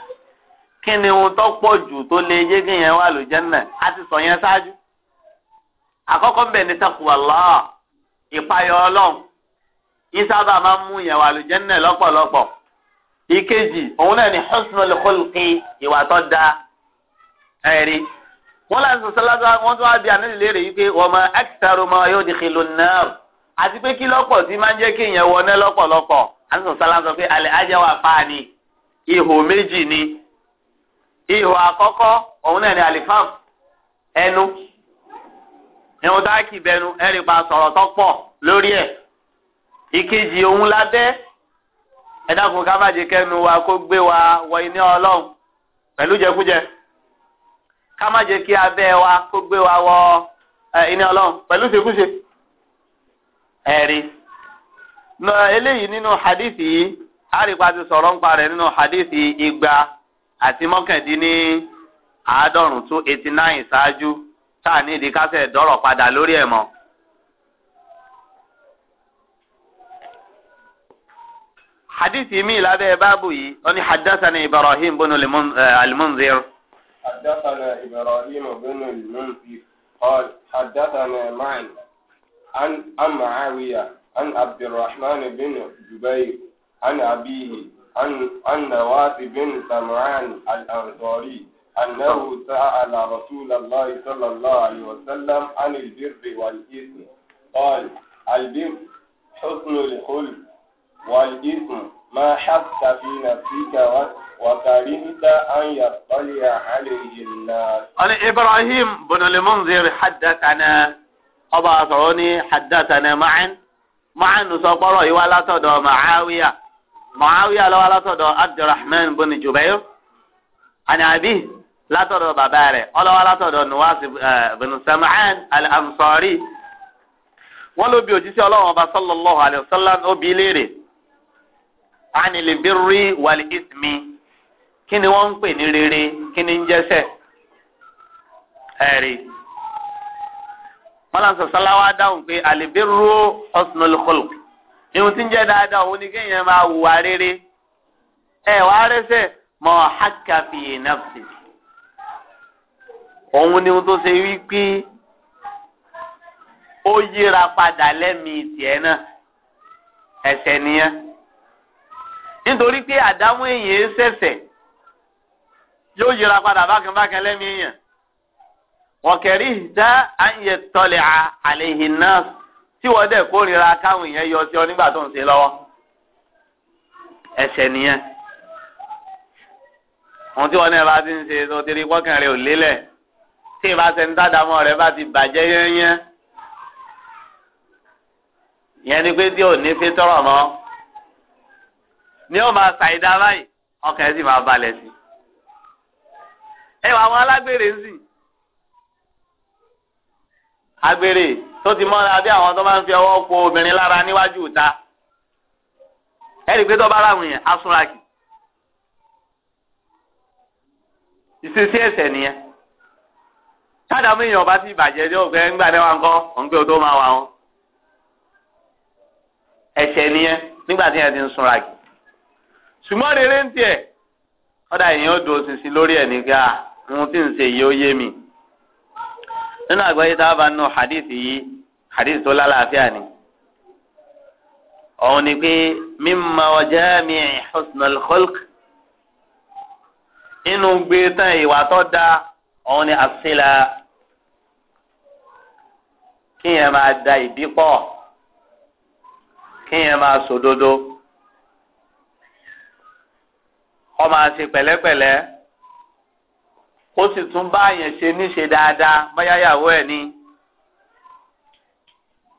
kí ni ohun tó pọ̀ jù tó lè yé kí yẹn wà lùjẹ́nà á ti sọ yẹn ṣáájú. àkọ́kọ́ bẹ̀ ní takuwallah ìpayọ̀ ọlọ́run ìsábà máa ń mú yẹn wà lùjẹ́nà lọ́pọ̀lọpọ̀. ìkejì òun náà ni husnul khulqi ìwà tó dáa ẹ̀rí. wọ́n láti sọ sọ́lá wọ́n tún wá bí àná àti pé kí lọ́pọ̀ tí máa ń jẹ́ kí èèyàn wọná lọ́pọ̀lọpọ̀ àtúntòsálà sọ pé alẹ́ ajẹ́wà fáà ni ihò méjì ni ihò àkọ́kọ́ òun ni alifam ẹnu ẹ̀hún dáàkì bẹnu ẹ̀rì pa sọ̀rọ̀ tó pọ̀ lórí ẹ̀ ìkejì òun lábẹ́ kábàjẹ́ wa kó gbé wa wọ iná ọlọ́run pẹ̀lú jẹkújẹ kí wa kó gbé wa wọ iná ọlọ́run pẹ̀lú ẹ̀rí nà eléyìí nínú hadithi yìí àríkpá ti sọ̀rọ̀ ń parẹ́ nínú hadithi igba àti mọ́kàndínní àádọ́rùn tún eighty nine ṣáájú tá a ní ìdí kásẹ̀ dọ́rọ̀ padà lórí ẹ̀ mọ́. حديث ميل أبي بابوي أني حدثني إبراهيم بن المنذر حدثنا إبراهيم بن المنذر قال حدثنا معن عن معاوية عن عبد الرحمن بن جبير عن أبيه عن عن نواس بن سمعان الأنصاري أنه سأل رسول الله صلى الله عليه وسلم عن البر والإثم قال البر حسن الخلق والإثم ما حبت في نفسك وكرهت أن يطلع عليه الناس قال إبراهيم بن المنذر حدثنا ọba àsọ̀rọ̀ ní haddathana ma'an ma'an sọ pọ́rọ̀ yìí wá látọ̀dọ̀ ma'awiya ma'awiya lọ́wọ́ látọ̀dọ̀ abdulrahman bin jubair anabi látọ̀dọ̀ bàbá rẹ̀ ọlọ́wọ́ látọ̀dọ̀ nuwas bin eh, sam'an al-ansari wọ́n ló bi òjíṣẹ́ ọlọ́run ọba sallallahu alayhi wa sallam ó bi léèrè anilibiri wàlí ismi kí ni wọ́n ń pè ní rere kí ni ń jẹ́sẹ̀ ẹ̀rí wọn lọ sọ sọláwá dáhùn pé àlèbérú husnul khuluq irun tí ń jẹ́ dáadáa òun ni kéèyàn máa wùwà rere ẹ wàá rẹsẹ̀ mọ haka fi nafsi òun ni tó ṣe wípé ó yíra padà lẹ́mìí tiẹ̀ náà ẹ̀ṣẹ̀ nìyẹn nítorí pé àdámọ́ èèyàn ṣẹ̀ṣẹ̀ yóò yíra padà bákan bákan lẹ́mìí èèyàn wọn kẹrí ìjà àyè tọlẹ àlehìn náà tí wọn dẹ kórìíra káwọn èèyàn yọ sí ọ nígbà tó ń ṣe lọ́wọ́ ẹ̀ṣẹ̀ nìyẹn ohun tí wọn náà bá ti ń ṣe tó ti rí kọkàn rẹ ò lélẹ̀ tí ìbá sẹni tádàmọ rẹ bá ti bàjẹ́ yẹnyẹn ìyẹn ni pé tí ò ní fi tọrọ mọ ni ó máa ṣàìdá báyìí ọkàn ẹ sì máa balẹ̀ sí ẹ wà àwọn alágbèrè ń sìn. agbèrè tó ti mọ́ra bí àwọn tó máa ń fi ọwọ́ po obìnrin lára níwájú ìta ẹ̀rí pé tó bá ráhùn yẹn asúnrakì ìṣesí ẹsẹ nìyẹn èèyàn bá ti bàjẹ́ ní ọgbẹ́ ńgbà tó máa wà wọn nìyẹn nígbà tí yẹn ti ń súnrakì ṣùgbọ́n rere ń tiẹ̀ ọ̀dà dùn òṣìṣì lórí ẹ̀ nígbà ohun tí ń ṣe mi. nínú àgbáyé tá a bá nù hadith yìí hadith tó lálàáfíà ni òun ni pé mímọ ọjà mi husnul khulq inú gbé tán ìwà tó dáa òun ni àṣìlá kíyẹn máa da ìdí pọ̀ kíyẹn máa sòdodo kọ́ máa ṣe pẹ̀lẹ́pẹ̀lẹ́ kó sì tún bá àyàn ṣe níṣe dáadáa báyàyàwó ẹ̀ ni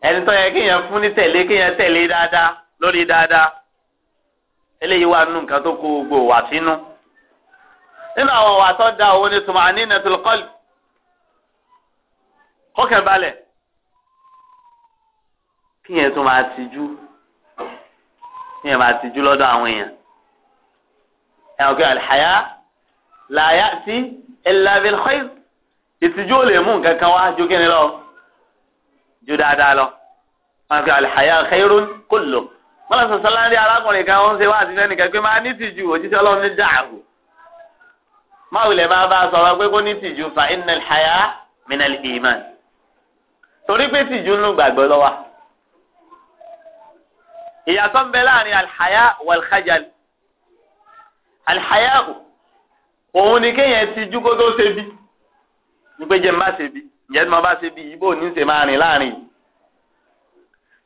ẹni tó yẹ kéèyàn fún ní tẹ̀lé kéèyàn tẹ̀lé dáadáa lórí dáadáa eléyìí wà nínú nǹkan tó kó gbogbo wà sínú nínú àwọn ọ̀wà tó da owó ní tùmọ̀ àní nẹ́tùlù kọ́lì kọ́kẹ́ balẹ̀ kéèyàn tó máa tijú kéèyàn máa tijú lọ́dọ̀ àwọn èèyàn ẹ̀ ọ̀gá àlàyé làyà sí illa bil khair ìtìjú ò lè mú nǹkan kan wá ju kí ni lọ ju dáadáa lọ wọn fi alihaya khairun kullu wọn lọ sọ sọláńdì arákùnrin kan wọn ń ṣe wá àtijọ́ nìkan pé máa ní tìjú òjíṣẹ́ ọlọ́run ní dáàbò máa wulẹ̀ máa bá a sọ̀rọ̀ pé kó ní tìjú fa inna alihaya min al torí pé tìjú ń lu gbàgbọ́ lọ́wọ́ ìyàtọ̀ ń bẹ láàrin alihaya wal khajal alihaya kù òun ni kéèyàn ti jú kó tó ṣe bí wípé jẹ́ má ṣe bí ǹjẹ́ tí mo bá ṣe bí ibo ní ṣe máa rìn láàrin yìí.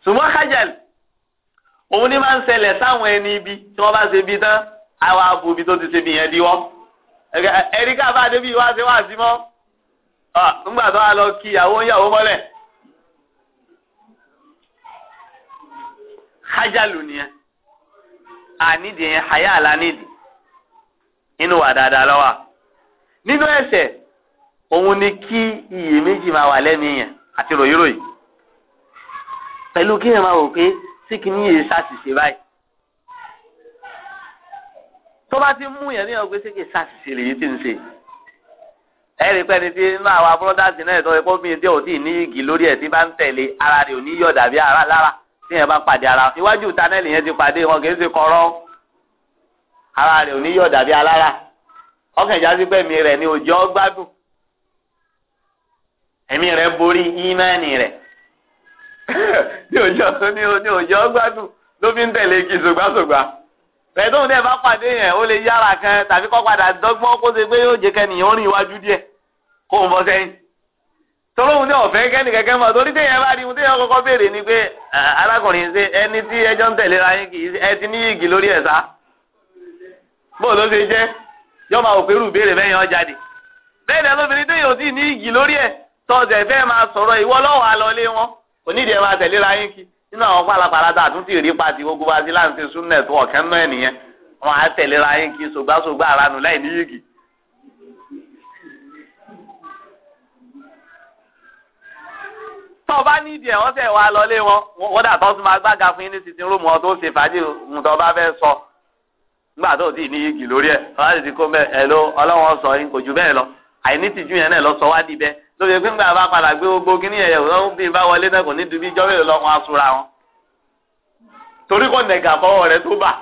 ṣùgbọ́n kájàlì òun ni máa ń ṣẹlẹ̀ sáwọn ẹni ibi tí wọ́n bá ṣe bí tán àwọn abo ibi tó ti ṣe bí yẹn díwọ́. ẹ̀rí ká bá débi wá ṣe wá sí mọ́ nígbà tó wà lọ kí ìyàwó ń yàwó mọ́lẹ̀. kájàlù nìyẹn ànídìí yẹn hayà àlá nínú wà dáadáa lọ́wọ́ nínú ẹ̀ṣẹ̀ òun ni kí iyèméjì máa wà lẹ́nu yẹn àti ròyìnròyìn pẹ̀lú kí èèyàn máa wò pé tí ni yìí ṣàṣìṣe báyìí tó bá ti mú yẹn ní ọgbẹ́ sí kì í ṣàṣìṣe lèyí tí ń ṣe ẹ̀rí pẹ́ni tí nínú àwọn abúlọ́dàsí náà ìtọ́jú pé bíi díẹ̀ òdì ní igi lórí ẹ̀ tí bá ń tẹ̀lé ara rẹ̀ ò yọ̀ dàbí ara lára tí yẹn bá pàdé ara iwájú ìta náà ti pàdé wọn kì í ṣe kọ́rọ́ ara rẹ̀ ò ní yọ̀ dàbí alára ọkàn ìjásí pé ẹ̀mí rẹ ni òjò gbádùn ẹ̀mí rẹ̀ borí ímánì rẹ̀ ní òjò ní òjò gbádùn ló fi ń tẹ̀lé kí sògbàsògbà rẹ̀ tóun dẹ̀ bá pàdé yẹn ó lè yára kan tàbí kọ́ padà dọ́gbọ́n kó ṣe pé yóò jẹ́ kẹ́nìyàn ó rìn iwájú díẹ̀ kó ń bọ́ sẹ́yìn tọ́lọ́hún ní ọ̀fẹ́ kẹ́ni kẹ́kẹ́ mọ̀ torí téèyàn bá rí ohun téèyàn kọ́kọ́ béèrè ni pé ṣe ẹni tí ẹjọ́ ń ẹ bóò ló ṣe yọ máa wò pé irú ìbéèrè bẹ́ẹ̀ yẹn jáde lóbìnrin tó sì ní igi lórí ẹ̀ tọ́sẹ̀ fẹ́ máa sọ̀rọ̀ ìwọ lọ́wọ́ alọ́lé wọn onídìí ẹ̀ máa tẹ̀lé ra yín kí nínú àwọn pàlàpàlà tá a tún ti rí pati gbogbo wa sí láǹṣẹ súnẹ̀ tó ọ̀kẹ́ náà nìyẹn wọn á ra yín kí sògbàsògbà ara nù láì ní igi. nídìí nígbà tó ti ní igi lórí ẹ̀ ọlá ti kó bẹ́ẹ̀ ẹ̀ ló ọlọ́wọ́n sọ yín kò jù bẹ́ẹ̀ lọ àìní tìjú yẹn náà lọ sọ wá di bẹ́ẹ̀ pé nígbà bá padà gbé gbogbo kíní ẹ̀yẹ ọ̀hún bí bá wọlé náà kò ní dubí jọ́ mélòó lọ́kùn aṣọra wọn torí kò nẹ̀gà fọwọ́ rẹ tó bà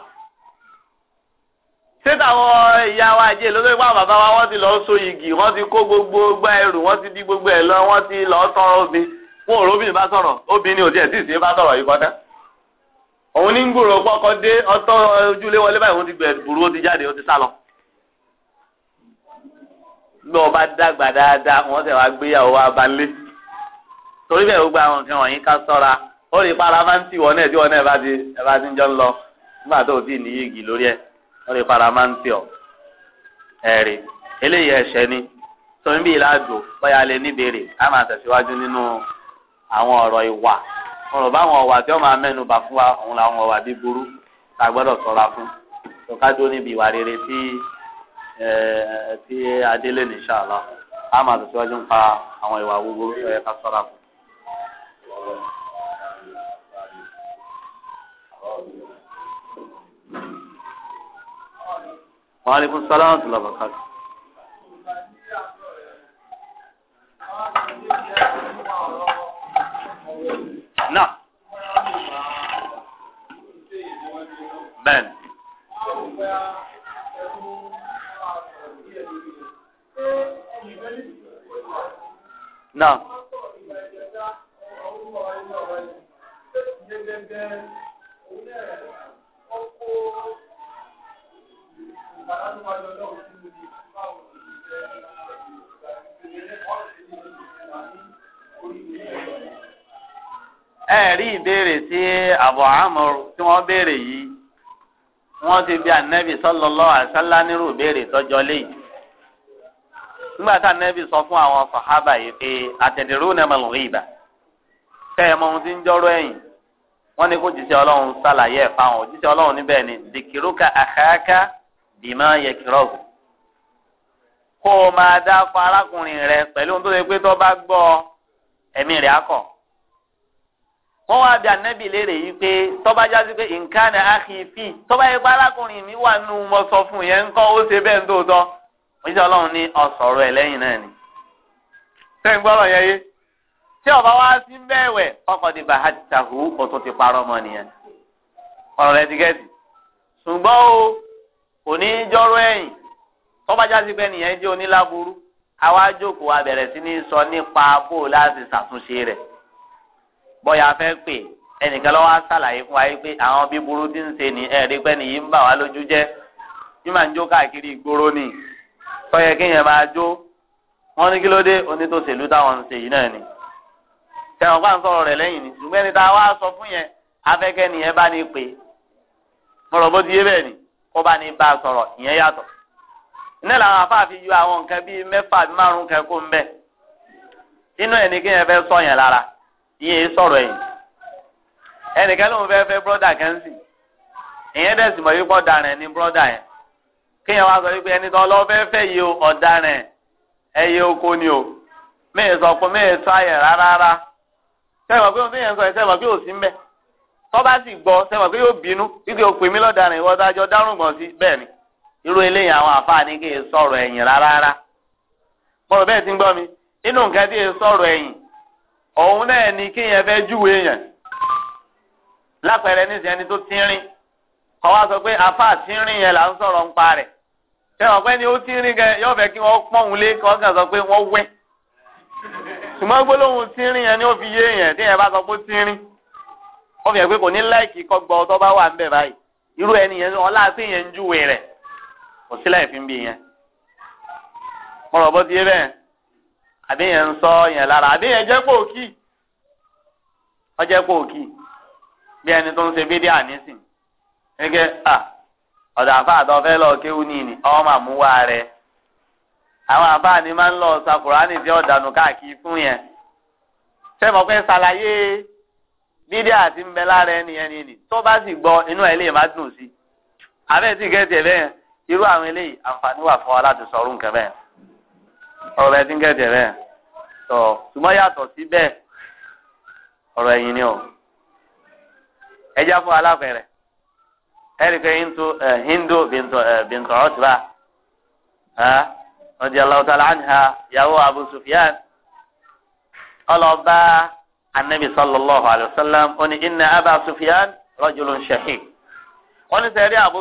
ṣé táwọn ìyá wa jẹ́ lórí pé bàbá wa wọ́n ti lọ so igi wọ́n ti kó gbogbo gbá ẹrù wọ́n ti di gbogbo ẹ̀ lọ wọ́n ti lọ sọ obìnrin wọn ò bá sọ̀rọ̀ obìnrin ò òun ní gbòòrò kọ́kọ́ dé ọtọ́ ojúlé wọlé báyìí òun ti gbẹ̀rù burú ó ti jáde ó ti sá lọ. bí ọba dàgbà dáadáa wọ́n tẹ̀ wá gbéyàwó wa balẹ̀ torí bẹ́ẹ̀ gbogbo àwọn nǹkan wọ̀nyí ká sọ́ra ó rí para máa ń tì wọ́n náà tí wọ́n náà bá ti ẹ bá ti ń jọ ń lọ nígbà tó o ti ní igi lórí ẹ̀ ó rí para máa ń tì ọ́ ẹ̀rí eléyìí ẹ̀ṣẹ̀ ni tó ń ìlàjò bóyá lè níbèrè á máa tẹ̀síwájú nínú àwọn ọ̀rọ̀ ìwà ọ̀rọ̀ báwọn ọ̀wà tí wọ́n máa mẹ́nu bà fún wa òun làwọn ọ̀wà bí burú tá a gbọ́dọ̀ ṣọ́ra fún tọ́kádó níbi ìwà rere tí tí adélé ní sàlá a máa tẹ̀síwájú ń pa àwọn ìwà búburú tó yẹ ká ṣọ́ra fún. wàhálẹ́kùn sọ́lá tó lọ bàkà. Thank you náà. bẹ́ẹ̀ni. náà. Thank you. ẹ rí ìbéèrè tí Abu Amr tí wọ́n béèrè yìí wọ́n ti bi anabi sallallahu asanlaniru wasallam tọ́jọ́ léyìí nígbà tá sọ fún àwọn sàhábà yìí pé atadruna mal kẹ́ ẹ mọ ohun tí ń jọ́rọ́ ẹ̀yìn wọ́n ní kó jíṣẹ́ ọlọ́run ọlọ́run níbẹ̀ ni kó rẹ pẹ̀lú ohun tó ṣe pé tó bá wọ́n wá bí anabi léèrè yìí pé tọ́ba jáde pé nǹkan ní àkìfì pé mi wà nù mọ́ sọ fún yẹn ńkọ́ ó ṣe bẹ́ẹ̀ ńdòótọ́ oníṣẹ́ ọlọ́run ní ọ̀sọ̀rọ̀ ẹ̀ gbọ́dọ̀ yé ọba wá sí mẹ́wẹ̀ ọkọ̀ ti bàá ti parọ́ mọ́ nìyẹn ọ̀rọ̀ rẹ ti o kò ní í ẹ̀yìn jáde pé nìyẹn jẹ́ oníláburú bọ́yá fẹ́ pè ẹnìkan lọ́wọ́ á sàlàyé fún wa yìí pé àwọn bí burú ti ń ṣe ní ẹ̀rí pẹ́ nìyí ń bà wá lójú jẹ́ bí màá ń jó káàkiri ìgboro ni tọ́yẹ kéèyàn máa jó wọ́n ní kí ló dé onítòṣèlú táwọn ń ṣe yìí náà ni tẹ̀wọ̀n bá ń sọ̀rọ̀ rẹ̀ lẹ́yìn ni ṣùgbọ́n ẹni tá a wá sọ fún yẹn afẹ́kẹ́ nìyẹn bá ní pè mọ̀rọ̀ bó ti yé bẹ́ẹ̀ ni kó bá ní bá a sọ̀rọ̀ ìyẹn yàtọ̀ iná làwọn afáàfi ju àwọn nǹkan bíi mẹ́fà márùn-ún kẹ́kọ̀ọ́ ń bẹ̀ inú ẹ̀ ní kéèyàn fẹ́ sọ yẹn lára ìyẹn sọ̀rọ̀ ẹ̀yìn ẹnìkan lóun fẹ́ẹ́ fẹ́ bọ́dà kan sì ìyẹn mọ̀ wípé ọ̀daràn ni bọ́dà yẹn kéèyàn wá sọ wípé ẹnì kan fẹ́ẹ́ fẹ́ yìí o ọ̀daràn ẹ̀yẹ oko ni o mẹ́ẹ̀ sọ pé mẹ́ẹ̀ sọ ayẹ̀ rárá sẹ́wọ̀n pé sọ ẹ̀sẹ̀wọ̀n pé ò sí tọ́ba sì gbọ́ sẹ́wọ̀n pé yóò bínú wípé o pè mí lọ́daràn ìwọ dájọ́ dárùngbọ̀n sí bẹ́ẹ̀ ni irú eléyìí àwọn àfáàní kì í sọ̀rọ̀ ẹ̀yìn rárá rárá bọ́ọ̀ bẹ́ẹ̀ ti ń gbọ́ mi nǹkan tí ì sọ̀rọ̀ òun náà kí kéèyàn fẹ́ júwe yẹn lápẹẹrẹ nísìnyẹn ni tó tínrín kọ́ wá sọ pé afá tínrín yẹn là ń sọ̀rọ̀ ń pa rẹ̀ ṣé wọn pẹ́ ni ó tínrín gan yóò fẹ́ kí wọ́n pọ́n òun lé kọ́ kàn sọ pé wọ́n wẹ́ ṣùgbọ́n gbólóhùn tínrín yẹn ni ó fi yé yẹn tí yẹn bá sọ pé tínrín ó fi hàn pé kò ní láìkì tó bá wà báyìí irú ẹni yẹn ọlá yẹn ń rẹ̀ kò sí láì fi ń bí yẹn mo rọ̀ àbí yẹn ń sọ yẹn lára àbí yẹn jẹ́ pòkì ọjẹ́ pòkì bí ẹni tó ń ṣe bídí ànísìn gẹ́gẹ́ à ọ̀dọ̀ àfáà tó fẹ́ lọ kéwú ní ọmọ àmúwá rẹ àwọn àfáà ni máa ń lọ sakùránì tí ọ̀dànù káàkiri fún yẹn ṣé mo pé ṣàlàyé bídí àti ń bẹ lára ẹni yẹn ni tó bá sì gbọ́ inú ẹ̀ lè má dùn sí abẹ́ẹ̀ sì gẹ́tì ẹ̀ bẹ́ẹ̀ irú àwọn eléyìí àǹfààní wà fún wa láti sọ ọrùn kẹ́ bẹ́ẹ̀. ọ̀rọ̀ ẹ̀ ti ń rẹ̀ tọ̀ yàtọ̀ ọ̀rọ̀ ẹ̀yìn ni ẹja fún aláfẹ̀rẹ̀ hindu Bintu yàwó abu ọlọ́ba anabi sallallahu alayhi wa sallam inna wọ́n ní sẹ́rí abu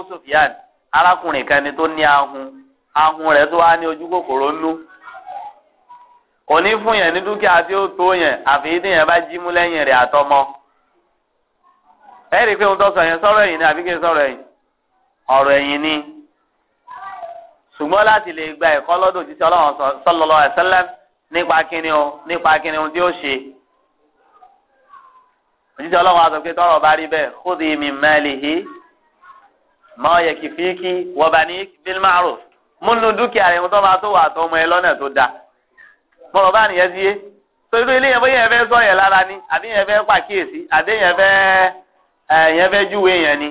arákùnrin kan tó ní ahun ahun rẹ̀ tó wá ní ojú kòkòrò kò ní fún yẹn ní dúkìá tí ó tó yẹn àfi tí yẹn bá jí mú lẹ́yìn rẹ̀ àtọmọ. ẹ rí i pé ohun tó sọ yẹn sọ̀rọ̀ ẹ̀yìn ni àbí kí n sọ̀rọ̀ ẹ̀yìn ọ̀rọ̀ ẹ̀yìn ni. ṣùgbọ́n láti lè gba ẹ̀kọ́ lọ́dọ̀ òjíṣẹ́ ọlọ́run sallallahu alaihi nípa kíni o nípa kíni ohun tí ó ṣe. òjíṣẹ́ ọlọ́run á pé tọ́rọ̀ bá rí bẹ́ẹ̀ khudhi min malihi ma yakfiki wa baniki bil ma'ruf múnú dúkìá rẹ̀ ohun tó tó wà tó ọmọ ẹ lọ́nà tó dáa mọ̀rọ̀ bá nìyẹn ti yé so irú ilé yẹn bóyá yẹn fẹ́ sọ yẹn lára ni àbí yẹn fẹ́ pàkíyèsí àbí yẹn fẹ́ yẹn fẹ́ júwe yẹn ni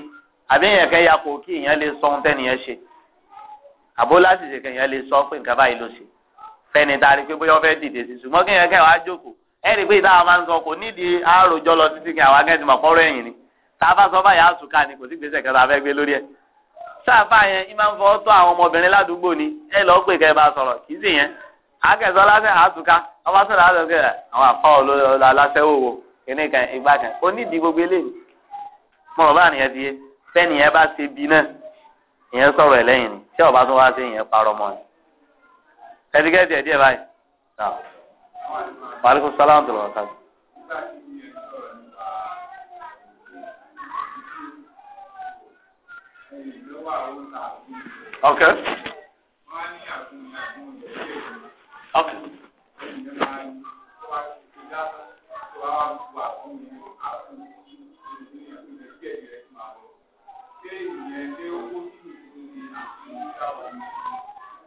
àbí yẹn kẹ́ ya kò kí yẹn lè sọ ohun tẹ́niyẹn ṣe àbó láti ṣe kẹ́yìn lè sọ pé nǹkan báyìí ló ṣe fẹ́ni tá a rí pé bóyá fẹ́ dìde sí ṣùgbọ́n kí yẹn kẹ́ wàá jókòó ẹ rí i pé ìta máa ń sọ kò nídìí àròjọ lọ títí kí àwọn akẹ́ntì mọ̀ kọ́rọ́ ẹ̀yìn ni tá a bá sọ báyìí àtúkà ni kò sí gbèsè kẹta fẹ́ gbé lórí ẹ̀ sáfà yẹn ìmọ̀ ń fọ́ tó àwọn ọmọbìnrin ládùúgbò ni ẹ lọ́ọ́ pè kẹ́ ẹ bá sọ̀rọ̀ kì í sì yẹn akẹ́sọ́ lásán àtúká ọba sọ̀rọ̀ àtúká kẹ́ àwọn àfa olóòlà aláṣẹ́wò wo kíní kan ìgbà kan onídìí gbogbo eléyìí mọ ọba nìyẹn ti yé fẹ́ni yẹn bá ṣe bí náà ìyẹn sọ̀rọ̀ ẹ̀ ni tí ọba tó wá sí ìyẹn parọ́ mọ́ ni ẹ̀dígẹ́dì ẹ̀ díẹ̀ báyìí wàlúkú sálámù tó lọ́wọ́ sáà. Okay. ok.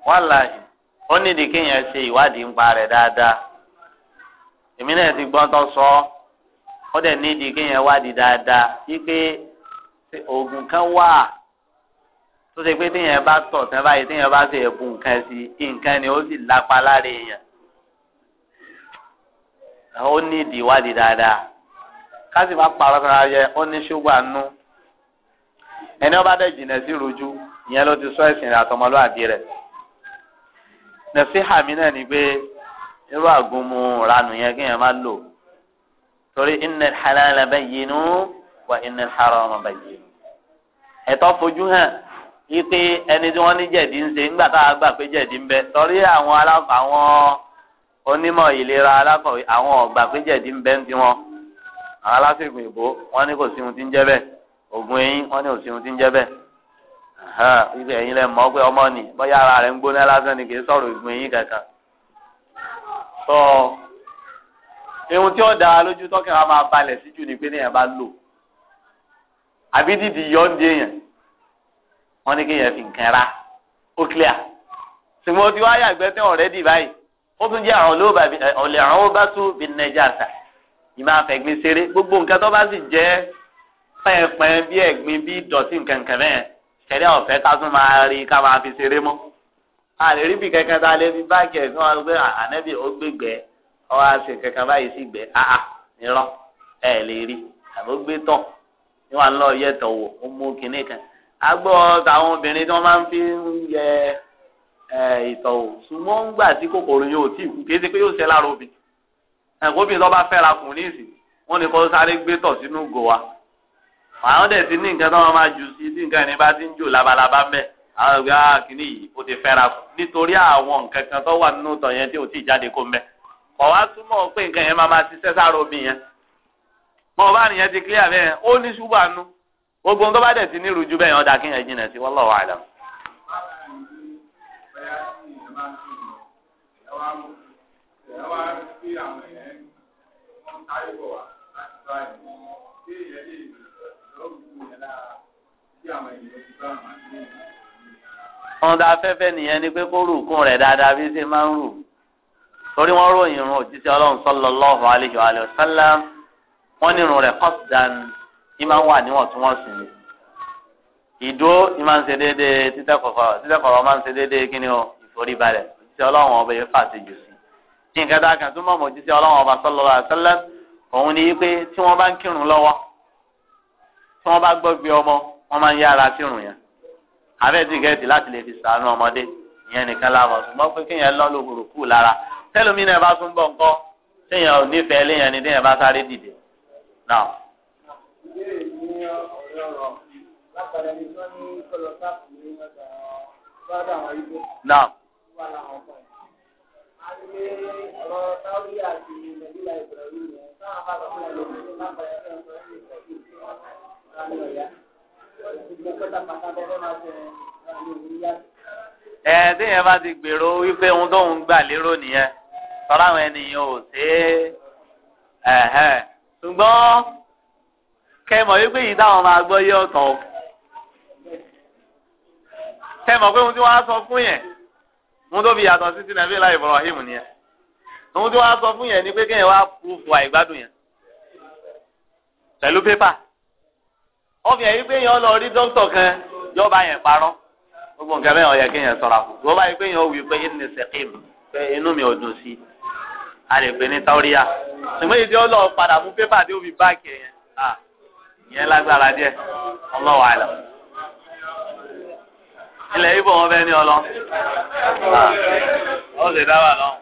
wàláhì ó nídìí kéèyàn ṣe ìwádìí ń dáadáa èmi náà ti gbọ́n tó sọ ó dẹ̀ nídìí kéèyàn wádìí dáadáa wípé oògùn kan wà tó ṣe pé téèyàn bá tọ̀ tẹ́ báyìí téèyàn bá ṣe ẹ̀bùn nǹkan sí nǹkan ni ó sì lápá lára èèyàn ó ní ìdí ìwádìí dáadáa ká sì má parọ́ sára yẹ ó ní ṣúgbà nú ẹni ọba dẹ̀ jìnà sí rojú ìyẹn ló ti sọ ẹ̀sìn rẹ̀ àtọmọlúwàbí rẹ̀ nàṣíhà mi náà ni pé irú àgúnmu ranù yẹn kéèyàn má lò torí innal halala bayyinu wa innal harama bayyinu ẹ̀tọ́ fojú hàn ipe ẹni tí wọ́n ní jẹ̀dí ń ṣe ńgbà tá a gbà pé jẹ̀dí ń bẹ torí àwọn aláfà àwọn onímọ̀ ìlera aláfọ̀wé àwọn ọ̀gbà pé jẹ̀dí ń bẹ ń tiwọn àwọn aláfẹ̀gùn ìbò wọ́n ní kò sí ohun tí ń jẹ́ bẹ́ẹ̀ ògùn eyín wọ́n ní kò sí ohun tí ń jẹ́ bẹ́ẹ̀ ibi ẹ̀yin lẹ mọ̀ pé ọmọ ni bóyá ara rẹ̀ ń gbóná lásán ni kì í sọ̀rọ̀ ògùn eyín kankan sọ ihun tí ó dára lójú tọ́kẹ́ wa máa balẹ̀ síjú ni pé ní ẹ̀ bá lò àbí dìdì ń dé yẹn wọ́n ní kéèyàn fi nǹkan ra ó clear ṣùgbọ́n tí wọ́n yàgbẹ́ tẹ́ ọ̀rẹ́ dì báyìí ó tún jẹ́ àwọn olóòbá ọ̀lẹ̀ àwọn ó bá tún bí nàìjíríà ìmọ̀ àfẹ̀gbin ṣeré gbogbo nǹkan tó bá sì jẹ́ pẹ́ẹ́pẹ́ẹ́ bí ẹ̀gbin bí ìdọ̀tí nǹkankan mẹ́ẹ̀ ṣẹlẹ̀ ọ̀fẹ́ ká tún máa rí ká máa fi ṣeré mọ́ a lè rí bí kankan tá a lè fi báàkì ẹ̀ fún wa pé ànẹ́bí ó gbégbẹ́ ọ wá ṣe kankan báyìí sí gbẹ́ àà nírọ̀ ẹ̀ lè rí àbó gbé tọ̀ níwà ń lọ yẹ̀tọ̀ wò ó mú kinní kan agbọ́ tàwọn obìnrin tí wọ́n máa ń fi ń yẹ ìtọ̀ wò ṣùgbọ́n ń gbà tí kòkòrò yóò tí ì kú kí ẹ ṣe pé yóò ṣe lára obìnrin ẹ̀kọ́ obìnrin tó bá fẹ́ra kùn ní ìsìn wọ́n ní kó sáré gbé tọ̀ sínú gò wa àwọn dẹ̀ ti ní nǹkan tí wọ́n máa jù sí tí nǹkan ẹni bá ti ń jò labalábá ń àwọn ìgbà kìíní yìí ó ti fẹ́ra kùn nítorí àwọn nǹkan kan tó wà nínú tọ̀ yẹn tí ò tí ì jáde kó ń bẹ̀ wá túmọ̀ pé nǹkan yẹn máa máa ṣiṣẹ́ sára obìnrin yẹn mọ̀ gbogbo nǹkan bá dẹ̀ ti ní ìrújú bẹ́ẹ̀ ọ̀dà kí yẹn jìnnà sí wallahu a'lam. ọ̀dà afẹ́fẹ́ nìyẹn ni pé kó rùkún rẹ̀ dáadáa bí ṣe máa ń rù torí wọ́n ròyìn irun òjíṣẹ́ ọlọ́run sallallahu alaihi wa wọ́n ní irun rẹ̀ qasdan ìmọ̀ ń wà níwọ̀ntúnwọ̀nsì ni ìdó ìmọ̀ ń ṣe déédéé títẹ̀ kọ̀kọ̀ títẹ̀ kọ̀kọ̀ máa ń ṣe déédéé kí ni o ìforíbalẹ̀ òjíṣẹ́ ọlọ́run ọba yẹn fà sí jù sí ní nǹkan tá a kàn tó mọ̀ mọ̀ òjíṣẹ́ ọlọ́run ọba sallallahu alaihi wasallam òun ni pé tí wọ́n bá ń kírun lọ́wọ́ tí wọ́n bá gbọ́gbé ọmọ wọ́n máa ń yára kírun yẹn abẹ́ ti gẹ̀ẹ́tì láti lè fi sànú ọmọdé ìyẹn nìkan láàmú ṣùgbọ́n pé kéèyàn lọ́ lóhùrù kù lára tẹ́lómi náà bá tún bọ̀ ńkọ́ téèyàn ò nífẹ̀ẹ́ léèyàn ni téèyàn bá sáré dìde náà ọ̀rẹ́ ọ̀rọ̀ lápàdé ní tó ní kọlọ sáàpù ní ọjà gbádùn àwọn igbó. náà. wà láwọn kan. a ti lé ọ̀rọ̀ táwí àti bá ti gbèrò wípé ohun tóun gbà lérò nìyẹn tọ́lá àwọn ènìyàn ò sí ṣùgbọ́n kẹmọ wípé yìí táwọn máa gbọ́ yé ọ̀tọ̀ o kẹmọ pé ohun tí wọ́n á sọ fún yẹn ohun tó fi yàtọ̀ sí ti nàbí láì Ibrahim nìyẹn ohun tí wọ́n á sọ fún yẹn ni pé kéèyàn wá púrúfù àìgbádùn yẹn pẹ̀lú pépà ọ̀fìn ẹ̀yìn pé yẹn lọ rí dókítà kan yóò yẹn parọ́ gbogbo nǹkan mẹ́rin ọ̀yẹ́ kéèyàn sọ̀rọ̀ àpò tó bá pé yẹn wí pé inú sẹ̀kìm pé inú mi ò dùn sí a lè pè ní táwọ́ríyà ṣùgbọ́n ìdí ọlọ́ọ̀ padà mú pépà tí ó fi báàkì yẹn ah, ìyẹn lágbára díẹ̀ ọlọ́wọ́ àlọ́ ilẹ̀ ibò wọn bẹ́ẹ̀ ní ọlọ́ ah. ó lè dáwà lọ́wọ́.